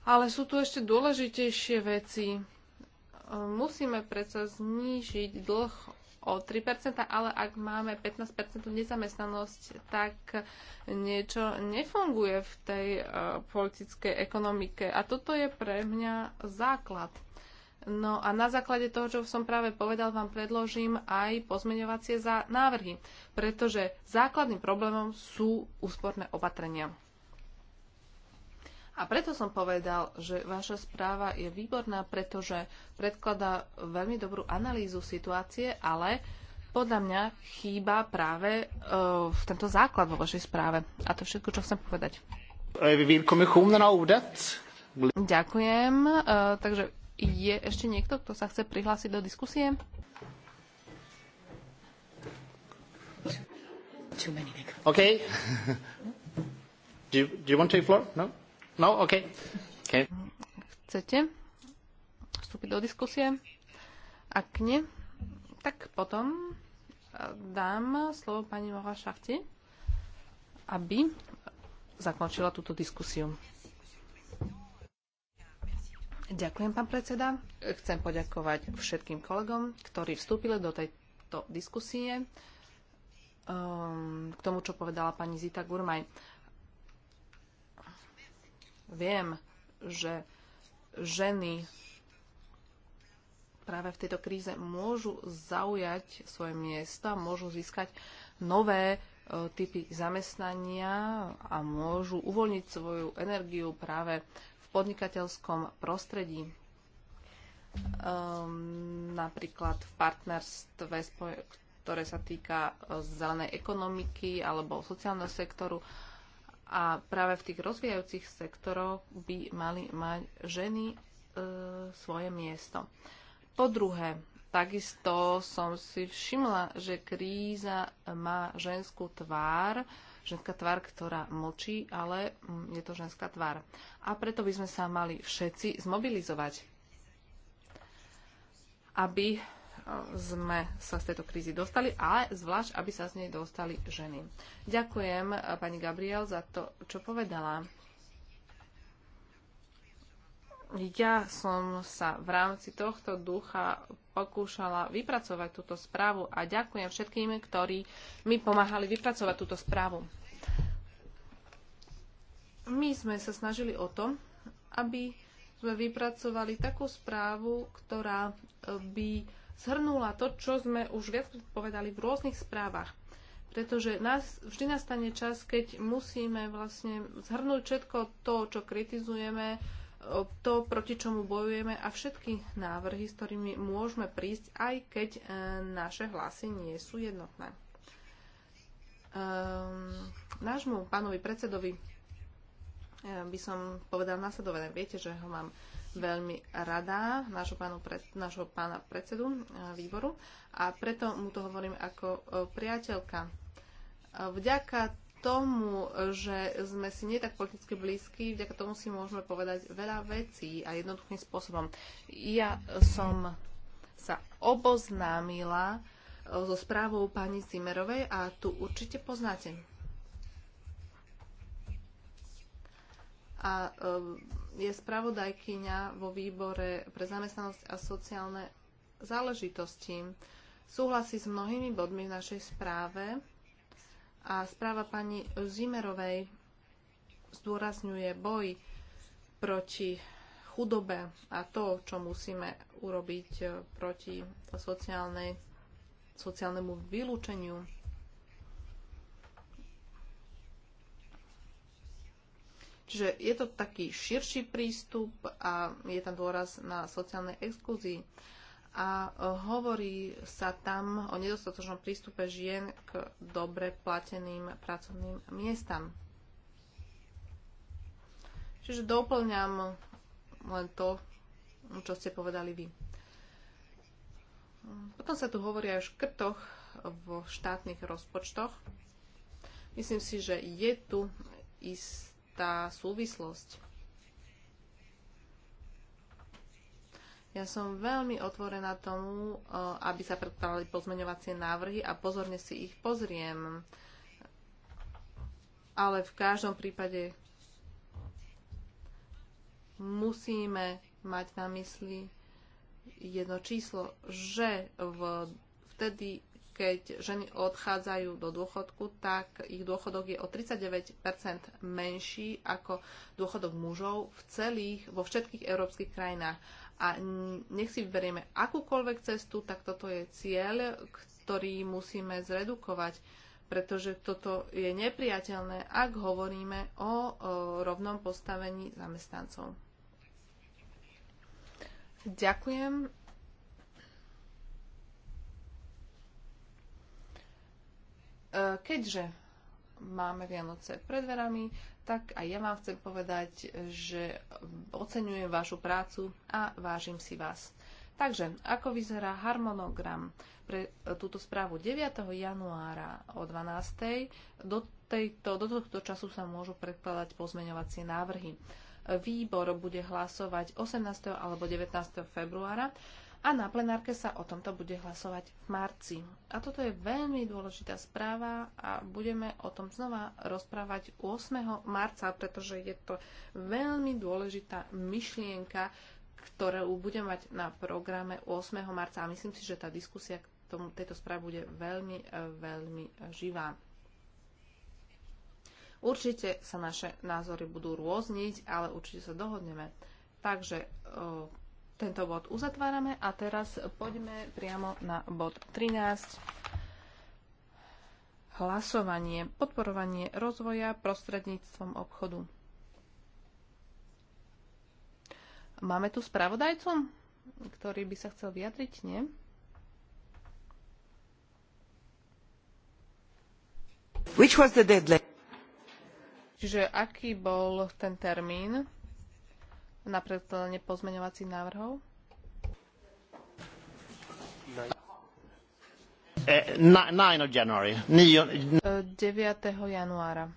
Ale sú tu ešte dôležitejšie veci. Musíme predsa znížiť dlh o 3%, ale ak máme 15% nezamestnanosť, tak niečo nefunguje v tej uh, politickej ekonomike. A toto je pre mňa základ. No a na základe toho, čo som práve povedal, vám predložím aj pozmeňovacie za návrhy, pretože základným problémom sú úsporné opatrenia. A preto som povedal, že vaša správa je výborná, pretože predkladá veľmi dobrú analýzu situácie, ale podľa mňa chýba práve uh, tento základ vo vašej správe. A to všetko, čo chcem povedať. Eh, Ďakujem. Uh, takže je ešte niekto, kto sa chce prihlásiť do diskusie? Okay. do you, do you want to take floor? No? No, OK. okay. Chcete vstúpiť do diskusie? Ak nie, tak potom dám slovo pani Mora Šachti, aby zakončila túto diskusiu. Ďakujem, pán predseda. Chcem poďakovať všetkým kolegom, ktorí vstúpili do tejto diskusie ehm, k tomu, čo povedala pani Zita Gurmaj. Viem, že ženy práve v tejto kríze môžu zaujať svoje miesta, môžu získať nové e, typy zamestnania a môžu uvoľniť svoju energiu práve v podnikateľskom prostredí. Um, napríklad v partnerstve, ktoré sa týka e, zelenej ekonomiky alebo sociálneho sektoru, a práve v tých rozvíjajúcich sektoroch by mali mať ženy e, svoje miesto. Po druhé, takisto som si všimla, že kríza má ženskú tvár, ženská tvár, ktorá mlčí, ale mm, je to ženská tvár. A preto by sme sa mali všetci zmobilizovať, aby sme sa z tejto krízy dostali, ale zvlášť, aby sa z nej dostali ženy. Ďakujem eh, pani Gabriel za to, čo povedala. Ja som sa v rámci tohto ducha pokúšala vypracovať túto správu a ďakujem všetkým, ktorí mi pomáhali vypracovať túto správu. My sme sa snažili o to, aby sme vypracovali takú správu, ktorá by zhrnula to, čo sme už viac povedali v rôznych správach. Pretože nás, vždy nastane čas, keď musíme vlastne zhrnúť všetko to, čo kritizujeme, to, proti čomu bojujeme a všetky návrhy, s ktorými môžeme prísť, aj keď e, naše hlasy nie sú jednotné. e, nášmu pánovi predsedovi e, by som povedal nasledovné. Viete, že ho mám veľmi rada nášho, pánu pred, nášho pána predsedu e, výboru a preto mu to hovorím ako e, priateľka. E, vďaka tomu, že sme si nie tak politicky blízki, vďaka tomu si môžeme povedať veľa vecí a jednoduchým spôsobom. Ja som sa oboznámila so správou pani Cimerovej a tu určite poznáte. a e, je spravodajkyňa vo výbore pre zamestnanosť a sociálne záležitosti. Súhlasí s mnohými bodmi v našej správe a správa pani Zimerovej zdôrazňuje boj proti chudobe a to, čo musíme urobiť e, proti sociálnej, sociálnemu vylúčeniu Čiže je to taký širší prístup a je tam dôraz na sociálnej exkluzii. A e, hovorí sa tam o nedostatočnom prístupe žien k dobre plateným pracovným miestam. Čiže doplňam len to, čo ste povedali vy. Potom sa tu hovorí aj o škrtoch v štátnych rozpočtoch. Myslím si, že je tu istý tá súvislosť. Ja som veľmi otvorená tomu, e, aby sa predkladali pozmeňovacie návrhy a pozorne si ich pozriem. Ale v každom prípade musíme mať na mysli jedno číslo, že vtedy keď ženy odchádzajú do dôchodku, tak ich dôchodok je o 39 menší ako dôchodok mužov v celých, vo všetkých európskych krajinách. A nech si vyberieme akúkoľvek cestu, tak toto je cieľ, ktorý musíme zredukovať, pretože toto je nepriateľné, ak hovoríme o, o rovnom postavení zamestnancov. Ďakujem Eh, keďže máme Vianoce pred verami, tak aj ja vám chcem povedať, že oceňujem vašu prácu a vážim si vás. Takže, ako vyzerá harmonogram pre eh, túto správu 9. januára o 12. Do, tejto, do tohto času sa môžu predkladať pozmeňovacie návrhy. Eh, výbor bude hlasovať 18. alebo 19. februára a na plenárke sa o tomto bude hlasovať v marci. A toto je veľmi dôležitá správa a budeme o tom znova rozprávať 8. marca, pretože je to veľmi dôležitá myšlienka, ktorú budem mať na programe 8. marca a myslím si, že tá diskusia k tomu, tejto správe bude veľmi, e, veľmi živá. Určite sa naše názory budú rôzniť, ale určite sa dohodneme. Takže e, tento bod uzatvárame a teraz poďme priamo na bod 13. Hlasovanie, podporovanie rozvoja prostredníctvom obchodu. Máme tu spravodajcu, ktorý by sa chcel vyjadriť, nie? Which was the deadline? Čiže aký bol ten termín? na predkladanie pozmeňovacích návrhov? Eh, 9. 9. 9. januára.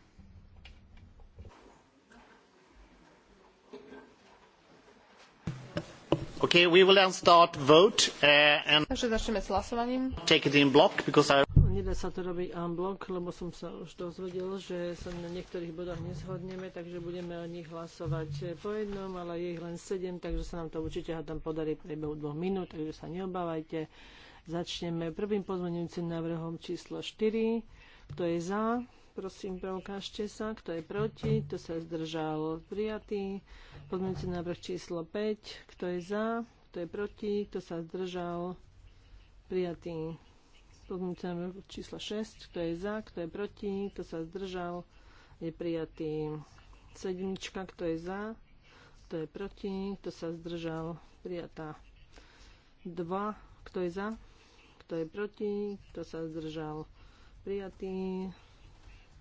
Okay, we will then start vote uh, and Takže začneme s hlasovaním. Take it in block because I sa to robiť en blok, lebo som sa už dozvedel, že sa na niektorých bodoch nezhodneme, takže budeme o nich hlasovať po jednom, ale je ich len sedem, takže sa nám to určite tam podarí priebehu dvoch minút, takže sa neobávajte. Začneme prvým pozvaniujúcim návrhom číslo 4. Kto je za? Prosím, preukážte sa. Kto je proti? Kto sa zdržal? Prijatý. Pozvaniujúci návrh číslo 5. Kto je za? Kto je proti? Kto sa zdržal? Prijatý. Pozmite číslo 6. Kto je za, kto je proti, kto sa zdržal, je prijatý. Sedmička, kto je za, kto je proti, kto sa zdržal, prijatá. 2. Kto je za, kto je proti, kto sa zdržal, prijatý.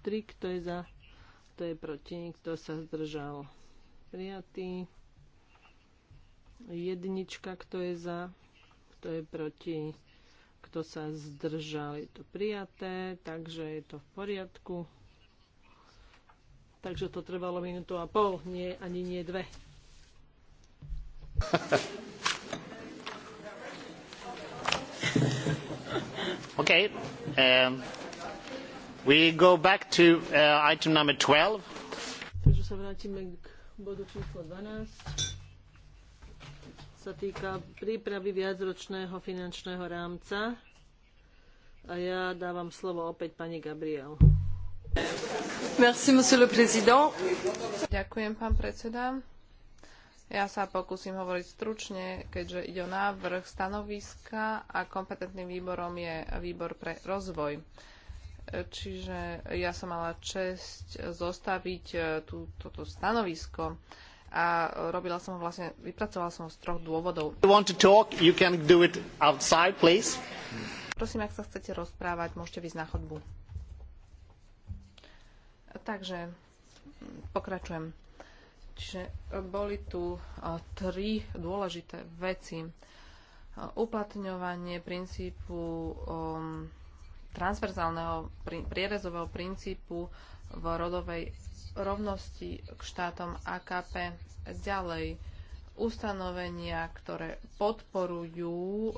3. Kto je za, kto je proti, kto sa zdržal, prijatý. Jednička, kto je za, kto je proti, niekto sa zdržal, je to prijaté, takže je to v poriadku. Takže to trvalo minútu a pol, nie, ani nie dve. OK. Um, we go back to uh, item number 12. Takže sa vrátime k bodu číslo 12 sa týka prípravy viacročného finančného rámca. A ja dávam slovo opäť pani Gabriel. Merci, monsieur le président. Ďakujem, pán predseda. Ja sa pokúsim hovoriť stručne, keďže ide o návrh stanoviska a kompetentným výborom je výbor pre rozvoj. Čiže ja som mala čest zostaviť eh, tú, toto stanovisko a robila som ho vlastne, vypracovala som ho z troch dôvodov. Prosím, ak sa chcete rozprávať, môžete vysť na chodbu. Takže pokračujem. Čiže boli tu tri dôležité veci. Uplatňovanie princípu transverzálneho prierezového princípu v rodovej rovnosti k štátom AKP ďalej ustanovenia, ktoré podporujú e,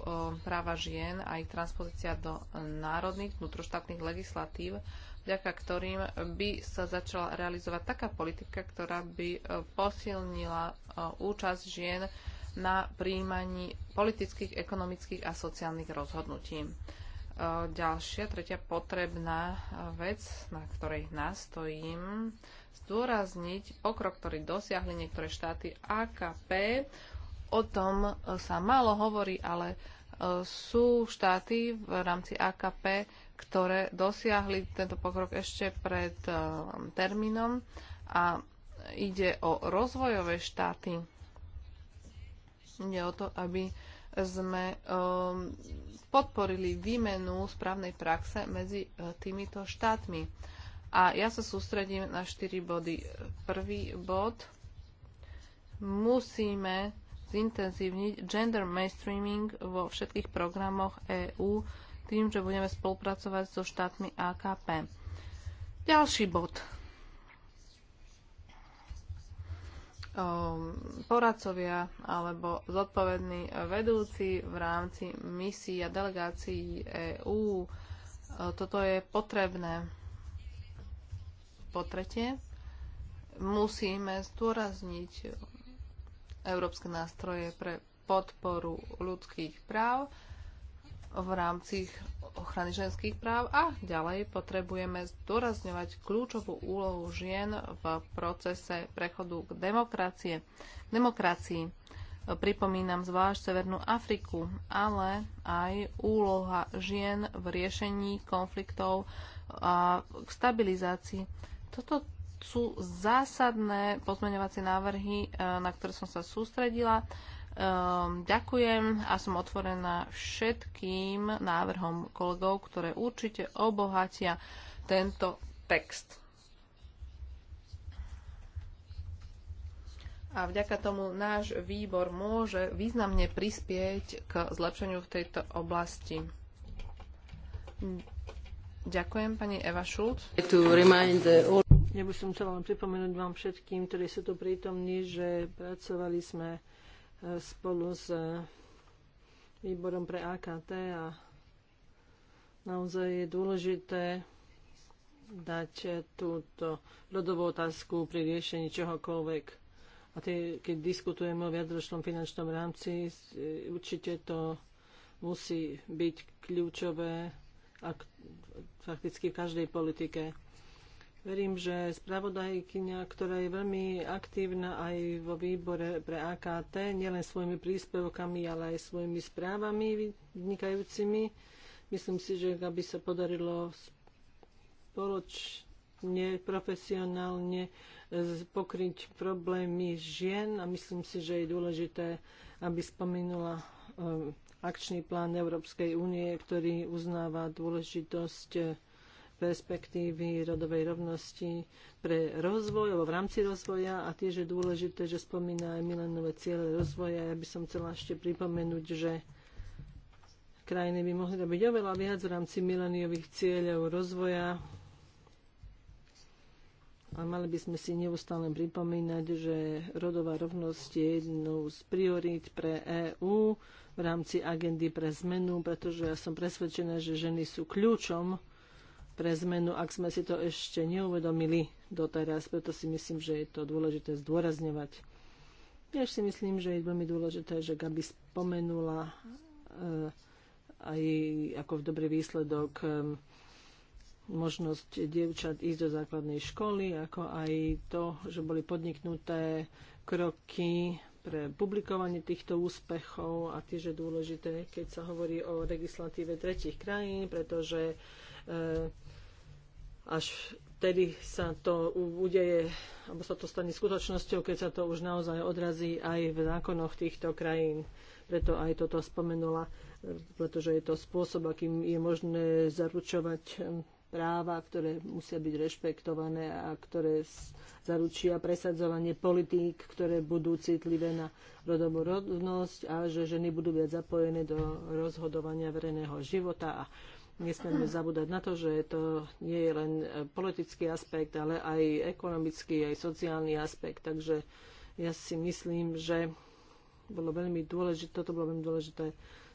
práva žien a ich transpozícia do národných vnútroštátnych legislatív, vďaka ktorým by sa začala realizovať taká politika, ktorá by e, posilnila e, účasť žien na príjmaní politických, ekonomických a sociálnych rozhodnutí. Ďalšia, tretia potrebná vec, na ktorej nastojím, zdôrazniť pokrok, ktorý dosiahli niektoré štáty AKP. O tom e, sa málo hovorí, ale e, sú štáty v rámci AKP, ktoré dosiahli tento pokrok ešte pred e, termínom a ide o rozvojové štáty. Ide o to, aby sme podporili výmenu správnej praxe medzi týmito štátmi a ja sa sústredím na štyri body. Prvý bod. Musíme zintenzívniť gender mainstreaming vo všetkých programoch EÚ tým, že budeme spolupracovať so štátmi AKP. Ďalší bod. Ehm, poradcovia alebo zodpovední vedúci v rámci misií a delegácií EÚ. E, toto je potrebné. Po tretie, musíme zdôrazniť európske nástroje pre podporu ľudských práv v rámci ochrany ženských práv a ďalej potrebujeme zdôrazňovať kľúčovú úlohu žien v procese prechodu k demokracie. demokracii pripomínam zvlášť Severnú Afriku, ale aj úloha žien v riešení konfliktov a k stabilizácii toto sú zásadné pozmeňovacie návrhy, e, na ktoré som sa sústredila. E, ďakujem a som otvorená všetkým návrhom kolegov, ktoré určite obohatia tento text. a vďaka tomu náš výbor môže významne prispieť k zlepšeniu v tejto oblasti. Ďakujem, pani Eva Ja by som chcela len pripomenúť vám všetkým, ktorí sú tu prítomní, že pracovali sme e, spolu s e, výborom pre AKT a naozaj je dôležité dať túto rodovú otázku pri riešení čohokoľvek. A tie, keď diskutujeme o viadročnom finančnom rámci, e, určite to musí byť kľúčové fakticky v každej politike. Verím, že spravodajkyňa, ktorá je veľmi aktívna aj vo výbore pre AKT, nielen svojimi príspevkami, ale aj svojimi správami vynikajúcimi, myslím si, že aby sa podarilo spoločne, profesionálne eh, pokryť problémy žien a myslím si, že je dôležité, aby spomenula eh, akčný plán Európskej únie, ktorý uznáva dôležitosť perspektívy rodovej rovnosti pre rozvoj, alebo v rámci rozvoja a tiež je dôležité, že spomína aj milenové ciele rozvoja. Ja by som chcela ešte pripomenúť, že krajiny by mohli robiť oveľa viac v rámci mileniových cieľov rozvoja a mali by sme si neustále pripomínať, že rodová rovnosť je jednou z priorít pre EÚ v rámci agendy pre zmenu, pretože ja som presvedčená, že ženy sú kľúčom pre zmenu, ak sme si to ešte neuvedomili doteraz, preto si myslím, že je to dôležité zdôrazňovať. Ja si myslím, že je veľmi dôležité, že Gabi spomenula e, aj ako v dobrý výsledok e, možnosť dievčat ísť do základnej školy, ako aj to, že boli podniknuté kroky pre publikovanie týchto úspechov a tiež je dôležité, keď sa hovorí o legislatíve tretich krajín, pretože eh, až vtedy sa to udeje, alebo sa to stane skutočnosťou, keď sa to už naozaj odrazí aj v zákonoch týchto krajín. Preto aj toto spomenula, eh, pretože je to spôsob, akým je možné zaručovať eh, práva, ktoré musia byť rešpektované a ktoré zaručia presadzovanie politík, ktoré budú citlivé na rodovú rovnosť a že ženy budú viac zapojené do rozhodovania verejného života a nesmieme zabúdať na to, že to nie je len e, politický aspekt, ale aj ekonomický, aj sociálny aspekt. Takže ja si myslím, že bolo veľmi dôležité, toto bolo veľmi dôležité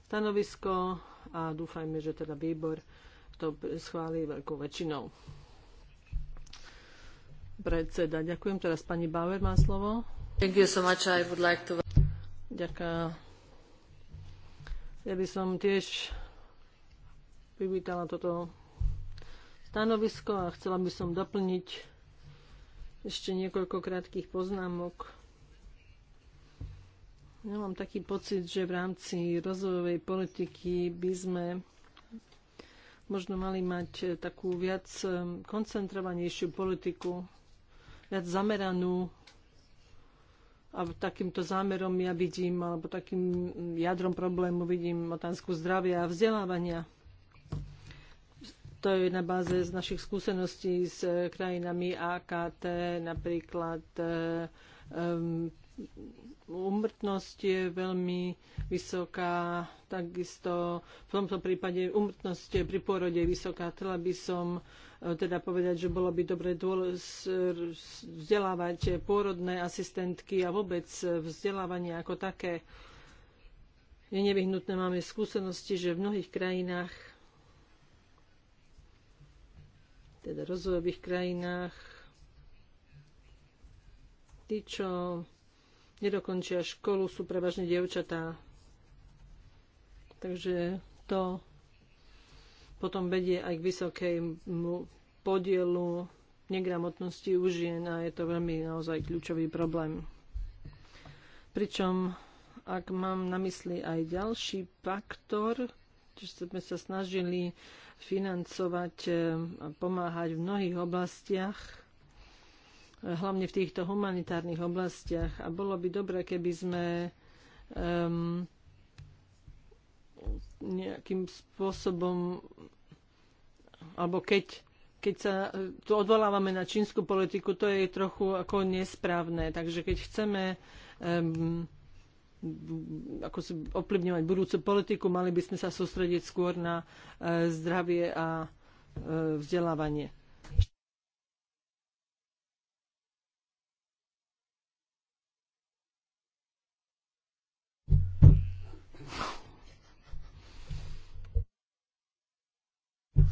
stanovisko a dúfajme, že teda výbor to schválí veľkou väčšinou. Predseda, ďakujem. Teraz pani Bauer má slovo. Thank you so much. I would like to... Ďakujem. Ja by som tiež privítala toto stanovisko a chcela by som doplniť ešte niekoľko krátkých poznámok. Ja mám taký pocit, že v rámci rozvojovej politiky by sme možno mali mať e, takú viac e, koncentrovanejšiu politiku, viac zameranú a takýmto zámerom ja vidím, alebo takým jadrom problému vidím otázku zdravia a vzdelávania. To je na báze z našich skúseností s e, krajinami AKT, napríklad Úmrtnosť je veľmi vysoká, takisto v tomto prípade úmrtnosť pri pôrode je vysoká. Chcela by som e, teda povedať, že bolo by dobre vzdelávať pôrodné asistentky a vôbec vzdelávanie ako také. Je nevyhnutné, máme skúsenosti, že v mnohých krajinách, teda rozvojových krajinách, tí, čo nedokončia školu, sú prevažne dievčatá. Takže to potom vedie aj k vysokému podielu negramotnosti u žien a je to veľmi naozaj kľúčový problém. Pričom, ak mám na mysli aj ďalší faktor, čiže sme sa snažili financovať a pomáhať v mnohých oblastiach, hlavne v týchto humanitárnych oblastiach. A bolo by dobré, keby sme um, nejakým spôsobom, alebo keď, keď sa tu odvolávame na čínsku politiku, to je trochu ako nesprávne. Takže keď chceme um, ako si ovplyvňovať budúcu politiku, mali by sme sa sústrediť skôr na uh, zdravie a uh, vzdelávanie.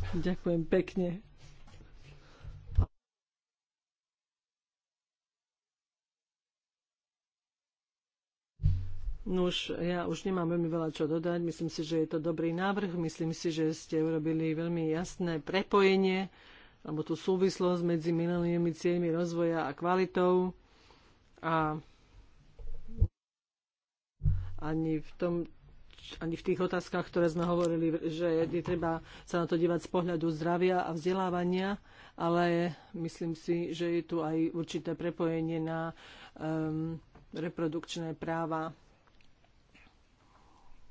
Ďakujem pekne. Nuž, ja už nemám veľmi veľa čo dodať. Myslím si, že je to dobrý návrh. Myslím si, že ste urobili veľmi jasné prepojenie alebo tú súvislosť medzi minulými cieľmi rozvoja a kvalitou. A ani v tom, ani v tých otázkach, ktoré sme hovorili, že je treba sa na to dívať z pohľadu zdravia a vzdelávania, ale myslím si, že je tu aj určité prepojenie na um, reprodukčné práva.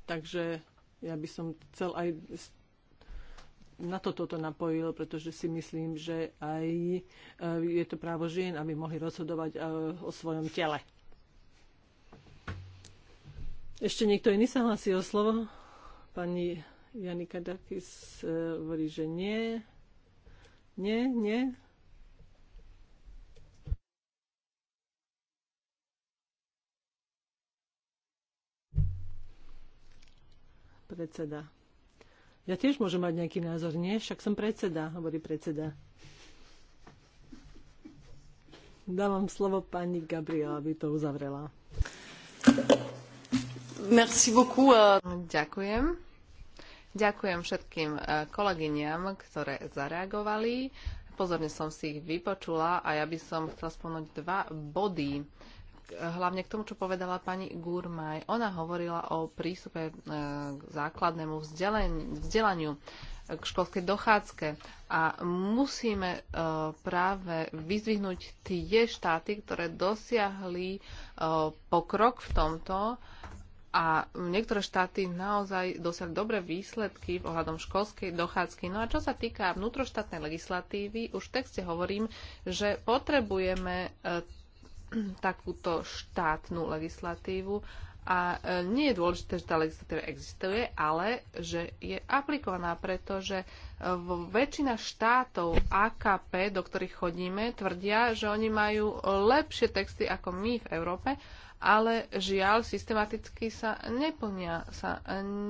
Takže ja by som chcel aj na to toto napojil, pretože si myslím, že aj uh, je to právo žien, aby mohli rozhodovať uh, o svojom tele. Ešte niekto iný sa hlasí o slovo? Pani Janika Dakis e, hovorí, že nie. Nie, nie. predseda. Ja tiež môžem mať nejaký názor, nie? Však som predseda, hovorí predseda. Dávam slovo pani Gabriela, aby to uzavrela. Merci beaucoup. Uh, Ďakujem. Ďakujem všetkým uh, kolegyňam, ktoré zareagovali. Pozorne som si ich vypočula a ja by som chcela spomenúť dva body hlavne k tomu, čo povedala pani Gurmaj. Ona hovorila o prístupe uh, k základnému vzdelaniu, k školskej dochádzke a musíme práve vyzvihnúť tie štáty, ktoré dosiahli pokrok v tomto a niektoré štáty naozaj dosiaľ dobré výsledky v ohľadom školskej dochádzky. No a čo sa týka vnútroštátnej legislatívy, už v texte hovorím, že potrebujeme eh, takúto štátnu legislatívu a eh, nie je dôležité, že tá legislatíva existuje, ale že je aplikovaná, pretože eh, väčšina štátov AKP, do ktorých chodíme, tvrdia, že oni majú lepšie texty ako my v Európe ale žiaľ systematicky sa neplnia, sa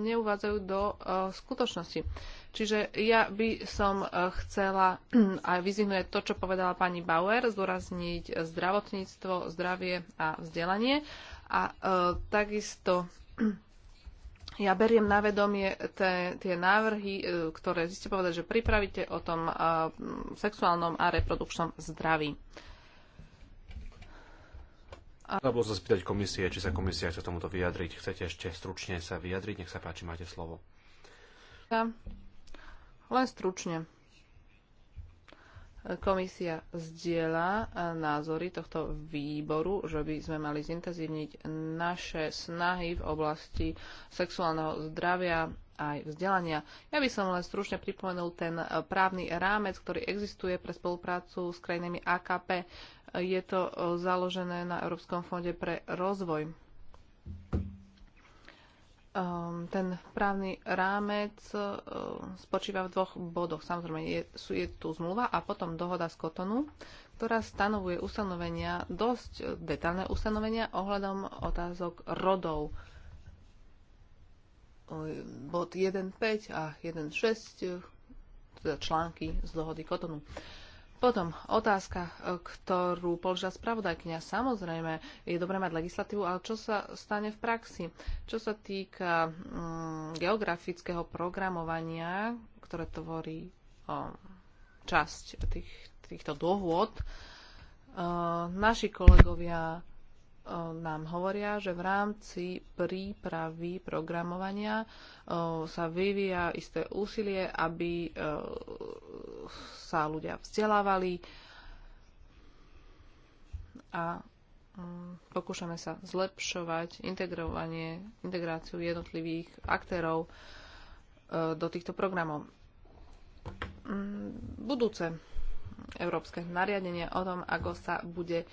neuvádzajú do e, skutočnosti. Čiže ja by som e, chcela aj vyzvihnúť to, čo povedala pani Bauer, zdôrazniť zdravotníctvo, zdravie a vzdelanie. A e, takisto ja beriem na vedomie tie návrhy, e, ktoré ste povedali, že pripravíte o tom e, sexuálnom a reprodukčnom zdraví. E, alebo sa spýtať komisie, či sa komisia chce tomuto vyjadriť. Chcete ešte stručne sa vyjadriť? Nech sa páči, máte slovo. Ja, len stručne. Komisia zdieľa eh, názory tohto výboru, že by sme mali zintenzívniť naše snahy v oblasti sexuálneho zdravia aj vzdelania. Ja by som len stručne pripomenul ten e, právny rámec, ktorý existuje pre spoluprácu s krajinami AKP. E, je to e, založené na Európskom fonde pre rozvoj. Ehm, ten právny rámec spočíva v dvoch bodoch. Samozrejme, je, je tu zmluva a potom dohoda z Kotonu, ktorá stanovuje ustanovenia, dosť detálne ustanovenia ohľadom otázok rodov bod 1.5 a 1.6, eh, teda články z dohody Kotonu. Potom otázka, eh, ktorú položila spravodajkynia. Samozrejme, je dobré mať legislatívu, ale čo sa stane v praxi? Čo sa týka mm, geografického programovania, ktoré tvorí o, časť tých, týchto dohôd, o, eh, naši kolegovia nám hovoria, že v rámci prípravy programovania sa vyvíja isté úsilie, aby sa ľudia vzdelávali a mm, pokúšame sa zlepšovať integrovanie, integráciu jednotlivých aktérov do týchto programov. Mm, budúce európske nariadenie o tom, ako sa bude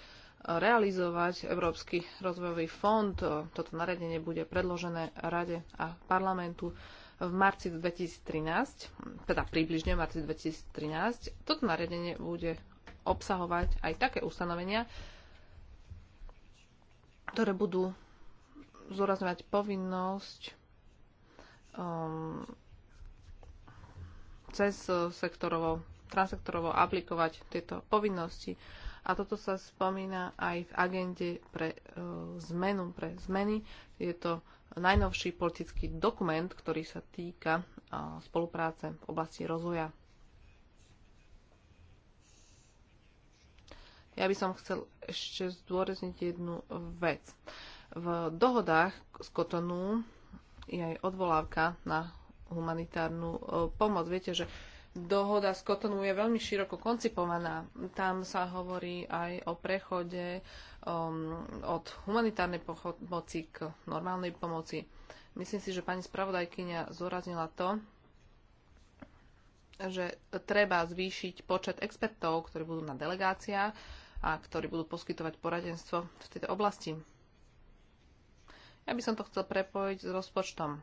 realizovať Európsky rozvojový fond. Toto nariadenie bude predložené Rade a parlamentu v marci 2013, teda približne v marci 2013. Toto nariadenie bude obsahovať aj také ustanovenia, ktoré budú zúrazňovať povinnosť um, cez sektorovo, transsektorovo aplikovať tieto povinnosti a toto sa spomína aj v agende pre e, zmenu, pre zmeny. Je to najnovší politický dokument, ktorý sa týka e, spolupráce v oblasti rozvoja. Ja by som chcel ešte zdôrazniť jednu vec. V dohodách z Kotonu je aj odvolávka na humanitárnu e, pomoc. Viete, že uh, dohoda z Kotonu je veľmi široko koncipovaná. Tam sa hovorí aj o prechode um, od humanitárnej pomoci k normálnej pomoci. Myslím si, že pani spravodajkyňa zúraznila to, že treba zvýšiť počet expertov, ktorí budú na delegáciách a ktorí budú poskytovať poradenstvo v tejto oblasti. Ja by som to chcel prepojiť s rozpočtom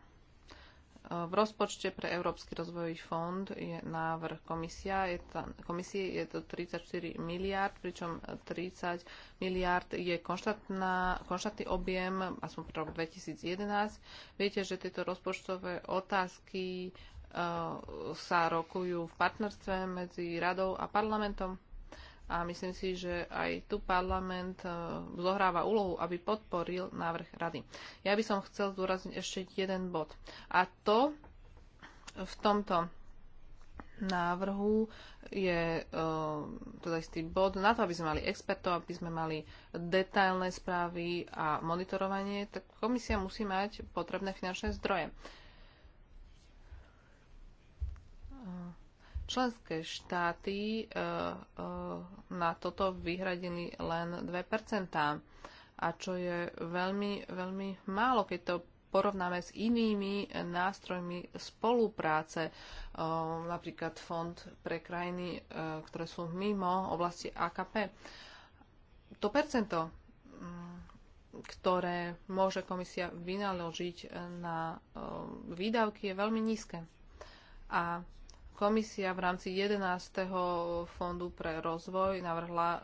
v rozpočte pre Európsky rozvojový fond je návrh komisia, je ta, komisie je to 34 miliard, pričom 30 miliard je konštatný objem, aspoň pre rok 2011. Viete, že tieto rozpočtové otázky eh, sa rokujú v partnerstve medzi radou a parlamentom a myslím si, že aj tu parlament e, zohráva úlohu, aby podporil návrh rady. Ja by som chcel zdôrazniť ešte jeden bod. A to v tomto návrhu je e, teda istý bod na to, aby sme mali expertov, aby sme mali detailné správy a monitorovanie, tak komisia musí mať potrebné finančné zdroje. E, Členské štáty e, e, na toto vyhradili len 2 a čo je veľmi, veľmi málo, keď to porovnáme s inými nástrojmi spolupráce, e, napríklad Fond pre krajiny, ktoré sú mimo oblasti AKP. To percento, ktoré môže komisia vynaložiť na výdavky, je veľmi nízke. A Komisia v rámci 11. fondu pre rozvoj navrhla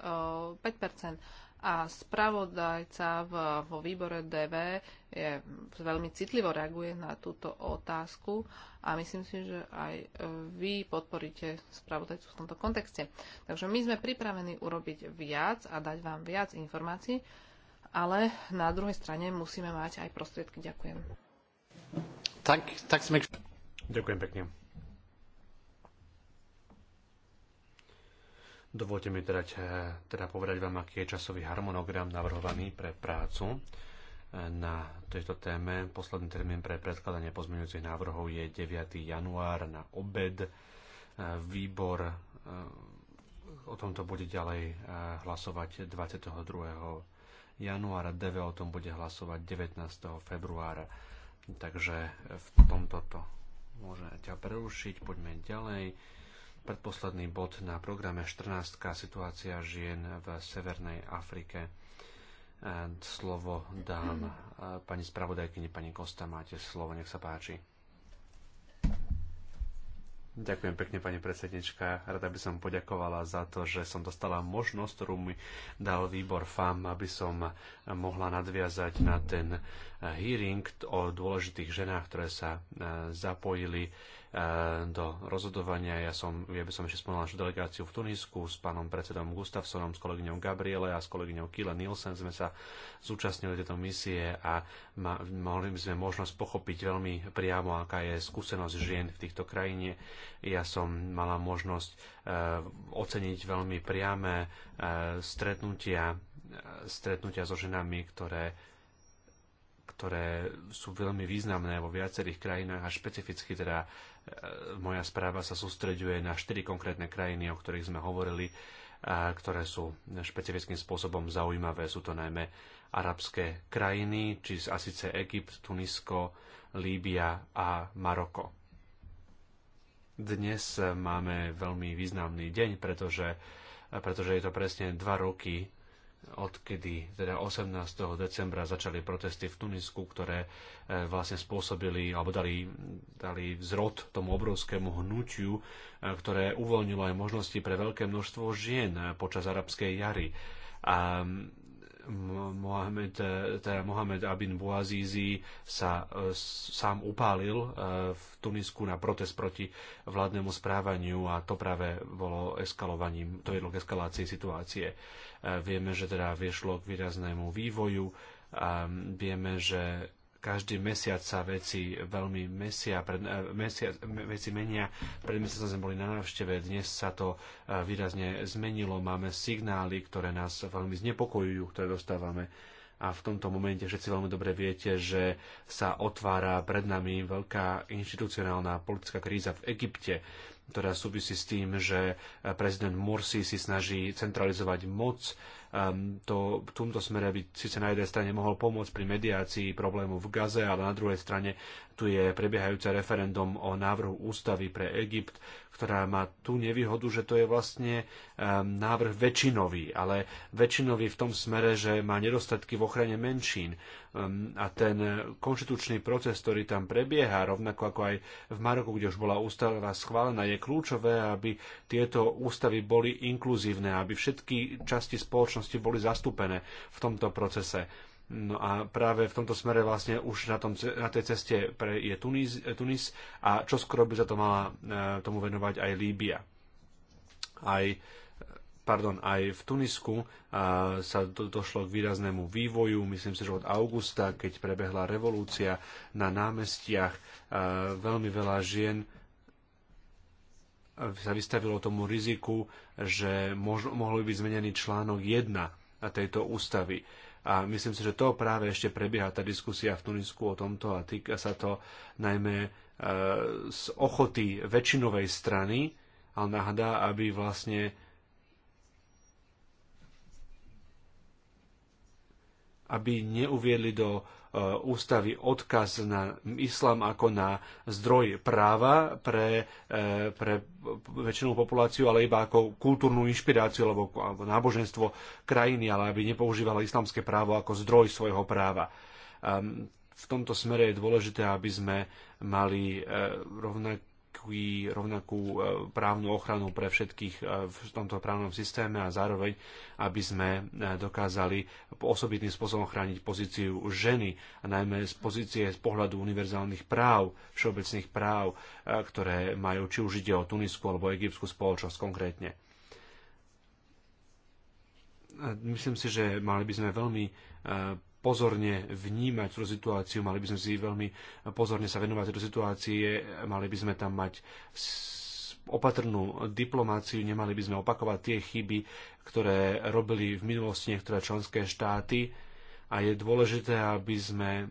5 eh, a spravodajca v, vo výbore DV je, veľmi citlivo reaguje na túto otázku a myslím si, že aj eh, vy podporíte spravodajcu v tomto kontexte. Takže my sme pripravení urobiť viac a dať vám viac informácií, ale na druhej strane musíme mať aj prostriedky. Ďakujem. Tak, tak sme... Ďakujem pekne. Dovolte mi teda, teda povedať vám, aký je časový harmonogram navrhovaný pre prácu na tejto téme. Posledný termín pre predkladanie pozmeňujúcich návrhov je 9. január na obed. Výbor e, o tomto bude ďalej e, hlasovať 22. januára, DV o tom bude hlasovať 19. februára. Takže e, v tomto to môžeme ťa prerušiť, poďme ďalej predposledný bod na programe 14. situácia žien v Severnej Afrike. E, slovo dám e, pani spravodajkyni, pani Kosta, máte slovo, nech sa páči. Ďakujem pekne, pani predsednička. Rada by som poďakovala za to, že som dostala možnosť, ktorú mi dal výbor FAM, aby som mohla nadviazať na ten hearing o dôležitých ženách, ktoré sa e, zapojili E, do rozhodovania. Ja, som, ja by som ešte spomenul našu delegáciu v Tunisku s pánom predsedom Gustafsonom, s kolegyňou Gabriele a s kolegyňou Kile Nielsen sme sa zúčastnili tejto misie a ma, mohli by sme možnosť pochopiť veľmi priamo, aká je skúsenosť žien v týchto krajine. Ja som mala možnosť e, oceniť veľmi priame e, stretnutia, e, stretnutia so ženami, ktoré ktoré sú veľmi významné vo viacerých krajinách a špecificky teda moja správa sa sústreďuje na štyri konkrétne krajiny, o ktorých sme hovorili, ktoré sú špecifickým spôsobom zaujímavé. Sú to najmä arabské krajiny, či a síce Egypt, Tunisko, Líbia a Maroko. Dnes máme veľmi významný deň, pretože, pretože je to presne dva roky odkedy teda 18. decembra začali protesty v Tunisku, ktoré e, vlastne spôsobili alebo dali, dali vzrod tomu obrovskému hnutiu, e, ktoré uvoľnilo aj možnosti pre veľké množstvo žien e, počas arabskej jary. A Mohamed, e, teda Mohamed Abin Bouazizi sa e, sám upálil e, v Tunisku na protest proti vládnemu správaniu a to práve bolo eskalovaním, to jedlo k eskalácii situácie. Vieme, že teda viešlo k výraznému vývoju a vieme, že každý mesiac sa veci veľmi mesia, pred, eh, mesia, veci menia. Pred mesiacom sme boli na návšteve, dnes sa to eh, výrazne zmenilo. Máme signály, ktoré nás veľmi znepokojujú, ktoré dostávame. A v tomto momente všetci veľmi dobre viete, že sa otvára pred nami veľká inštitucionálna politická kríza v Egypte ktorá súvisí s tým, že eh, prezident Morsi si snaží centralizovať moc Ehm, to, v tomto smere by síce na jednej strane mohol pomôcť pri mediácii problému v Gaze, ale na druhej strane tu je prebiehajúce referendum o návrhu ústavy pre Egypt, ktorá má tú nevýhodu, že to je vlastne ehm, návrh väčšinový, ale väčšinový v tom smere, že má nedostatky v ochrane menšín. Ehm, a ten konštitučný proces, ktorý tam prebieha, rovnako ako aj v Maroku, kde už bola ústava schválená, je kľúčové, aby tieto ústavy boli inkluzívne, aby všetky časti spoločnosti boli zastúpené v tomto procese No a práve v tomto smere vlastne už na, tom, na tej ceste pre, je Tunis, Tunis a čo skoro by sa to mala e, tomu venovať aj Líbia. Aj, e, pardon, aj v Tunisku e, sa do, došlo k výraznému vývoju, myslím si, že od augusta, keď prebehla revolúcia na námestiach, veľmi veľa žien sa vystavilo tomu riziku, že mož, mohol byť zmenený článok 1 tejto ústavy a myslím si, že to práve ešte prebieha tá diskusia v Tunisku o tomto a týka sa to najmä e, z ochoty väčšinovej strany Al-Nahda, aby vlastne aby neuviedli do E, ústavy odkaz na islám ako na zdroj práva pre, e, pre väčšinou populáciu, ale iba ako kultúrnu inšpiráciu alebo, alebo náboženstvo krajiny, ale aby nepoužívala islamské právo ako zdroj svojho práva. Ehm, v tomto smere je dôležité, aby sme mali e, rovnak rovnakú právnu ochranu pre všetkých v tomto právnom systéme a zároveň, aby sme dokázali osobitným spôsobom chrániť pozíciu ženy a najmä z pozície z pohľadu univerzálnych práv, všeobecných práv, e, ktoré majú či už ide o Tunisku alebo egyptskú spoločnosť konkrétne. E, myslím si, že mali by sme veľmi e, pozorne vnímať tú situáciu, mali by sme si veľmi pozorne sa venovať do situácie, mali by sme tam mať opatrnú diplomáciu, nemali by sme opakovať tie chyby, ktoré robili v minulosti niektoré členské štáty a je dôležité, aby sme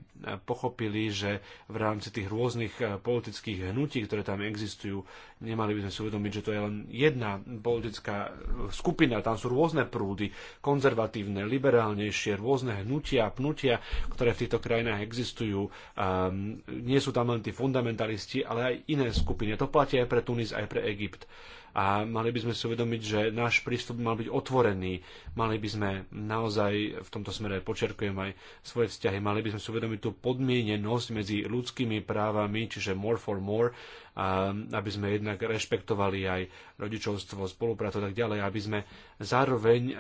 pochopili, že v rámci tých rôznych eh, politických hnutí, ktoré tam existujú, nemali by sme si uvedomiť, že to je len jedna politická eh, skupina, tam sú rôzne prúdy, konzervatívne, liberálnejšie, rôzne hnutia, pnutia, ktoré v týchto krajinách existujú. Um, nie sú tam len tí fundamentalisti, ale aj iné skupiny. To platí aj pre Tunis, aj pre Egypt a mali by sme si uvedomiť, že náš prístup mal byť otvorený, mali by sme naozaj v tomto smere počerkujem aj svoje vzťahy, mali by sme si uvedomiť tú podmienenosť medzi ľudskými právami, čiže more for more, a aby sme jednak rešpektovali aj rodičovstvo, spoluprácu a tak ďalej, aby sme zároveň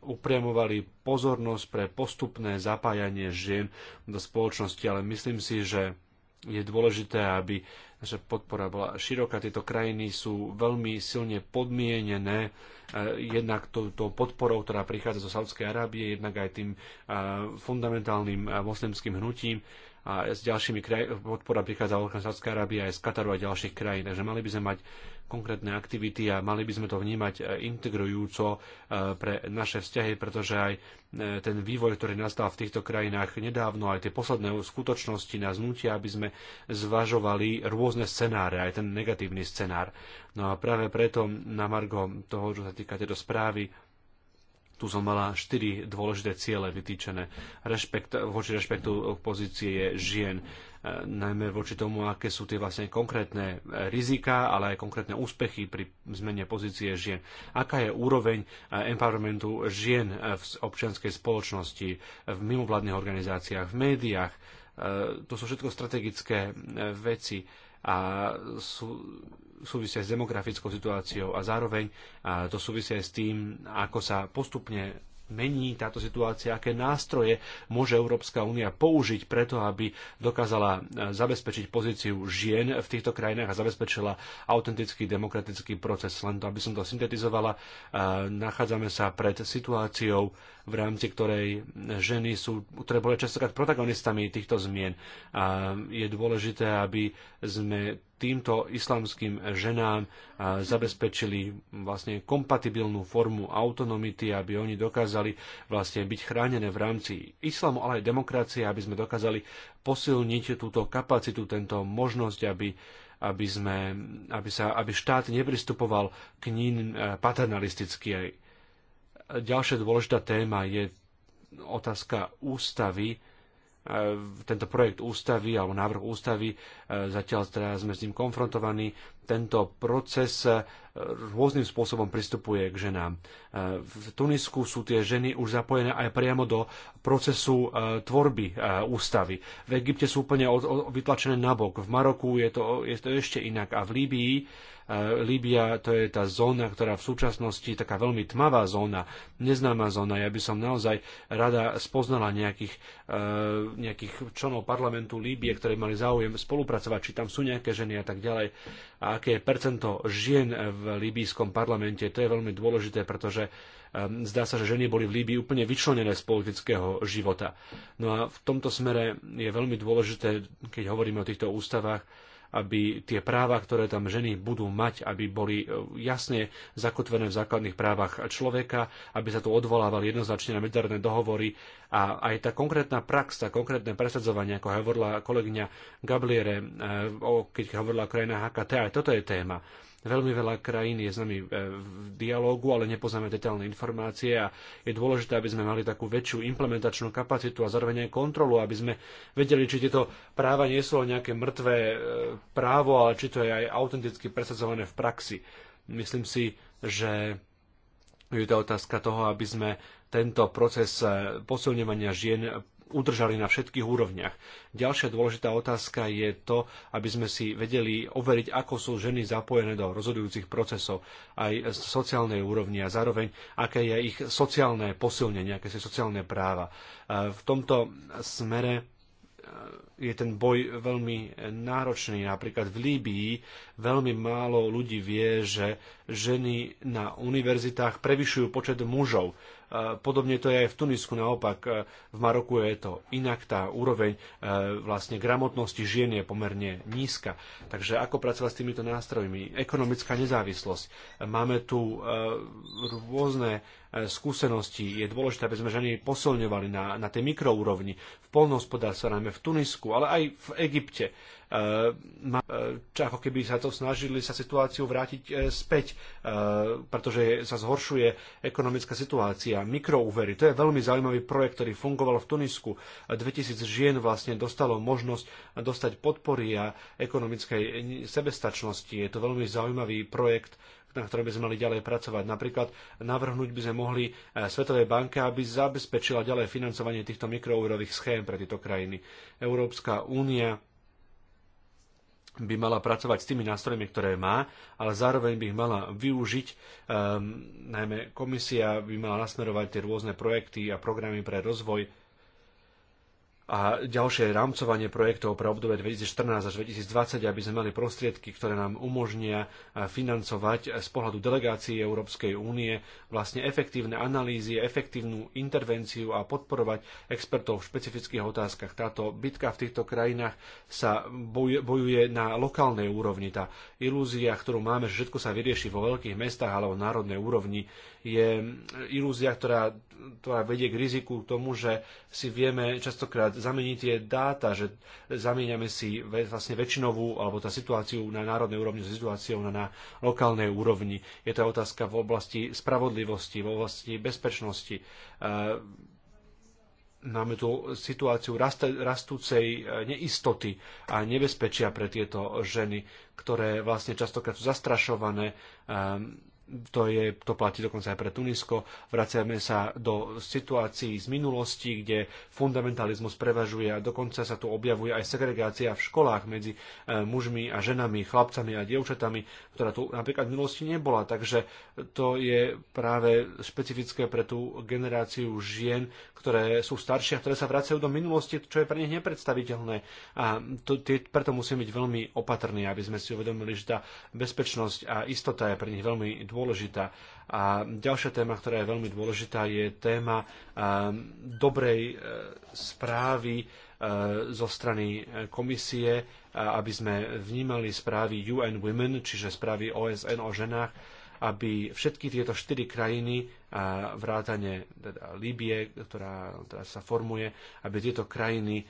upriamovali pozornosť pre postupné zapájanie žien do spoločnosti, ale myslím si, že je dôležité, aby že podpora bola široká. Tieto krajiny sú veľmi silne podmienené e, jednak tou podporou, ktorá prichádza zo Saudskej Arábie, jednak aj tým e, fundamentálnym e, moslimským hnutím a s ďalšími kraj- podpora prichádza od Saudskej Arábie aj z Kataru a ďalších krajín. Takže mali by sme mať konkrétne aktivity a mali by sme to vnímať e, integrujúco e, pre naše vzťahy, pretože aj e, ten vývoj, ktorý nastal v týchto krajinách nedávno, aj tie posledné skutočnosti nás nutia, aby sme zvažovali rôzne scenáre, aj ten negatívny scenár. No a práve preto na Margo toho, čo sa týka tejto správy, tu som mala štyri dôležité ciele vytýčené. Rešpekt, voči rešpektu pozície žien, najmä voči tomu, aké sú tie vlastne konkrétne rizika, ale aj konkrétne úspechy pri zmene pozície žien. Aká je úroveň eh, empowermentu žien eh, v občianskej spoločnosti, eh, v mimovládnych organizáciách, v médiách. To sú všetko strategické veci a sú, súvisia s demografickou situáciou a zároveň to súvisia aj s tým, ako sa postupne mení táto situácia, aké nástroje môže Európska únia použiť preto, aby dokázala e, zabezpečiť pozíciu žien v týchto krajinách a zabezpečila autentický demokratický proces. Len to, aby som to syntetizovala, e, nachádzame sa pred situáciou, v rámci ktorej ženy sú, ktoré boli častokrát protagonistami týchto zmien. A je dôležité, aby sme týmto islamským ženám zabezpečili vlastne kompatibilnú formu autonomity, aby oni dokázali vlastne byť chránené v rámci islamu, ale aj demokracie, aby sme dokázali posilniť túto kapacitu, tento možnosť, aby aby, sme, aby, sa, aby štát nepristupoval k ním e, paternalisticky. Ďalšia dôležitá téma je otázka ústavy, E, tento projekt ústavy alebo návrh ústavy, e, zatiaľ teda sme s ním konfrontovaní, tento proces e, rôznym spôsobom pristupuje k ženám. V Tunisku sú tie ženy už zapojené aj priamo do procesu tvorby ústavy. V Egypte sú úplne vytlačené nabok, v Maroku je to, je to ešte inak a v Líbii Líbia to je tá zóna, ktorá v súčasnosti je taká veľmi tmavá zóna, neznáma zóna. Ja by som naozaj rada spoznala nejakých, e, nejakých členov parlamentu Líbie, ktorí mali záujem spolupracovať, či tam sú nejaké ženy a tak ďalej. A aké je percento žien v líbijskom parlamente, to je veľmi dôležité, pretože e, zdá sa, že ženy boli v Líbii úplne vyčlenené z politického života. No a v tomto smere je veľmi dôležité, keď hovoríme o týchto ústavách, aby tie práva, ktoré tam ženy budú mať, aby boli e, jasne zakotvené v základných právach človeka, aby sa tu odvolávali jednoznačne na medzinárodné dohovory a aj tá konkrétna prax, tá konkrétne presadzovanie, ako hovorila kolegyňa Gabliere, e, keď hovorila o krajinách HKT, aj toto je téma Veľmi veľa krajín je s nami e, v dialógu, ale nepoznáme detailné informácie a je dôležité, aby sme mali takú väčšiu implementačnú kapacitu a zároveň aj kontrolu, aby sme vedeli, či tieto práva nie sú nejaké mŕtvé e, právo, ale či to je aj autenticky presadzované v praxi. Myslím si, že je to otázka toho, aby sme tento proces e, posilňovania žien udržali na všetkých úrovniach. Ďalšia dôležitá otázka je to, aby sme si vedeli overiť, ako sú ženy zapojené do rozhodujúcich procesov aj z sociálnej úrovni a zároveň, aké je ich sociálne posilnenie, aké sú sociálne práva. E, v tomto smere e, je ten boj veľmi náročný. Napríklad v Líbii veľmi málo ľudí vie, že ženy na univerzitách prevyšujú počet mužov Podobne to je aj v Tunisku, naopak e, v Maroku je to inak, tá úroveň e, vlastne gramotnosti žien je pomerne nízka. Takže ako pracovať s týmito nástrojmi? Ekonomická nezávislosť. Máme tu e, rôzne E, skúseností. Je dôležité, aby sme ženy posilňovali na, na tej mikroúrovni, v polnohospodárstve, najmä v Tunisku, ale aj v Egypte. E, e, Čako ako keby sa to snažili sa situáciu vrátiť späť, pretože sa zhoršuje ekonomická situácia. Mikroúvery, to je veľmi zaujímavý projekt, ktorý fungoval v Tunisku. 2000 žien vlastne dostalo možnosť dostať podpory a ekonomickej sebestačnosti. Je to veľmi zaujímavý projekt, na ktorom by sme mali ďalej pracovať. Napríklad navrhnúť by sme mohli e, Svetovej banke, aby zabezpečila ďalej financovanie týchto mikroúrových schém pre tieto krajiny. Európska únia by mala pracovať s tými nástrojmi, ktoré má, ale zároveň by ich mala využiť. Um, najmä komisia by mala nasmerovať tie rôzne projekty a programy pre rozvoj a ďalšie rámcovanie projektov pre obdobie 2014 až 2020, aby sme mali prostriedky, ktoré nám umožnia e, financovať e, z pohľadu delegácií Európskej únie vlastne efektívne analýzy, efektívnu intervenciu a podporovať expertov v špecifických otázkach. Táto bitka v týchto krajinách sa bojuje na lokálnej úrovni. Tá ilúzia, ktorú máme, že všetko sa vyrieši vo veľkých mestách alebo národnej úrovni, je ilúzia, ktorá, ktorá vedie k riziku k tomu, že si vieme častokrát zamení tie dáta, že zamieňame si vlastne väčšinovú alebo tá situáciu na národnej úrovni s situáciou na, na lokálnej úrovni. Je to otázka v oblasti spravodlivosti, v oblasti bezpečnosti. E, máme tu situáciu rastúcej e, neistoty a nebezpečia pre tieto ženy, ktoré vlastne častokrát sú zastrašované e, to, je, to platí dokonca aj pre Tunisko. Vraciame sa do situácií z minulosti, kde fundamentalizmus prevažuje a dokonca sa tu objavuje aj segregácia v školách medzi e, mužmi a ženami, chlapcami a dievčatami, ktorá tu napríklad v minulosti nebola. Takže to je práve špecifické pre tú generáciu žien, ktoré sú staršie, a ktoré sa vracajú do minulosti, čo je pre nich nepredstaviteľné. A to, tie, preto musíme byť veľmi opatrní, aby sme si uvedomili, že tá bezpečnosť a istota je pre nich veľmi dôležitá dôležitá. A ďalšia téma, ktorá je veľmi dôležitá, je téma eh, dobrej eh, správy eh, zo strany komisie, aby sme vnímali správy UN Women, čiže správy OSN o ženách, aby všetky tieto štyri krajiny, vrátane teda Líbie, ktorá, ktorá sa formuje, aby tieto krajiny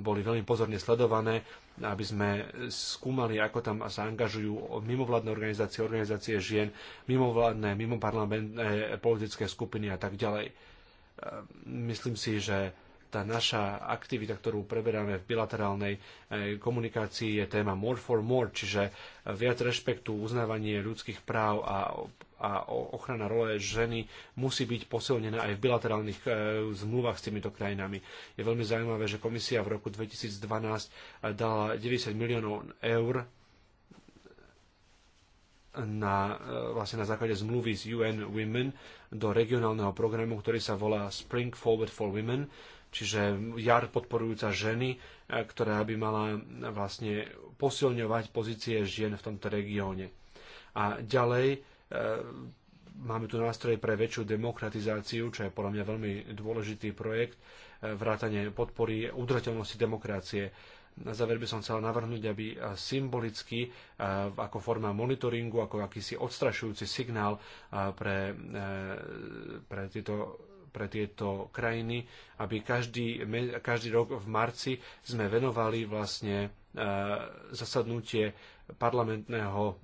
boli veľmi pozorne sledované, aby sme skúmali, ako tam sa angažujú mimovládne organizácie, organizácie žien, mimovládne, mimoparlamentné eh, politické skupiny a tak ďalej. Ehm, myslím si, že tá naša aktivita, ktorú preberáme v bilaterálnej eh, komunikácii, je téma more for more, čiže viac rešpektu, uznávanie ľudských práv a a ochrana role ženy musí byť posilnená aj v bilaterálnych e, zmluvách s týmito krajinami. Je veľmi zaujímavé, že komisia v roku 2012 eh, dala 90 miliónov eur na, vlastne na základe zmluvy z UN Women do regionálneho programu, ktorý sa volá Spring Forward for Women čiže jar podporujúca ženy, e, ktorá by mala vlastne posilňovať pozície žien v tomto regióne. A ďalej e, máme tu nástroje pre väčšiu demokratizáciu, čo je podľa mňa veľmi dôležitý projekt, e, vrátanie podpory udržateľnosti demokracie. Na záver by som chcel navrhnúť, aby symbolicky, ako forma monitoringu, ako akýsi odstrašujúci signál pre, pre tieto pre tieto krajiny, aby každý, každý rok v marci sme venovali vlastne e, zasadnutie parlamentného e,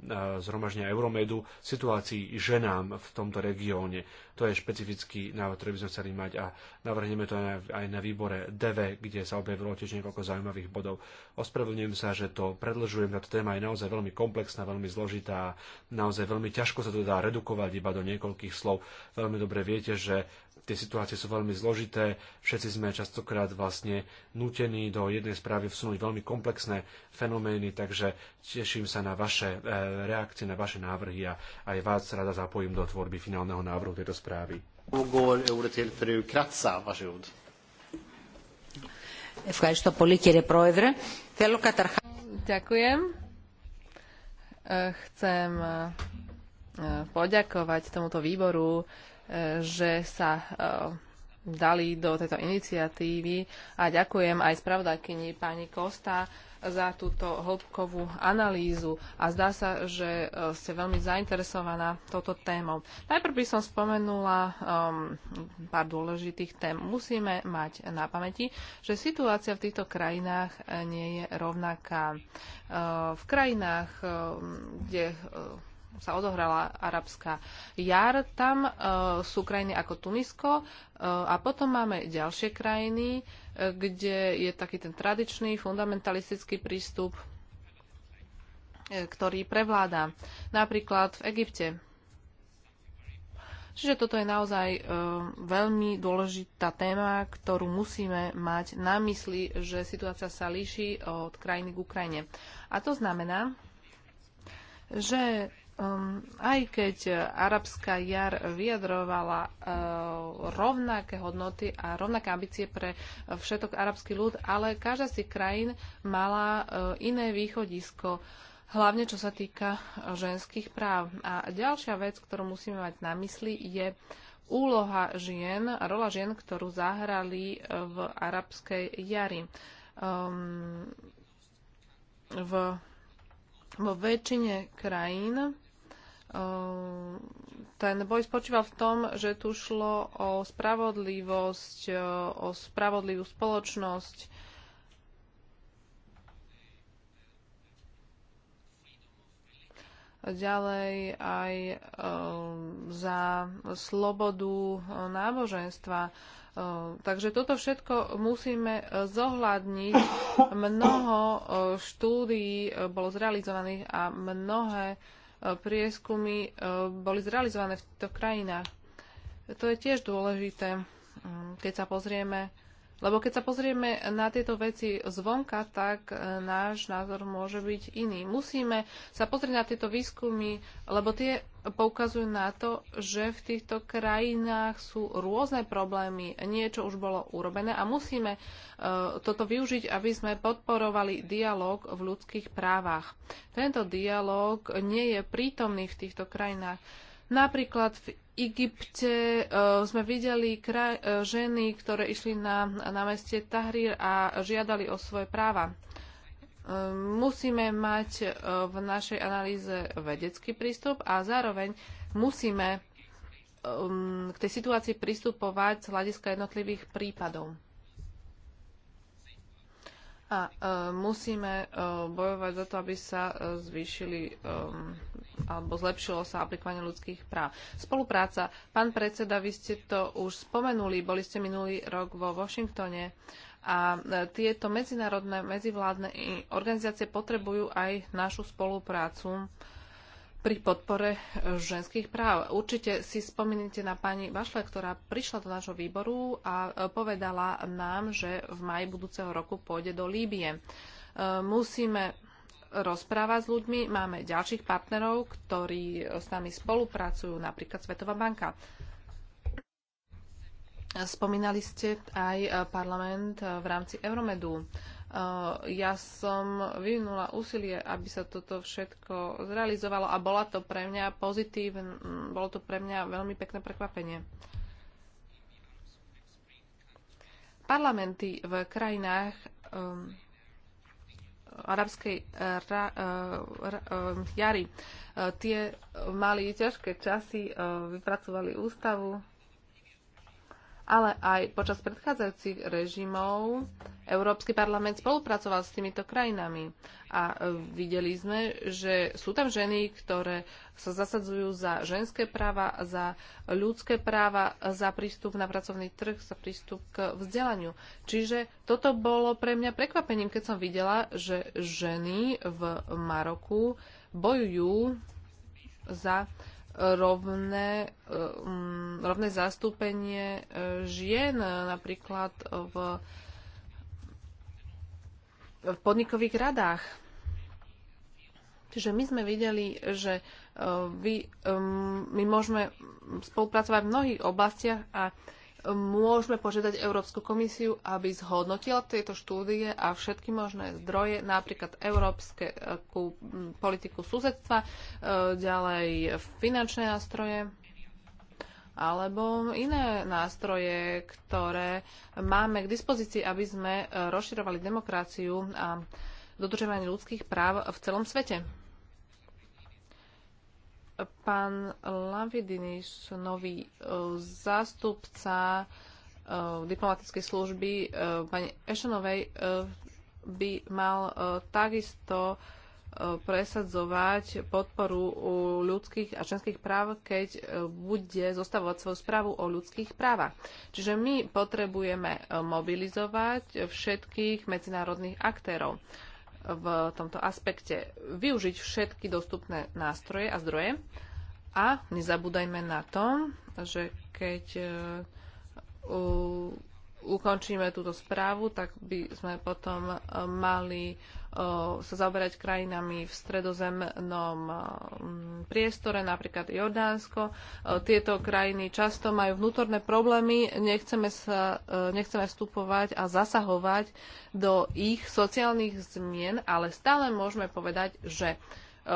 zhromaždenia Euromedu situácii ženám v tomto regióne. To je špecifický návrh, ktorý by sme chceli mať a navrhneme to aj na výbore DV, kde sa objavilo tiež niekoľko zaujímavých bodov. Ospravedlňujem sa, že to predlžujem, táto téma je naozaj veľmi komplexná, veľmi zložitá, naozaj veľmi ťažko sa to dá redukovať iba do niekoľkých slov. Veľmi dobre viete, že tie situácie sú veľmi zložité, všetci sme častokrát vlastne nutení do jednej správy vsunúť veľmi komplexné fenomény, takže teším sa na vaše e, reakcie, na vaše návrhy a aj vás rada zapojím do tvorby finálneho návrhu tejto správy. Ďakujem. Chcem poďakovať tomuto výboru že sa eh, dali do tejto iniciatívy a ďakujem aj spravodajkyni pani Kosta za túto hĺbkovú analýzu a zdá sa, že eh, ste veľmi zainteresovaná touto témou. Najprv by som spomenula um, pár dôležitých tém. Musíme mať na pamäti, že situácia v týchto krajinách eh, nie je rovnaká. Uh, v krajinách, uh, kde uh, sa odohrala arabská jar. Tam e, sú krajiny ako Tunisko e, a potom máme ďalšie krajiny, e, kde je taký ten tradičný fundamentalistický prístup, ktorý prevláda. Napríklad v Egypte. Čiže toto je naozaj e, veľmi dôležitá téma, ktorú musíme mať na mysli, že situácia sa líši od krajiny k Ukrajine. A to znamená, že Um, aj keď arabská jar vyjadrovala uh, rovnaké hodnoty a rovnaké ambície pre všetok arabský ľud, ale každá z tých krajín mala uh, iné východisko, hlavne čo sa týka ženských práv. A ďalšia vec, ktorú musíme mať na mysli, je úloha žien, rola žien, ktorú zahrali v arabskej jari. Um, v, vo väčšine krajín Ehm, ten boj spočíval v tom, že tu šlo o spravodlivosť, e, o spravodlivú spoločnosť. Ďalej aj ehm, za slobodu e, náboženstva. Ehm, takže toto všetko musíme e, zohľadniť. Mnoho štúdií bolo zrealizovaných a mnohé prieskumy e, boli zrealizované v týchto krajinách. To je tiež dôležité, keď sa pozrieme lebo keď sa pozrieme na tieto veci zvonka, tak e, náš názor môže byť iný. Musíme sa pozrieť na tieto výskumy, lebo tie poukazujú na to, že v týchto krajinách sú rôzne problémy, niečo už bolo urobené a musíme e, toto využiť, aby sme podporovali dialog v ľudských právach. Tento dialog nie je prítomný v týchto krajinách. Napríklad v Egypte uh, sme videli kraj, uh, ženy, ktoré išli na, na meste Tahrir a žiadali o svoje práva. Uh, musíme mať uh, v našej analýze vedecký prístup a zároveň musíme um, k tej situácii pristupovať z hľadiska jednotlivých prípadov. A uh, musíme uh, bojovať za to, aby sa uh, zvýšili um, alebo zlepšilo sa aplikovanie ľudských práv. Spolupráca. Pán predseda, vy ste to už spomenuli, boli ste minulý rok vo Washingtone a e, tieto medzinárodné, medzivládne organizácie potrebujú aj našu spoluprácu pri podpore e, ženských práv. Určite si spomínate na pani Vašle, ktorá prišla do nášho výboru a e, povedala nám, že v maji budúceho roku pôjde do Líbie. Musíme rozprávať s ľuďmi. Máme ďalších partnerov, ktorí s nami spolupracujú, napríklad Svetová banka. Spomínali ste aj parlament v rámci Euromedu. Eh, ja som vyvinula úsilie, aby sa toto všetko zrealizovalo a bola to pre mňa pozitívne, bolo to pre mňa veľmi pekné prekvapenie. Parlamenty v krajinách um, arabskej eh, ra, eh, ra, eh, jary. Tie mali ťažké časy, vypracovali ústavu, ale aj počas predchádzajúcich režimov Európsky parlament spolupracoval s týmito krajinami a videli sme, že sú tam ženy, ktoré sa zasadzujú za ženské práva, za ľudské práva, za prístup na pracovný trh, za prístup k vzdelaniu. Čiže toto bolo pre mňa prekvapením, keď som videla, že ženy v Maroku bojujú za rovné, eh, rovné zastúpenie eh, žien napríklad v, v podnikových radách. Čiže my sme videli, že eh, vy, my môžeme spolupracovať v mnohých oblastiach a môžeme požiadať Európsku komisiu, aby zhodnotila tieto štúdie a všetky možné zdroje, napríklad európske politiku susedstva, e, ďalej finančné nástroje alebo iné nástroje, ktoré máme k dispozícii, aby sme rozširovali demokraciu a dodržovanie ľudských práv v celom svete. Pán Lavidinis, nový e, zástupca e, diplomatickej služby e, pani Ešenovej by mal takisto presadzovať podporu ľudských a členských práv, keď bude zostavovať svoju správu o ľudských právach. Čiže my potrebujeme mobilizovať všetkých medzinárodných aktérov v tomto aspekte. Využiť všetky dostupné nástroje a zdroje a nezabúdajme na to, že keď e, ukončíme túto správu, tak by sme potom e, mali sa zaoberať krajinami v stredozemnom priestore, napríklad Jordánsko. Tieto krajiny často majú vnútorné problémy, nechceme, sa, e, nechceme vstupovať a zasahovať do ich sociálnych zmien, ale stále môžeme povedať, že e,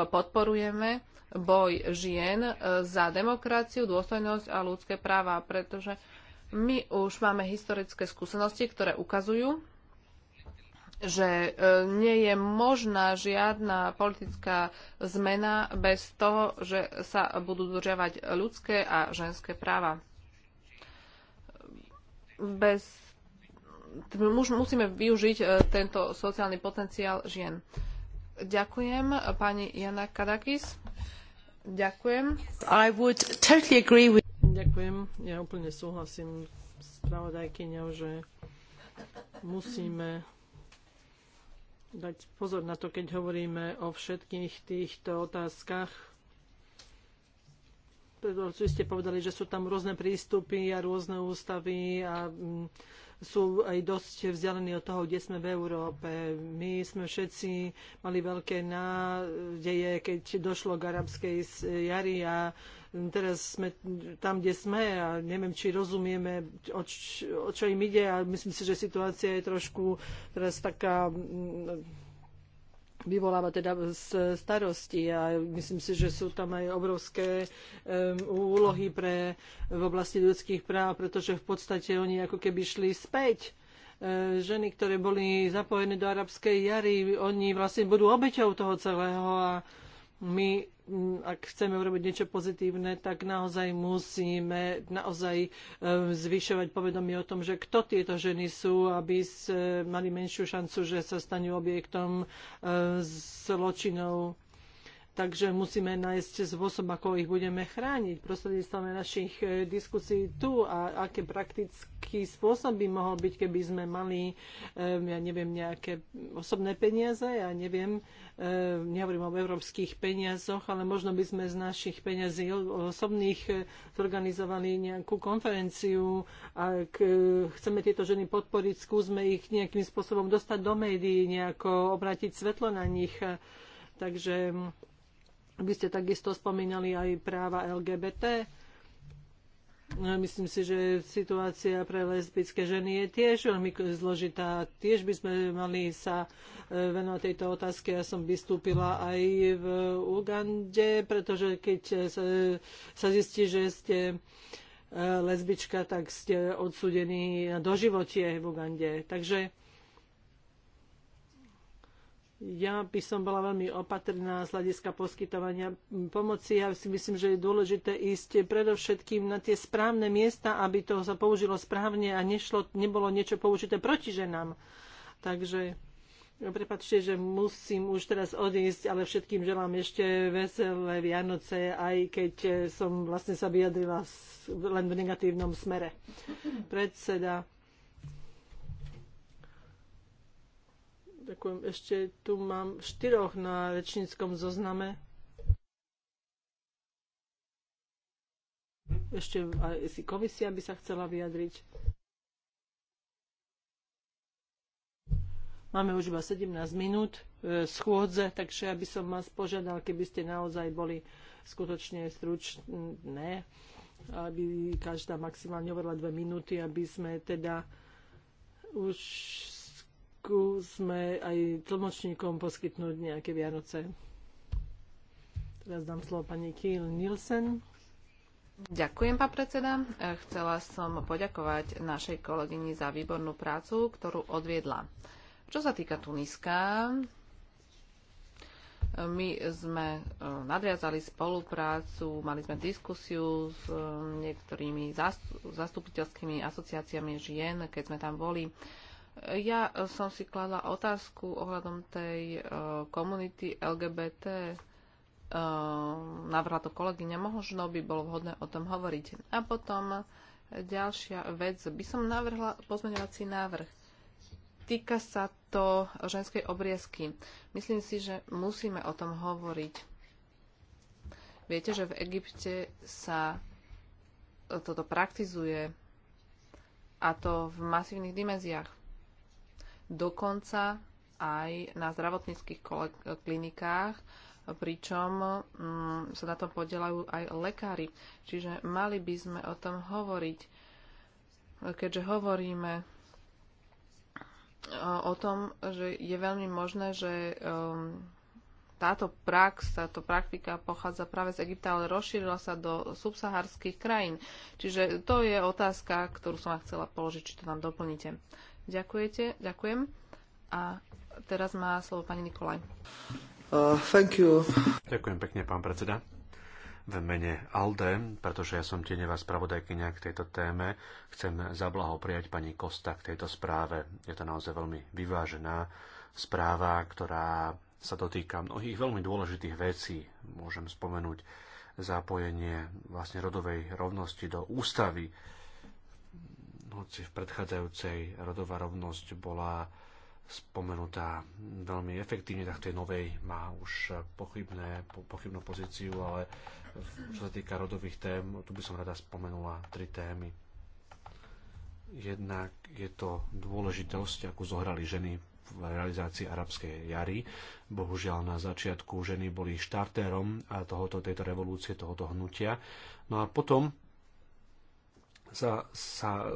podporujeme boj žien e, za demokraciu, dôstojnosť a ľudské práva, pretože my už máme historické skúsenosti, ktoré ukazujú, že e, nie je možná žiadna politická zmena bez toho, že sa budú dodržiavať ľudské a ženské práva. Bez, musíme využiť e, tento sociálny potenciál žien. Ďakujem, pani Jana Kadakis. Ďakujem. I would totally agree with... Ďakujem. Ja úplne súhlasím s pravodajkyňou, že musíme dať pozor na to, keď hovoríme o všetkých týchto otázkach. Pretože ste povedali, že sú tam rôzne prístupy a rôzne ústavy a mm, sú aj dosť vzdialení od toho, kde sme v Európe. My sme všetci mali veľké nádeje, keď došlo k arabskej jari a teraz sme tam, kde sme a neviem, či rozumieme, o, č, o čo im ide a myslím si, že situácia je trošku teraz taká mm, vyvoláva teda z starosti a myslím si, že sú tam aj obrovské um, úlohy pre, v oblasti ľudských práv, pretože v podstate oni ako keby šli späť e, ženy, ktoré boli zapojené do arabskej jary, oni vlastne budú obeťou toho celého a my, mm, ak chceme urobiť niečo pozitívne, tak naozaj musíme naozaj e, zvyšovať povedomie o tom, že kto tieto ženy sú, aby e, mali menšiu šancu, že sa stanú objektom e, zločinov Takže musíme nájsť spôsob, ako ich budeme chrániť prostredníctvom našich e, diskusí tu a aké praktický spôsob by mohol byť, keby sme mali, e, ja neviem, nejaké osobné peniaze, ja neviem, e, nehovorím o európskych peniazoch, ale možno by sme z našich peniazí osobných zorganizovali nejakú konferenciu. Ak chceme tieto ženy podporiť, skúsme ich nejakým spôsobom dostať do médií, nejako obrátiť svetlo na nich. Takže vy ste takisto spomínali aj práva LGBT. Myslím si, že situácia pre lesbické ženy je tiež veľmi zložitá. Tiež by sme mali sa e, venovať tejto otázke. Ja som vystúpila aj v Ugande, pretože keď sa zistí, že ste e, lesbička, tak ste odsudení na doživotie v Ugande. Takže ja by som bola veľmi opatrná z hľadiska poskytovania pomoci. Ja si myslím, že je dôležité ísť predovšetkým na tie správne miesta, aby to sa použilo správne a nešlo, nebolo niečo použité proti ženám. Takže Prepačte, že musím už teraz odísť, ale všetkým želám ešte veselé Vianoce, aj keď som vlastne sa vyjadrila len v negatívnom smere. Predseda Ďakujem. Ešte tu mám štyroch na rečníckom zozname. Ešte aj si komisia by sa chcela vyjadriť. Máme už iba 17 minút e, schôdze, takže ja by som vás požiadal, keby ste naozaj boli skutočne stručné, aby každá maximálne hovorila dve minúty, aby sme teda už skúsme aj tlmočníkom poskytnúť nejaké Vianoce. Teraz dám slovo pani Kiel Nielsen. Ďakujem, pán predseda. Eh, chcela som poďakovať našej kolegyni za výbornú prácu, ktorú odviedla. Čo sa týka Tuniska, eh, my sme eh, nadviazali spoluprácu, mali sme diskusiu s niektorými zastupiteľskými asociáciami žien, keď sme tam boli. Ja e, som si kladla otázku ohľadom tej e, komunity uh, LGBT. Uh, e, navrhla to kolegyňa, možno by bolo vhodné o tom hovoriť. A potom ďalšia vec, by som navrhla pozmeňovací návrh. Týka sa to ženskej obriezky. Myslím si, že musíme o tom hovoriť. Viete, že v Egypte sa toto praktizuje a to v masívnych dimenziách dokonca aj na zdravotníckých klinikách, pričom mm, sa na tom podielajú aj lekári. Čiže mali by sme o tom hovoriť, keďže hovoríme e, o tom, že je veľmi možné, že um, táto prax, táto praktika pochádza práve z Egypta, ale rozšírila sa do subsahárskych krajín. Čiže to je otázka, ktorú som vám chcela položiť, či to nám doplníte. Ďakujete, ďakujem. A teraz má slovo pani Nikolaj. Uh, thank you. Ďakujem pekne, pán predseda. V mene ALDE, pretože ja som tieňová spravodajkynia k tejto téme, chcem zablahopriať pani Kosta k tejto správe. Je to naozaj veľmi vyvážená správa, ktorá sa dotýka mnohých veľmi dôležitých vecí. Môžem spomenúť zapojenie vlastne rodovej rovnosti do ústavy hoci v predchádzajúcej rodová rovnosť bola spomenutá veľmi efektívne, tak tej novej má už pochybné, po, pochybnú pozíciu, ale čo sa týka rodových tém, tu by som rada spomenula tri témy. Jednak je to dôležitosť, ako zohrali ženy v realizácii arabskej jary. Bohužiaľ na začiatku ženy boli štartérom tohoto, tejto revolúcie, tohoto hnutia. No a potom sa, sa e,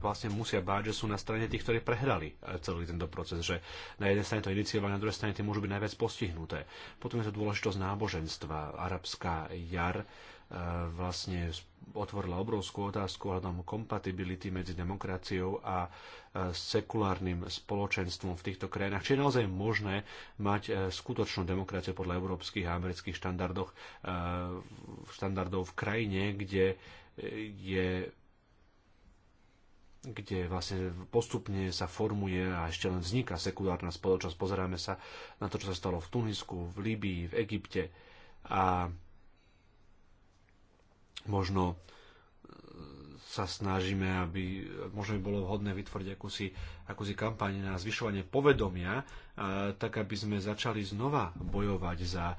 vlastne musia báť, že sú na strane tých, ktorí prehrali e, celý tento proces, že na jednej strane to iniciovali, na druhej strane tie môžu byť najviac postihnuté. Potom je to dôležitosť náboženstva. Arabská jar e, vlastne otvorila obrovskú otázku hľadom kompatibility medzi demokraciou a sekulárnym spoločenstvom v týchto krajinách. Či je naozaj možné mať skutočnú demokraciu podľa európskych a amerických štandardov v krajine, kde je kde vlastne postupne sa formuje a ešte len vzniká sekulárna spoločnosť. Pozeráme sa na to, čo sa stalo v Tunisku, v Líbii, v Egypte a možno e, sa snažíme, aby možno by bolo vhodné vytvoriť akúsi, akúsi kampaň na zvyšovanie povedomia, e, tak aby sme začali znova bojovať za e,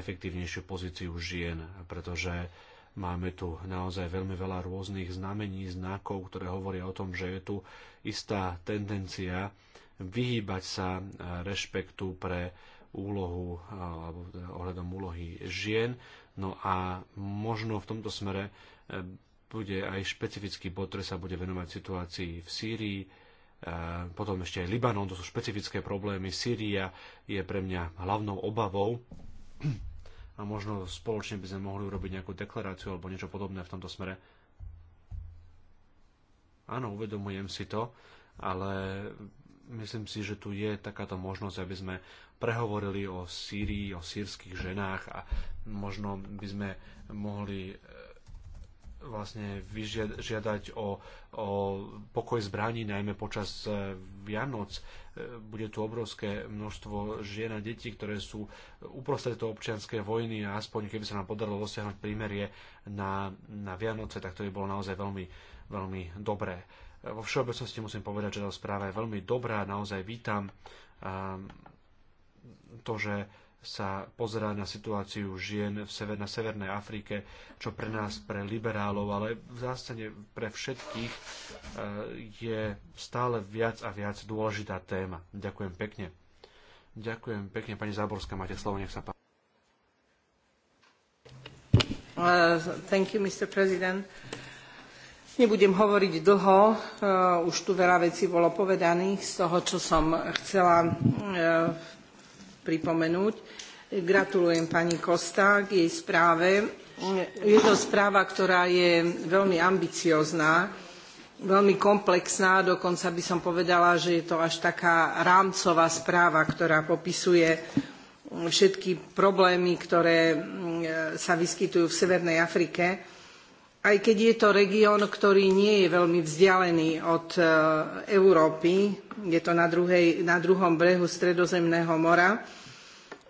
efektívnejšiu pozíciu žien, pretože Máme tu naozaj veľmi veľa rôznych znamení, znakov, ktoré hovoria o tom, že je tu istá tendencia vyhýbať sa e, rešpektu pre úlohu e, alebo teda ohľadom úlohy žien. No a možno v tomto smere e, bude aj špecifický bod, ktorý sa bude venovať situácii v Sýrii, potom ešte aj Libanon, to sú špecifické problémy. Sýria je pre mňa hlavnou obavou a možno spoločne by sme mohli urobiť nejakú deklaráciu alebo niečo podobné v tomto smere. Áno, uvedomujem si to, ale myslím si, že tu je takáto možnosť, aby sme prehovorili o Sýrii, o sírskych ženách a možno by sme mohli vlastne vyžiadať o, o pokoj zbraní, najmä počas e, Vianoc. E, bude tu obrovské množstvo žien a detí, ktoré sú uprostred toho občianskej vojny a aspoň keby sa nám podarilo dosiahnuť prímerie na, na Vianoce, tak to by bolo naozaj veľmi, veľmi dobré. E, vo všeobecnosti musím povedať, že tá správa je veľmi dobrá, naozaj vítam to, že sa pozerá na situáciu žien v sever, na Severnej Afrike, čo pre nás, pre liberálov, ale v zásade pre všetkých e, je stále viac a viac dôležitá téma. Ďakujem pekne. Ďakujem pekne, pani Záborská, máte slovo, nech sa páči. Uh, thank you, Mr. President. Nebudem hovoriť dlho, uh, už tu veľa vecí bolo povedaných z toho, čo som chcela uh, pripomenúť. Gratulujem pani Kosta k jej správe. Je to správa, ktorá je veľmi ambiciózna, veľmi komplexná, dokonca by som povedala, že je to až taká rámcová správa, ktorá popisuje všetky problémy, ktoré mm, sa vyskytujú v Severnej Afrike aj keď je to región, ktorý nie je veľmi vzdialený od e, Európy, je to na, druhej, na druhom brehu Stredozemného mora,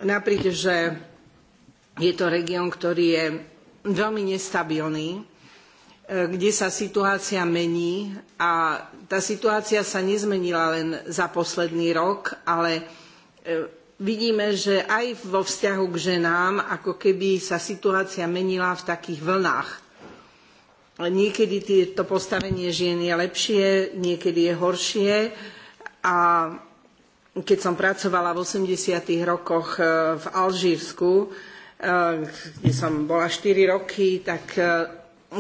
napriek, že je to región, ktorý je veľmi nestabilný, e, kde sa situácia mení a tá situácia sa nezmenila len za posledný rok, ale e, vidíme, že aj vo vzťahu k ženám, ako keby sa situácia menila v takých vlnách Niekedy to postavenie žien je lepšie, niekedy je horšie. A keď som pracovala v 80. rokoch e, v Alžírsku, e, kde som bola 4 roky, tak e,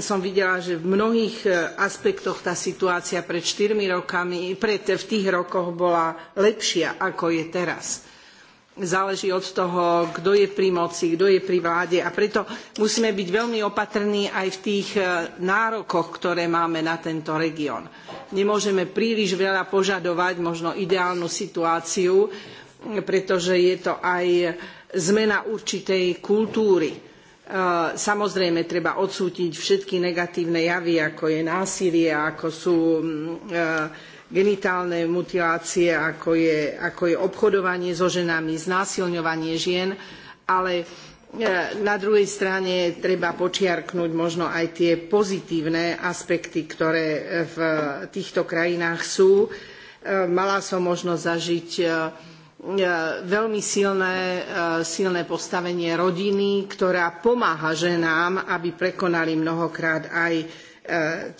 som videla, že v mnohých aspektoch tá situácia pred 4 rokami, pred, v tých rokoch bola lepšia, ako je teraz záleží od toho, kto je pri moci, kto je pri vláde a preto musíme byť veľmi opatrní aj v tých e, nárokoch, ktoré máme na tento región. Nemôžeme príliš veľa požadovať, možno ideálnu situáciu, pretože je to aj zmena určitej kultúry. E, samozrejme, treba odsútiť všetky negatívne javy, ako je násilie, ako sú mm, e, genitálne mutilácie, ako je, ako je obchodovanie so ženami, znásilňovanie žien, ale e, na druhej strane treba počiarknúť možno aj tie pozitívne aspekty, ktoré e, v týchto krajinách sú. E, mala som možnosť zažiť veľmi silné, silné postavenie rodiny, ktorá pomáha ženám, aby prekonali mnohokrát aj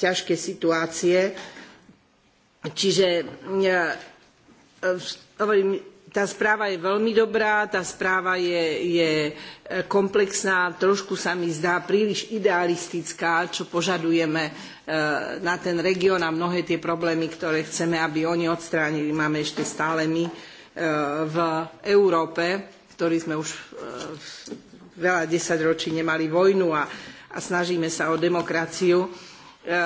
ťažké situácie Čiže e, hovorím, tá správa je veľmi dobrá, tá správa je, je, e, komplexná, trošku sa mi zdá príliš idealistická, čo požadujeme e, na ten región a mnohé tie problémy, ktoré chceme, aby oni odstránili, máme ešte stále my v Európe, ktorí sme už veľa desaťročí nemali vojnu a, a snažíme sa o demokraciu. E,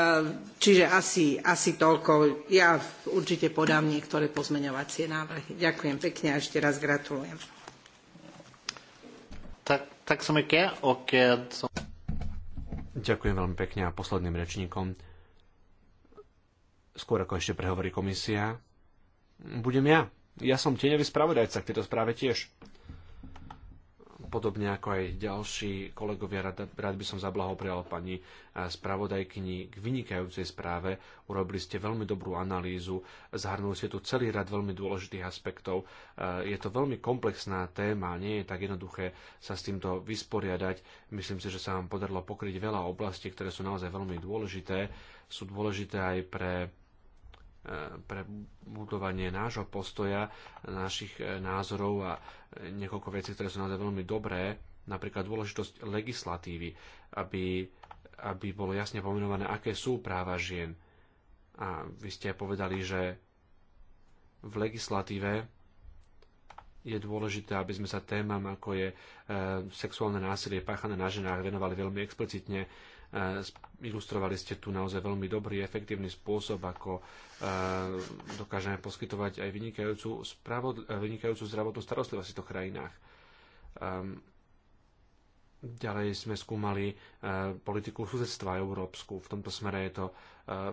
čiže asi, asi toľko. Ja určite podám niektoré pozmeňovacie návrhy. Ďakujem pekne a ešte raz gratulujem. Ďakujem veľmi pekne a posledným rečníkom, skôr ako ešte prehovorí komisia, budem ja. Ja som tieňový spravodajca k tejto správe tiež podobne ako aj ďalší kolegovia, rád, rád by som zablahoprial pani eh, spravodajkyni k vynikajúcej správe. Urobili ste veľmi dobrú analýzu, zahrnuli ste tu celý rad veľmi dôležitých aspektov. Eh, je to veľmi komplexná téma, nie je tak jednoduché sa s týmto vysporiadať. Myslím si, že sa vám podarilo pokryť veľa oblastí, ktoré sú naozaj veľmi dôležité. Sú dôležité aj pre eh, pre budovanie nášho postoja, našich názorov a niekoľko vecí, ktoré sú naozaj veľmi dobré, napríklad dôležitosť legislatívy, aby, aby bolo jasne pomenované, aké sú práva žien. A vy ste povedali, že v legislatíve je dôležité, aby sme sa témam, ako je e, sexuálne násilie páchané na ženách, venovali veľmi explicitne Eh, ilustrovali ste tu naozaj veľmi dobrý, efektívny spôsob, ako eh, dokážeme poskytovať aj vynikajúcu, spravod- eh, vynikajúcu zdravotnú starostlivosť v týchto krajinách. Ehm, ďalej sme skúmali politiku susedstva európsku. V tomto smere je to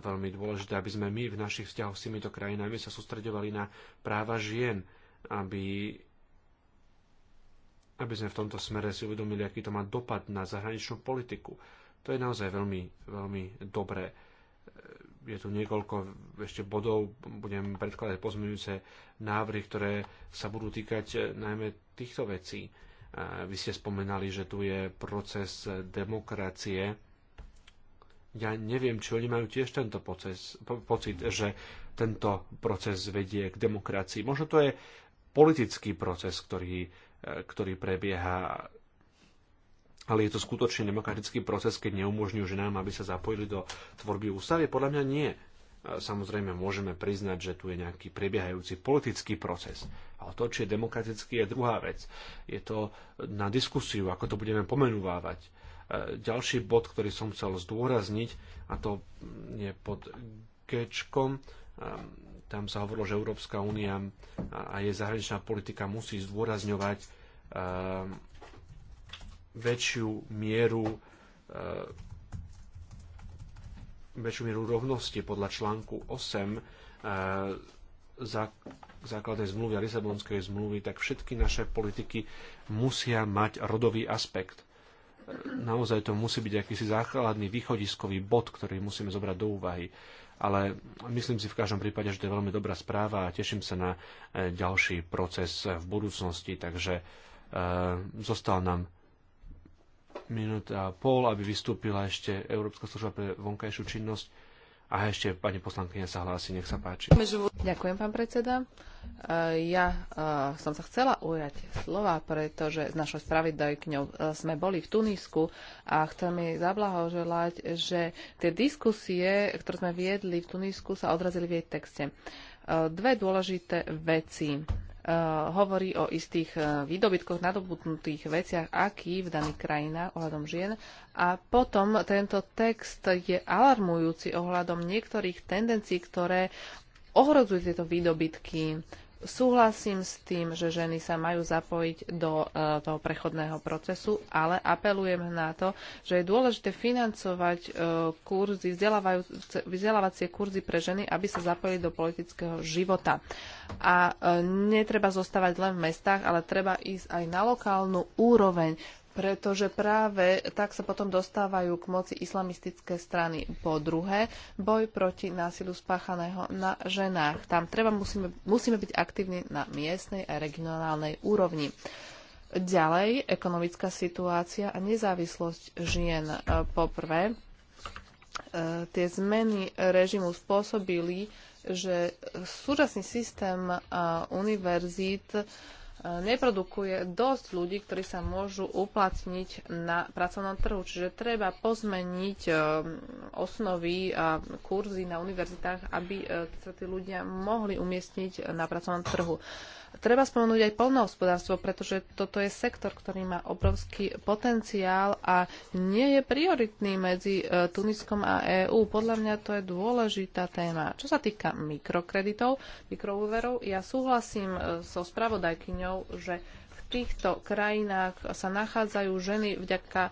veľmi dôležité, aby sme my v našich vzťahoch s týmito krajinami sa sústredovali na práva žien, aby, aby sme v tomto smere si uvedomili, aký to má dopad na zahraničnú politiku to je naozaj veľmi, veľmi dobré. Je tu niekoľko ešte bodov, budem predkladať pozmeňujúce návrhy, ktoré sa budú týkať eh, najmä týchto vecí. Eh, vy ste spomenali, že tu je proces demokracie. Ja neviem, či oni majú tiež tento proces, po, pocit, že tento proces vedie k demokracii. Možno to je politický proces, ktorý, eh, ktorý prebieha ale je to skutočne demokratický proces, keď neumožňujú ženám, aby sa zapojili do tvorby ústavy? Podľa mňa nie. E, samozrejme, môžeme priznať, že tu je nejaký prebiehajúci politický proces. Ale to, či je demokratický, je druhá vec. Je to na diskusiu, ako to budeme pomenúvávať. E, ďalší bod, ktorý som chcel zdôrazniť, a to je pod Gčkom, e, tam sa hovorilo, že Európska únia a jej zahraničná politika musí zdôrazňovať väčšiu mieru eh, väčšiu mieru rovnosti podľa článku 8 eh, základnej zmluvy a Lisabonskej zmluvy, tak všetky naše politiky musia mať rodový aspekt. Eh, naozaj to musí byť akýsi základný východiskový bod, ktorý musíme zobrať do úvahy. Ale myslím si v každom prípade, že to je veľmi dobrá správa a teším sa na ďalší proces v budúcnosti. Takže e, zostal nám minúta a pol, aby vystúpila ešte Európska služba pre vonkajšiu činnosť. A ešte pani poslankyňa sa hlási, nech sa páči. Ďakujem, pán predseda. E, ja e, som sa chcela ujať slova, pretože s našou spravidajkňou e, sme boli v Tunisku a chcem jej zablahoželať, že tie diskusie, ktoré sme viedli v Tunisku, sa odrazili v jej texte. Dve dôležité veci E, hovorí o istých e, výdobytkoch, nadobudnutých veciach, aký v daných krajinách ohľadom žien. A potom tento text je alarmujúci ohľadom niektorých tendencií, ktoré ohrozujú tieto výdobytky. Súhlasím s tým, že ženy sa majú zapojiť do uh, toho prechodného procesu, ale apelujem na to, že je dôležité financovať uh, kurzy, vzdelávacie kurzy pre ženy, aby sa zapojili do politického života. A uh, netreba zostávať len v mestách, ale treba ísť aj na lokálnu úroveň pretože práve tak sa potom dostávajú k moci islamistické strany. Po druhé, boj proti násilu spáchaného na ženách. Tam treba musíme, musíme byť aktívni na miestnej a regionálnej úrovni. Ďalej, ekonomická situácia a nezávislosť žien. Poprvé, e, tie zmeny režimu spôsobili, že súčasný systém univerzít neprodukuje dosť ľudí, ktorí sa môžu uplatniť na pracovnom trhu. Čiže treba pozmeniť e, osnovy a kurzy na univerzitách, aby e, sa tí ľudia mohli umiestniť na pracovnom trhu. Treba spomenúť aj polnohospodárstvo, pretože toto je sektor, ktorý má obrovský potenciál a nie je prioritný medzi e, Tuniskom a EÚ. Podľa mňa to je dôležitá téma. Čo sa týka mikrokreditov, mikroúverov, ja súhlasím so spravodajkyňou, občanov, že v týchto krajinách sa nachádzajú ženy, vďaka, e,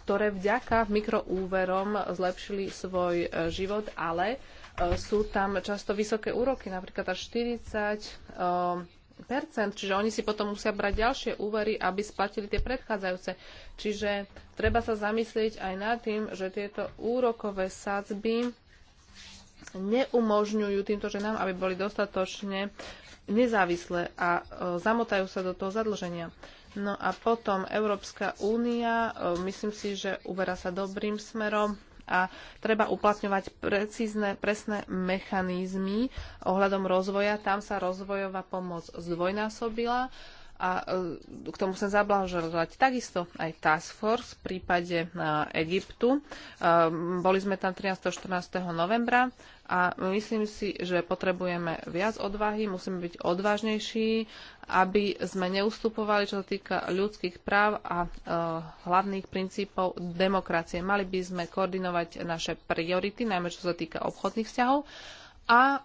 ktoré vďaka mikroúverom zlepšili svoj e, život, ale e, sú tam často vysoké úroky, napríklad až 40 percent, čiže oni si potom musia brať ďalšie úvery, aby splatili tie predchádzajúce. Čiže treba sa zamyslieť aj nad tým, že tieto úrokové sadzby neumožňujú týmto ženám, aby boli dostatočne nezávislé a e, zamotajú sa do toho zadlženia. No a potom Európska únia, e, myslím si, že uberá sa dobrým smerom a treba uplatňovať precízne, presné mechanizmy ohľadom rozvoja. Tam sa rozvojová pomoc zdvojnásobila a e, k tomu chcem zablahoželovať takisto aj Task Force v prípade Egyptu. Boli sme tam 13. 14. novembra a myslím si, že potrebujeme viac odvahy, musíme byť odvážnejší, aby sme neustupovali, čo sa týka ľudských práv a e, hlavných princípov demokracie. Mali by sme koordinovať naše priority, najmä čo sa týka obchodných vzťahov a e,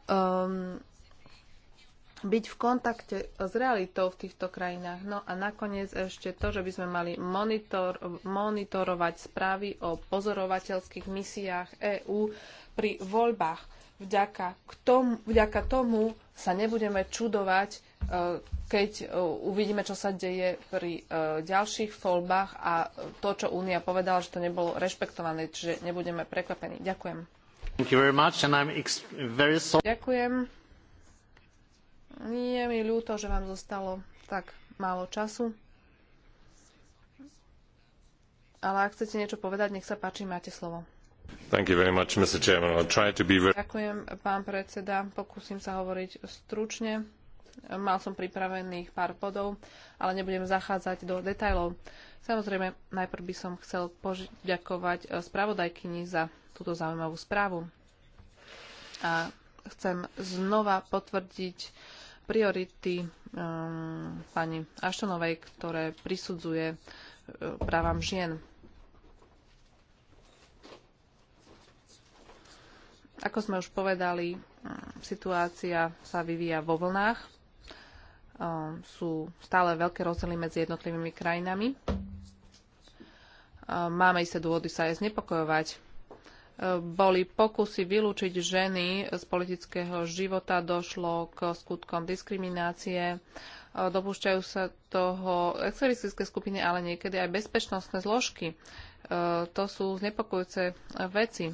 byť v kontakte s realitou v týchto krajinách. No a nakoniec ešte to, že by sme mali monitor, monitorovať správy o pozorovateľských misiách EÚ pri voľbách. Vďaka, k tomu, vďaka tomu sa nebudeme čudovať, e, keď e, uvidíme, čo sa deje pri e, ďalších voľbách a to, čo Únia povedala, že to nebolo rešpektované, čiže nebudeme prekvapení. Ďakujem. Much, Nie Ďakujem. Je mi ľúto, že vám zostalo tak málo času. Ale ak chcete niečo povedať, nech sa páči, máte slovo. Ďakujem, pán predseda. Pokúsim sa hovoriť stručne. Mal som pripravených pár bodov, ale nebudem zachádzať do detajlov. Samozrejme, najprv by som chcel poďakovať spravodajkyni za túto zaujímavú správu. A chcem znova potvrdiť priority um, pani Aštonovej, ktoré prisudzuje uh, právam žien Ako sme už povedali, situácia sa vyvíja vo vlnách. Sú stále veľké rozdiely medzi jednotlivými krajinami. Máme isté dôvody sa aj znepokojovať. Boli pokusy vylúčiť ženy z politického života, došlo k skutkom diskriminácie, dopúšťajú sa toho extremistické skupiny, ale niekedy aj bezpečnostné zložky. To sú znepokojúce veci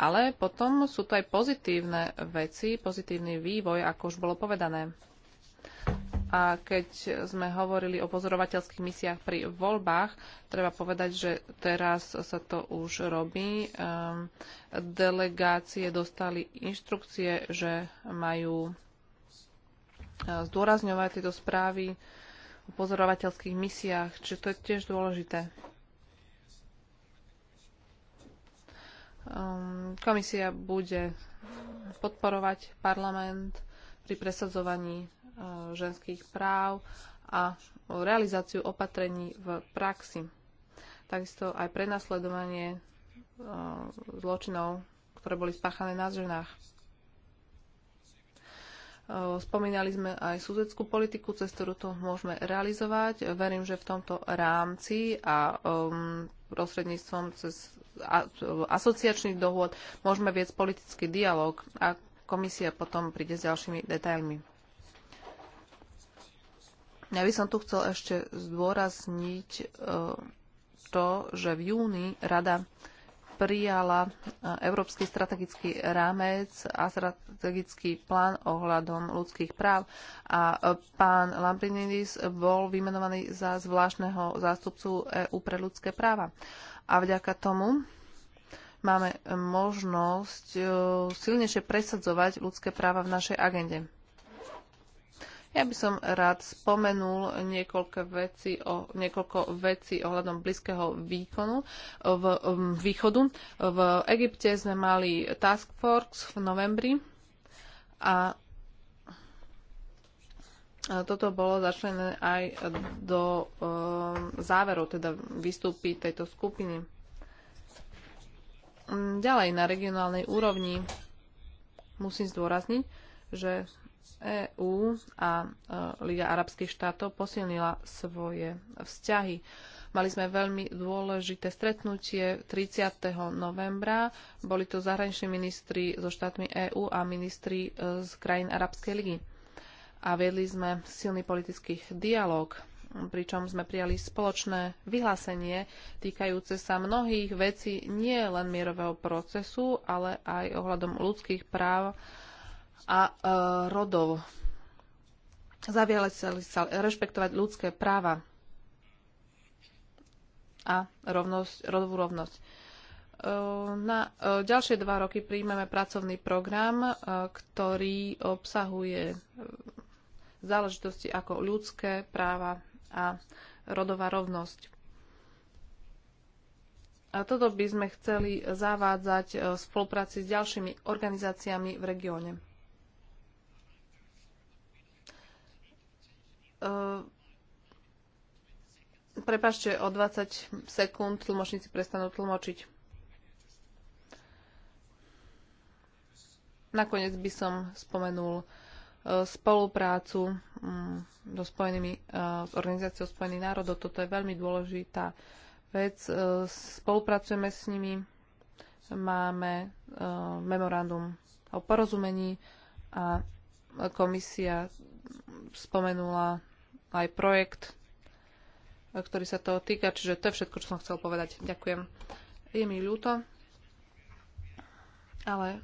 ale potom sú to aj pozitívne veci, pozitívny vývoj, ako už bolo povedané. A keď sme hovorili o pozorovateľských misiách pri voľbách, treba povedať, že teraz sa to už robí. Ehm, delegácie dostali inštrukcie, že majú e, zdôrazňovať tieto správy o pozorovateľských misiách, čiže to je tiež dôležité. Um, komisia bude podporovať parlament pri presadzovaní uh, ženských práv a realizáciu opatrení v praxi. Takisto aj prenasledovanie uh, zločinov, ktoré boli spáchané na ženách. Uh, spomínali sme aj súzeckú politiku, cez ktorú to môžeme realizovať. Verím, že v tomto rámci a um, prostredníctvom cez asociačných dohôd, môžeme viesť politický dialog a komisia potom príde s ďalšími detailmi. Ja by som tu chcel ešte zdôrazniť e, to, že v júni rada prijala e, Európsky strategický rámec a strategický plán ohľadom ľudských práv a e, pán Lambrinidis bol vymenovaný za zvláštneho zástupcu EÚ pre ľudské práva a vďaka tomu máme možnosť e, silnejšie presadzovať ľudské práva v našej agende. Ja by som rád spomenul niekoľko vecí, o, niekoľko vecí ohľadom blízkeho výkonu v, v východu. V Egypte sme mali task force v novembri a toto bolo začlené aj do ehm, záverov, teda výstupy tejto skupiny. Mm, ďalej na regionálnej úrovni musím zdôrazniť, že EÚ a e, Liga arabských štátov posilnila svoje vzťahy. Mali sme veľmi dôležité stretnutie 30. novembra. Boli to zahraniční ministri zo so štátmi EÚ a ministri e, z krajín Arabskej ligy a viedli sme silný politický dialog, pričom sme prijali spoločné vyhlásenie týkajúce sa mnohých vecí nie len mierového procesu, ale aj ohľadom ľudských práv a e, rodov. Zaviali sa rešpektovať ľudské práva a rovnosť, rodovú rovnosť. E, na e, ďalšie dva roky príjmeme pracovný program, e, ktorý obsahuje záležitosti ako ľudské práva a rodová rovnosť. A toto by sme chceli zavádzať e, v spolupráci s ďalšími organizáciami v regióne. E, prepašte, o 20 sekúnd tlmočníci prestanú tlmočiť. Nakoniec by som spomenul Eh, spoluprácu mm, so spojenými, eh, s Organizáciou spojených národov. Toto je veľmi dôležitá vec. Eh, spolupracujeme s nimi, máme memorandum o porozumení a komisia spomenula aj projekt, ktorý sa toho týka. Čiže to je všetko, čo som chcel povedať. Ďakujem. Je mi ľúto, ale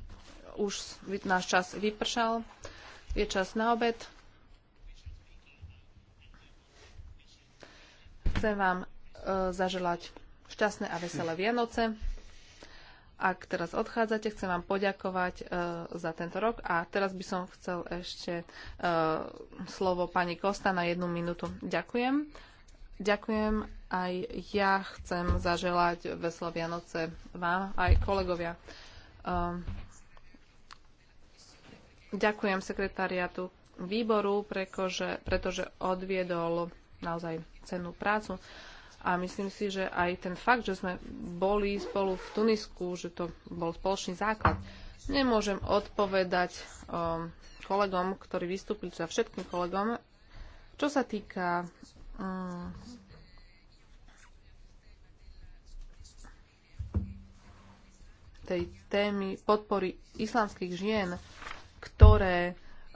už náš čas vypršal je čas na obed. Chcem vám e, zaželať šťastné a veselé Vianoce. Ak teraz odchádzate, chcem vám poďakovať e, za tento rok. A teraz by som chcel ešte e, slovo pani Kosta na jednu minútu. Ďakujem. Ďakujem. Aj ja chcem zaželať veselé Vianoce vám, aj kolegovia. E, Ďakujem sekretariatu výboru, pretože, pretože odviedol naozaj cennú prácu. A myslím si, že aj ten fakt, že sme boli spolu v Tunisku, že to bol spoločný základ, nemôžem odpovedať um, kolegom, ktorí vystúpili, za teda všetkým kolegom, čo sa týka um, tej témy podpory islamských žien, ktoré eh, eh,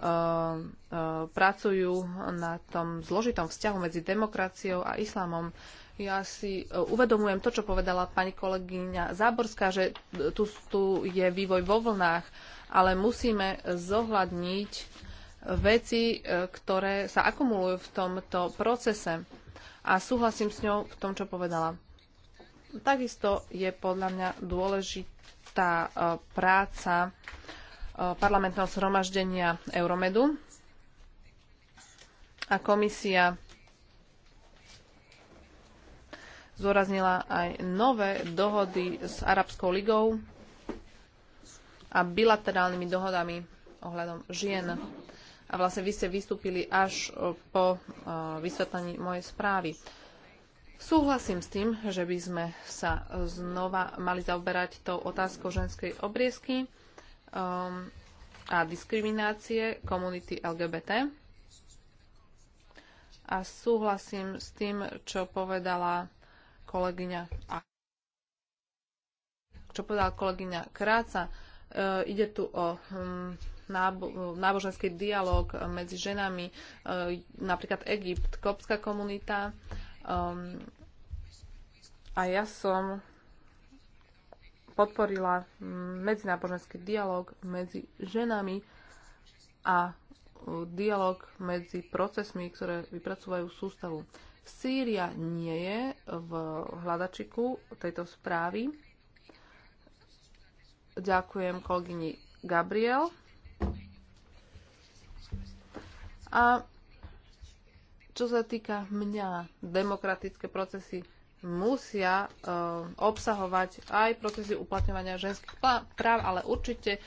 pracujú na tom zložitom vzťahu medzi demokraciou a islamom. Ja si eh, uvedomujem to, čo povedala pani kolegyňa Záborská, že tu, tu je vývoj vo vlnách, ale musíme zohľadniť veci, ktoré sa akumulujú v tomto procese. A súhlasím s ňou v tom, čo povedala. Takisto je podľa mňa dôležitá práca E, parlamentného zhromaždenia Euromedu a komisia zdôraznila aj nové dohody s Arabskou ligou a bilaterálnymi dohodami ohľadom žien. A vlastne vy ste vystúpili až e, po e, vysvetlení mojej správy. Súhlasím s tým, že by sme sa znova mali zaoberať tou otázkou ženskej obriezky um, a diskriminácie komunity LGBT. A súhlasím s tým, čo povedala kolegyňa čo povedala kolegyňa Kráca. E, ide tu o hm, nábo, náboženský dialog medzi ženami, e, napríklad Egypt, kopská komunita. E, a ja som podporila medzináboženský dialog medzi ženami a e, dialog medzi procesmi, ktoré vypracovajú sústavu. Sýria nie je v hľadačiku tejto správy. Ďakujem kolegyni Gabriel. A čo sa týka mňa, demokratické procesy musia uh, obsahovať aj procesy uplatňovania ženských práv, ale určite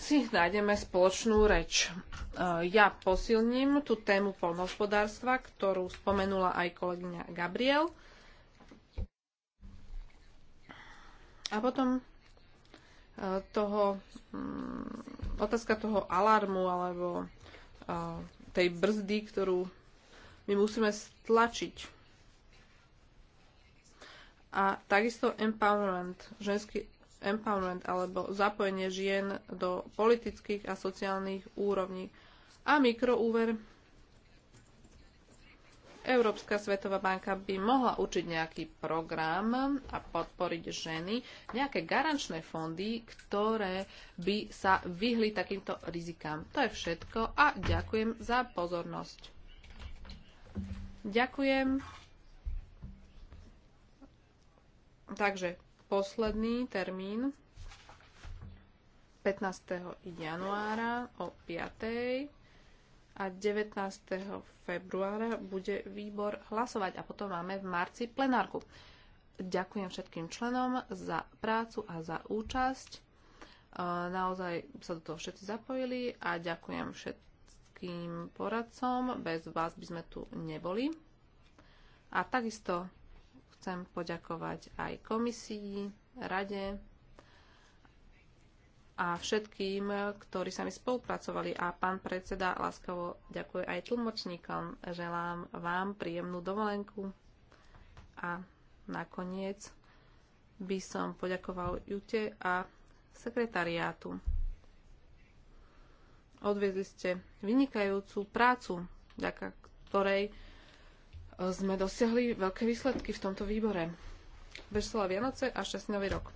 si nájdeme spoločnú reč. Uh, ja posilním tú tému polnohospodárstva, ktorú spomenula aj kolegyňa Gabriel. A potom uh, toho, um, otázka toho alarmu alebo tej brzdy, ktorú my musíme stlačiť a takisto empowerment, ženský empowerment alebo zapojenie žien do politických a sociálnych úrovní. A mikroúver. Európska svetová banka by mohla učiť nejaký program a podporiť ženy, nejaké garančné fondy, ktoré by sa vyhli takýmto rizikám. To je všetko a ďakujem za pozornosť. Ďakujem. Takže posledný termín 15. januára o 5. a 19. februára bude výbor hlasovať a potom máme v marci plenárku. Ďakujem všetkým členom za prácu a za účasť. Naozaj sa do toho všetci zapojili a ďakujem všetkým poradcom. Bez vás by sme tu neboli. A takisto chcem poďakovať aj komisii, rade a všetkým, ktorí sa mi spolupracovali. A pán predseda, láskavo ďakujem aj tlmočníkom. Želám vám príjemnú dovolenku. A nakoniec by som poďakoval Jute a sekretariátu. Odviezli ste vynikajúcu prácu, ďaká ktorej sme dosiahli veľké výsledky v tomto výbore. Veselé Vianoce a šťastný nový rok.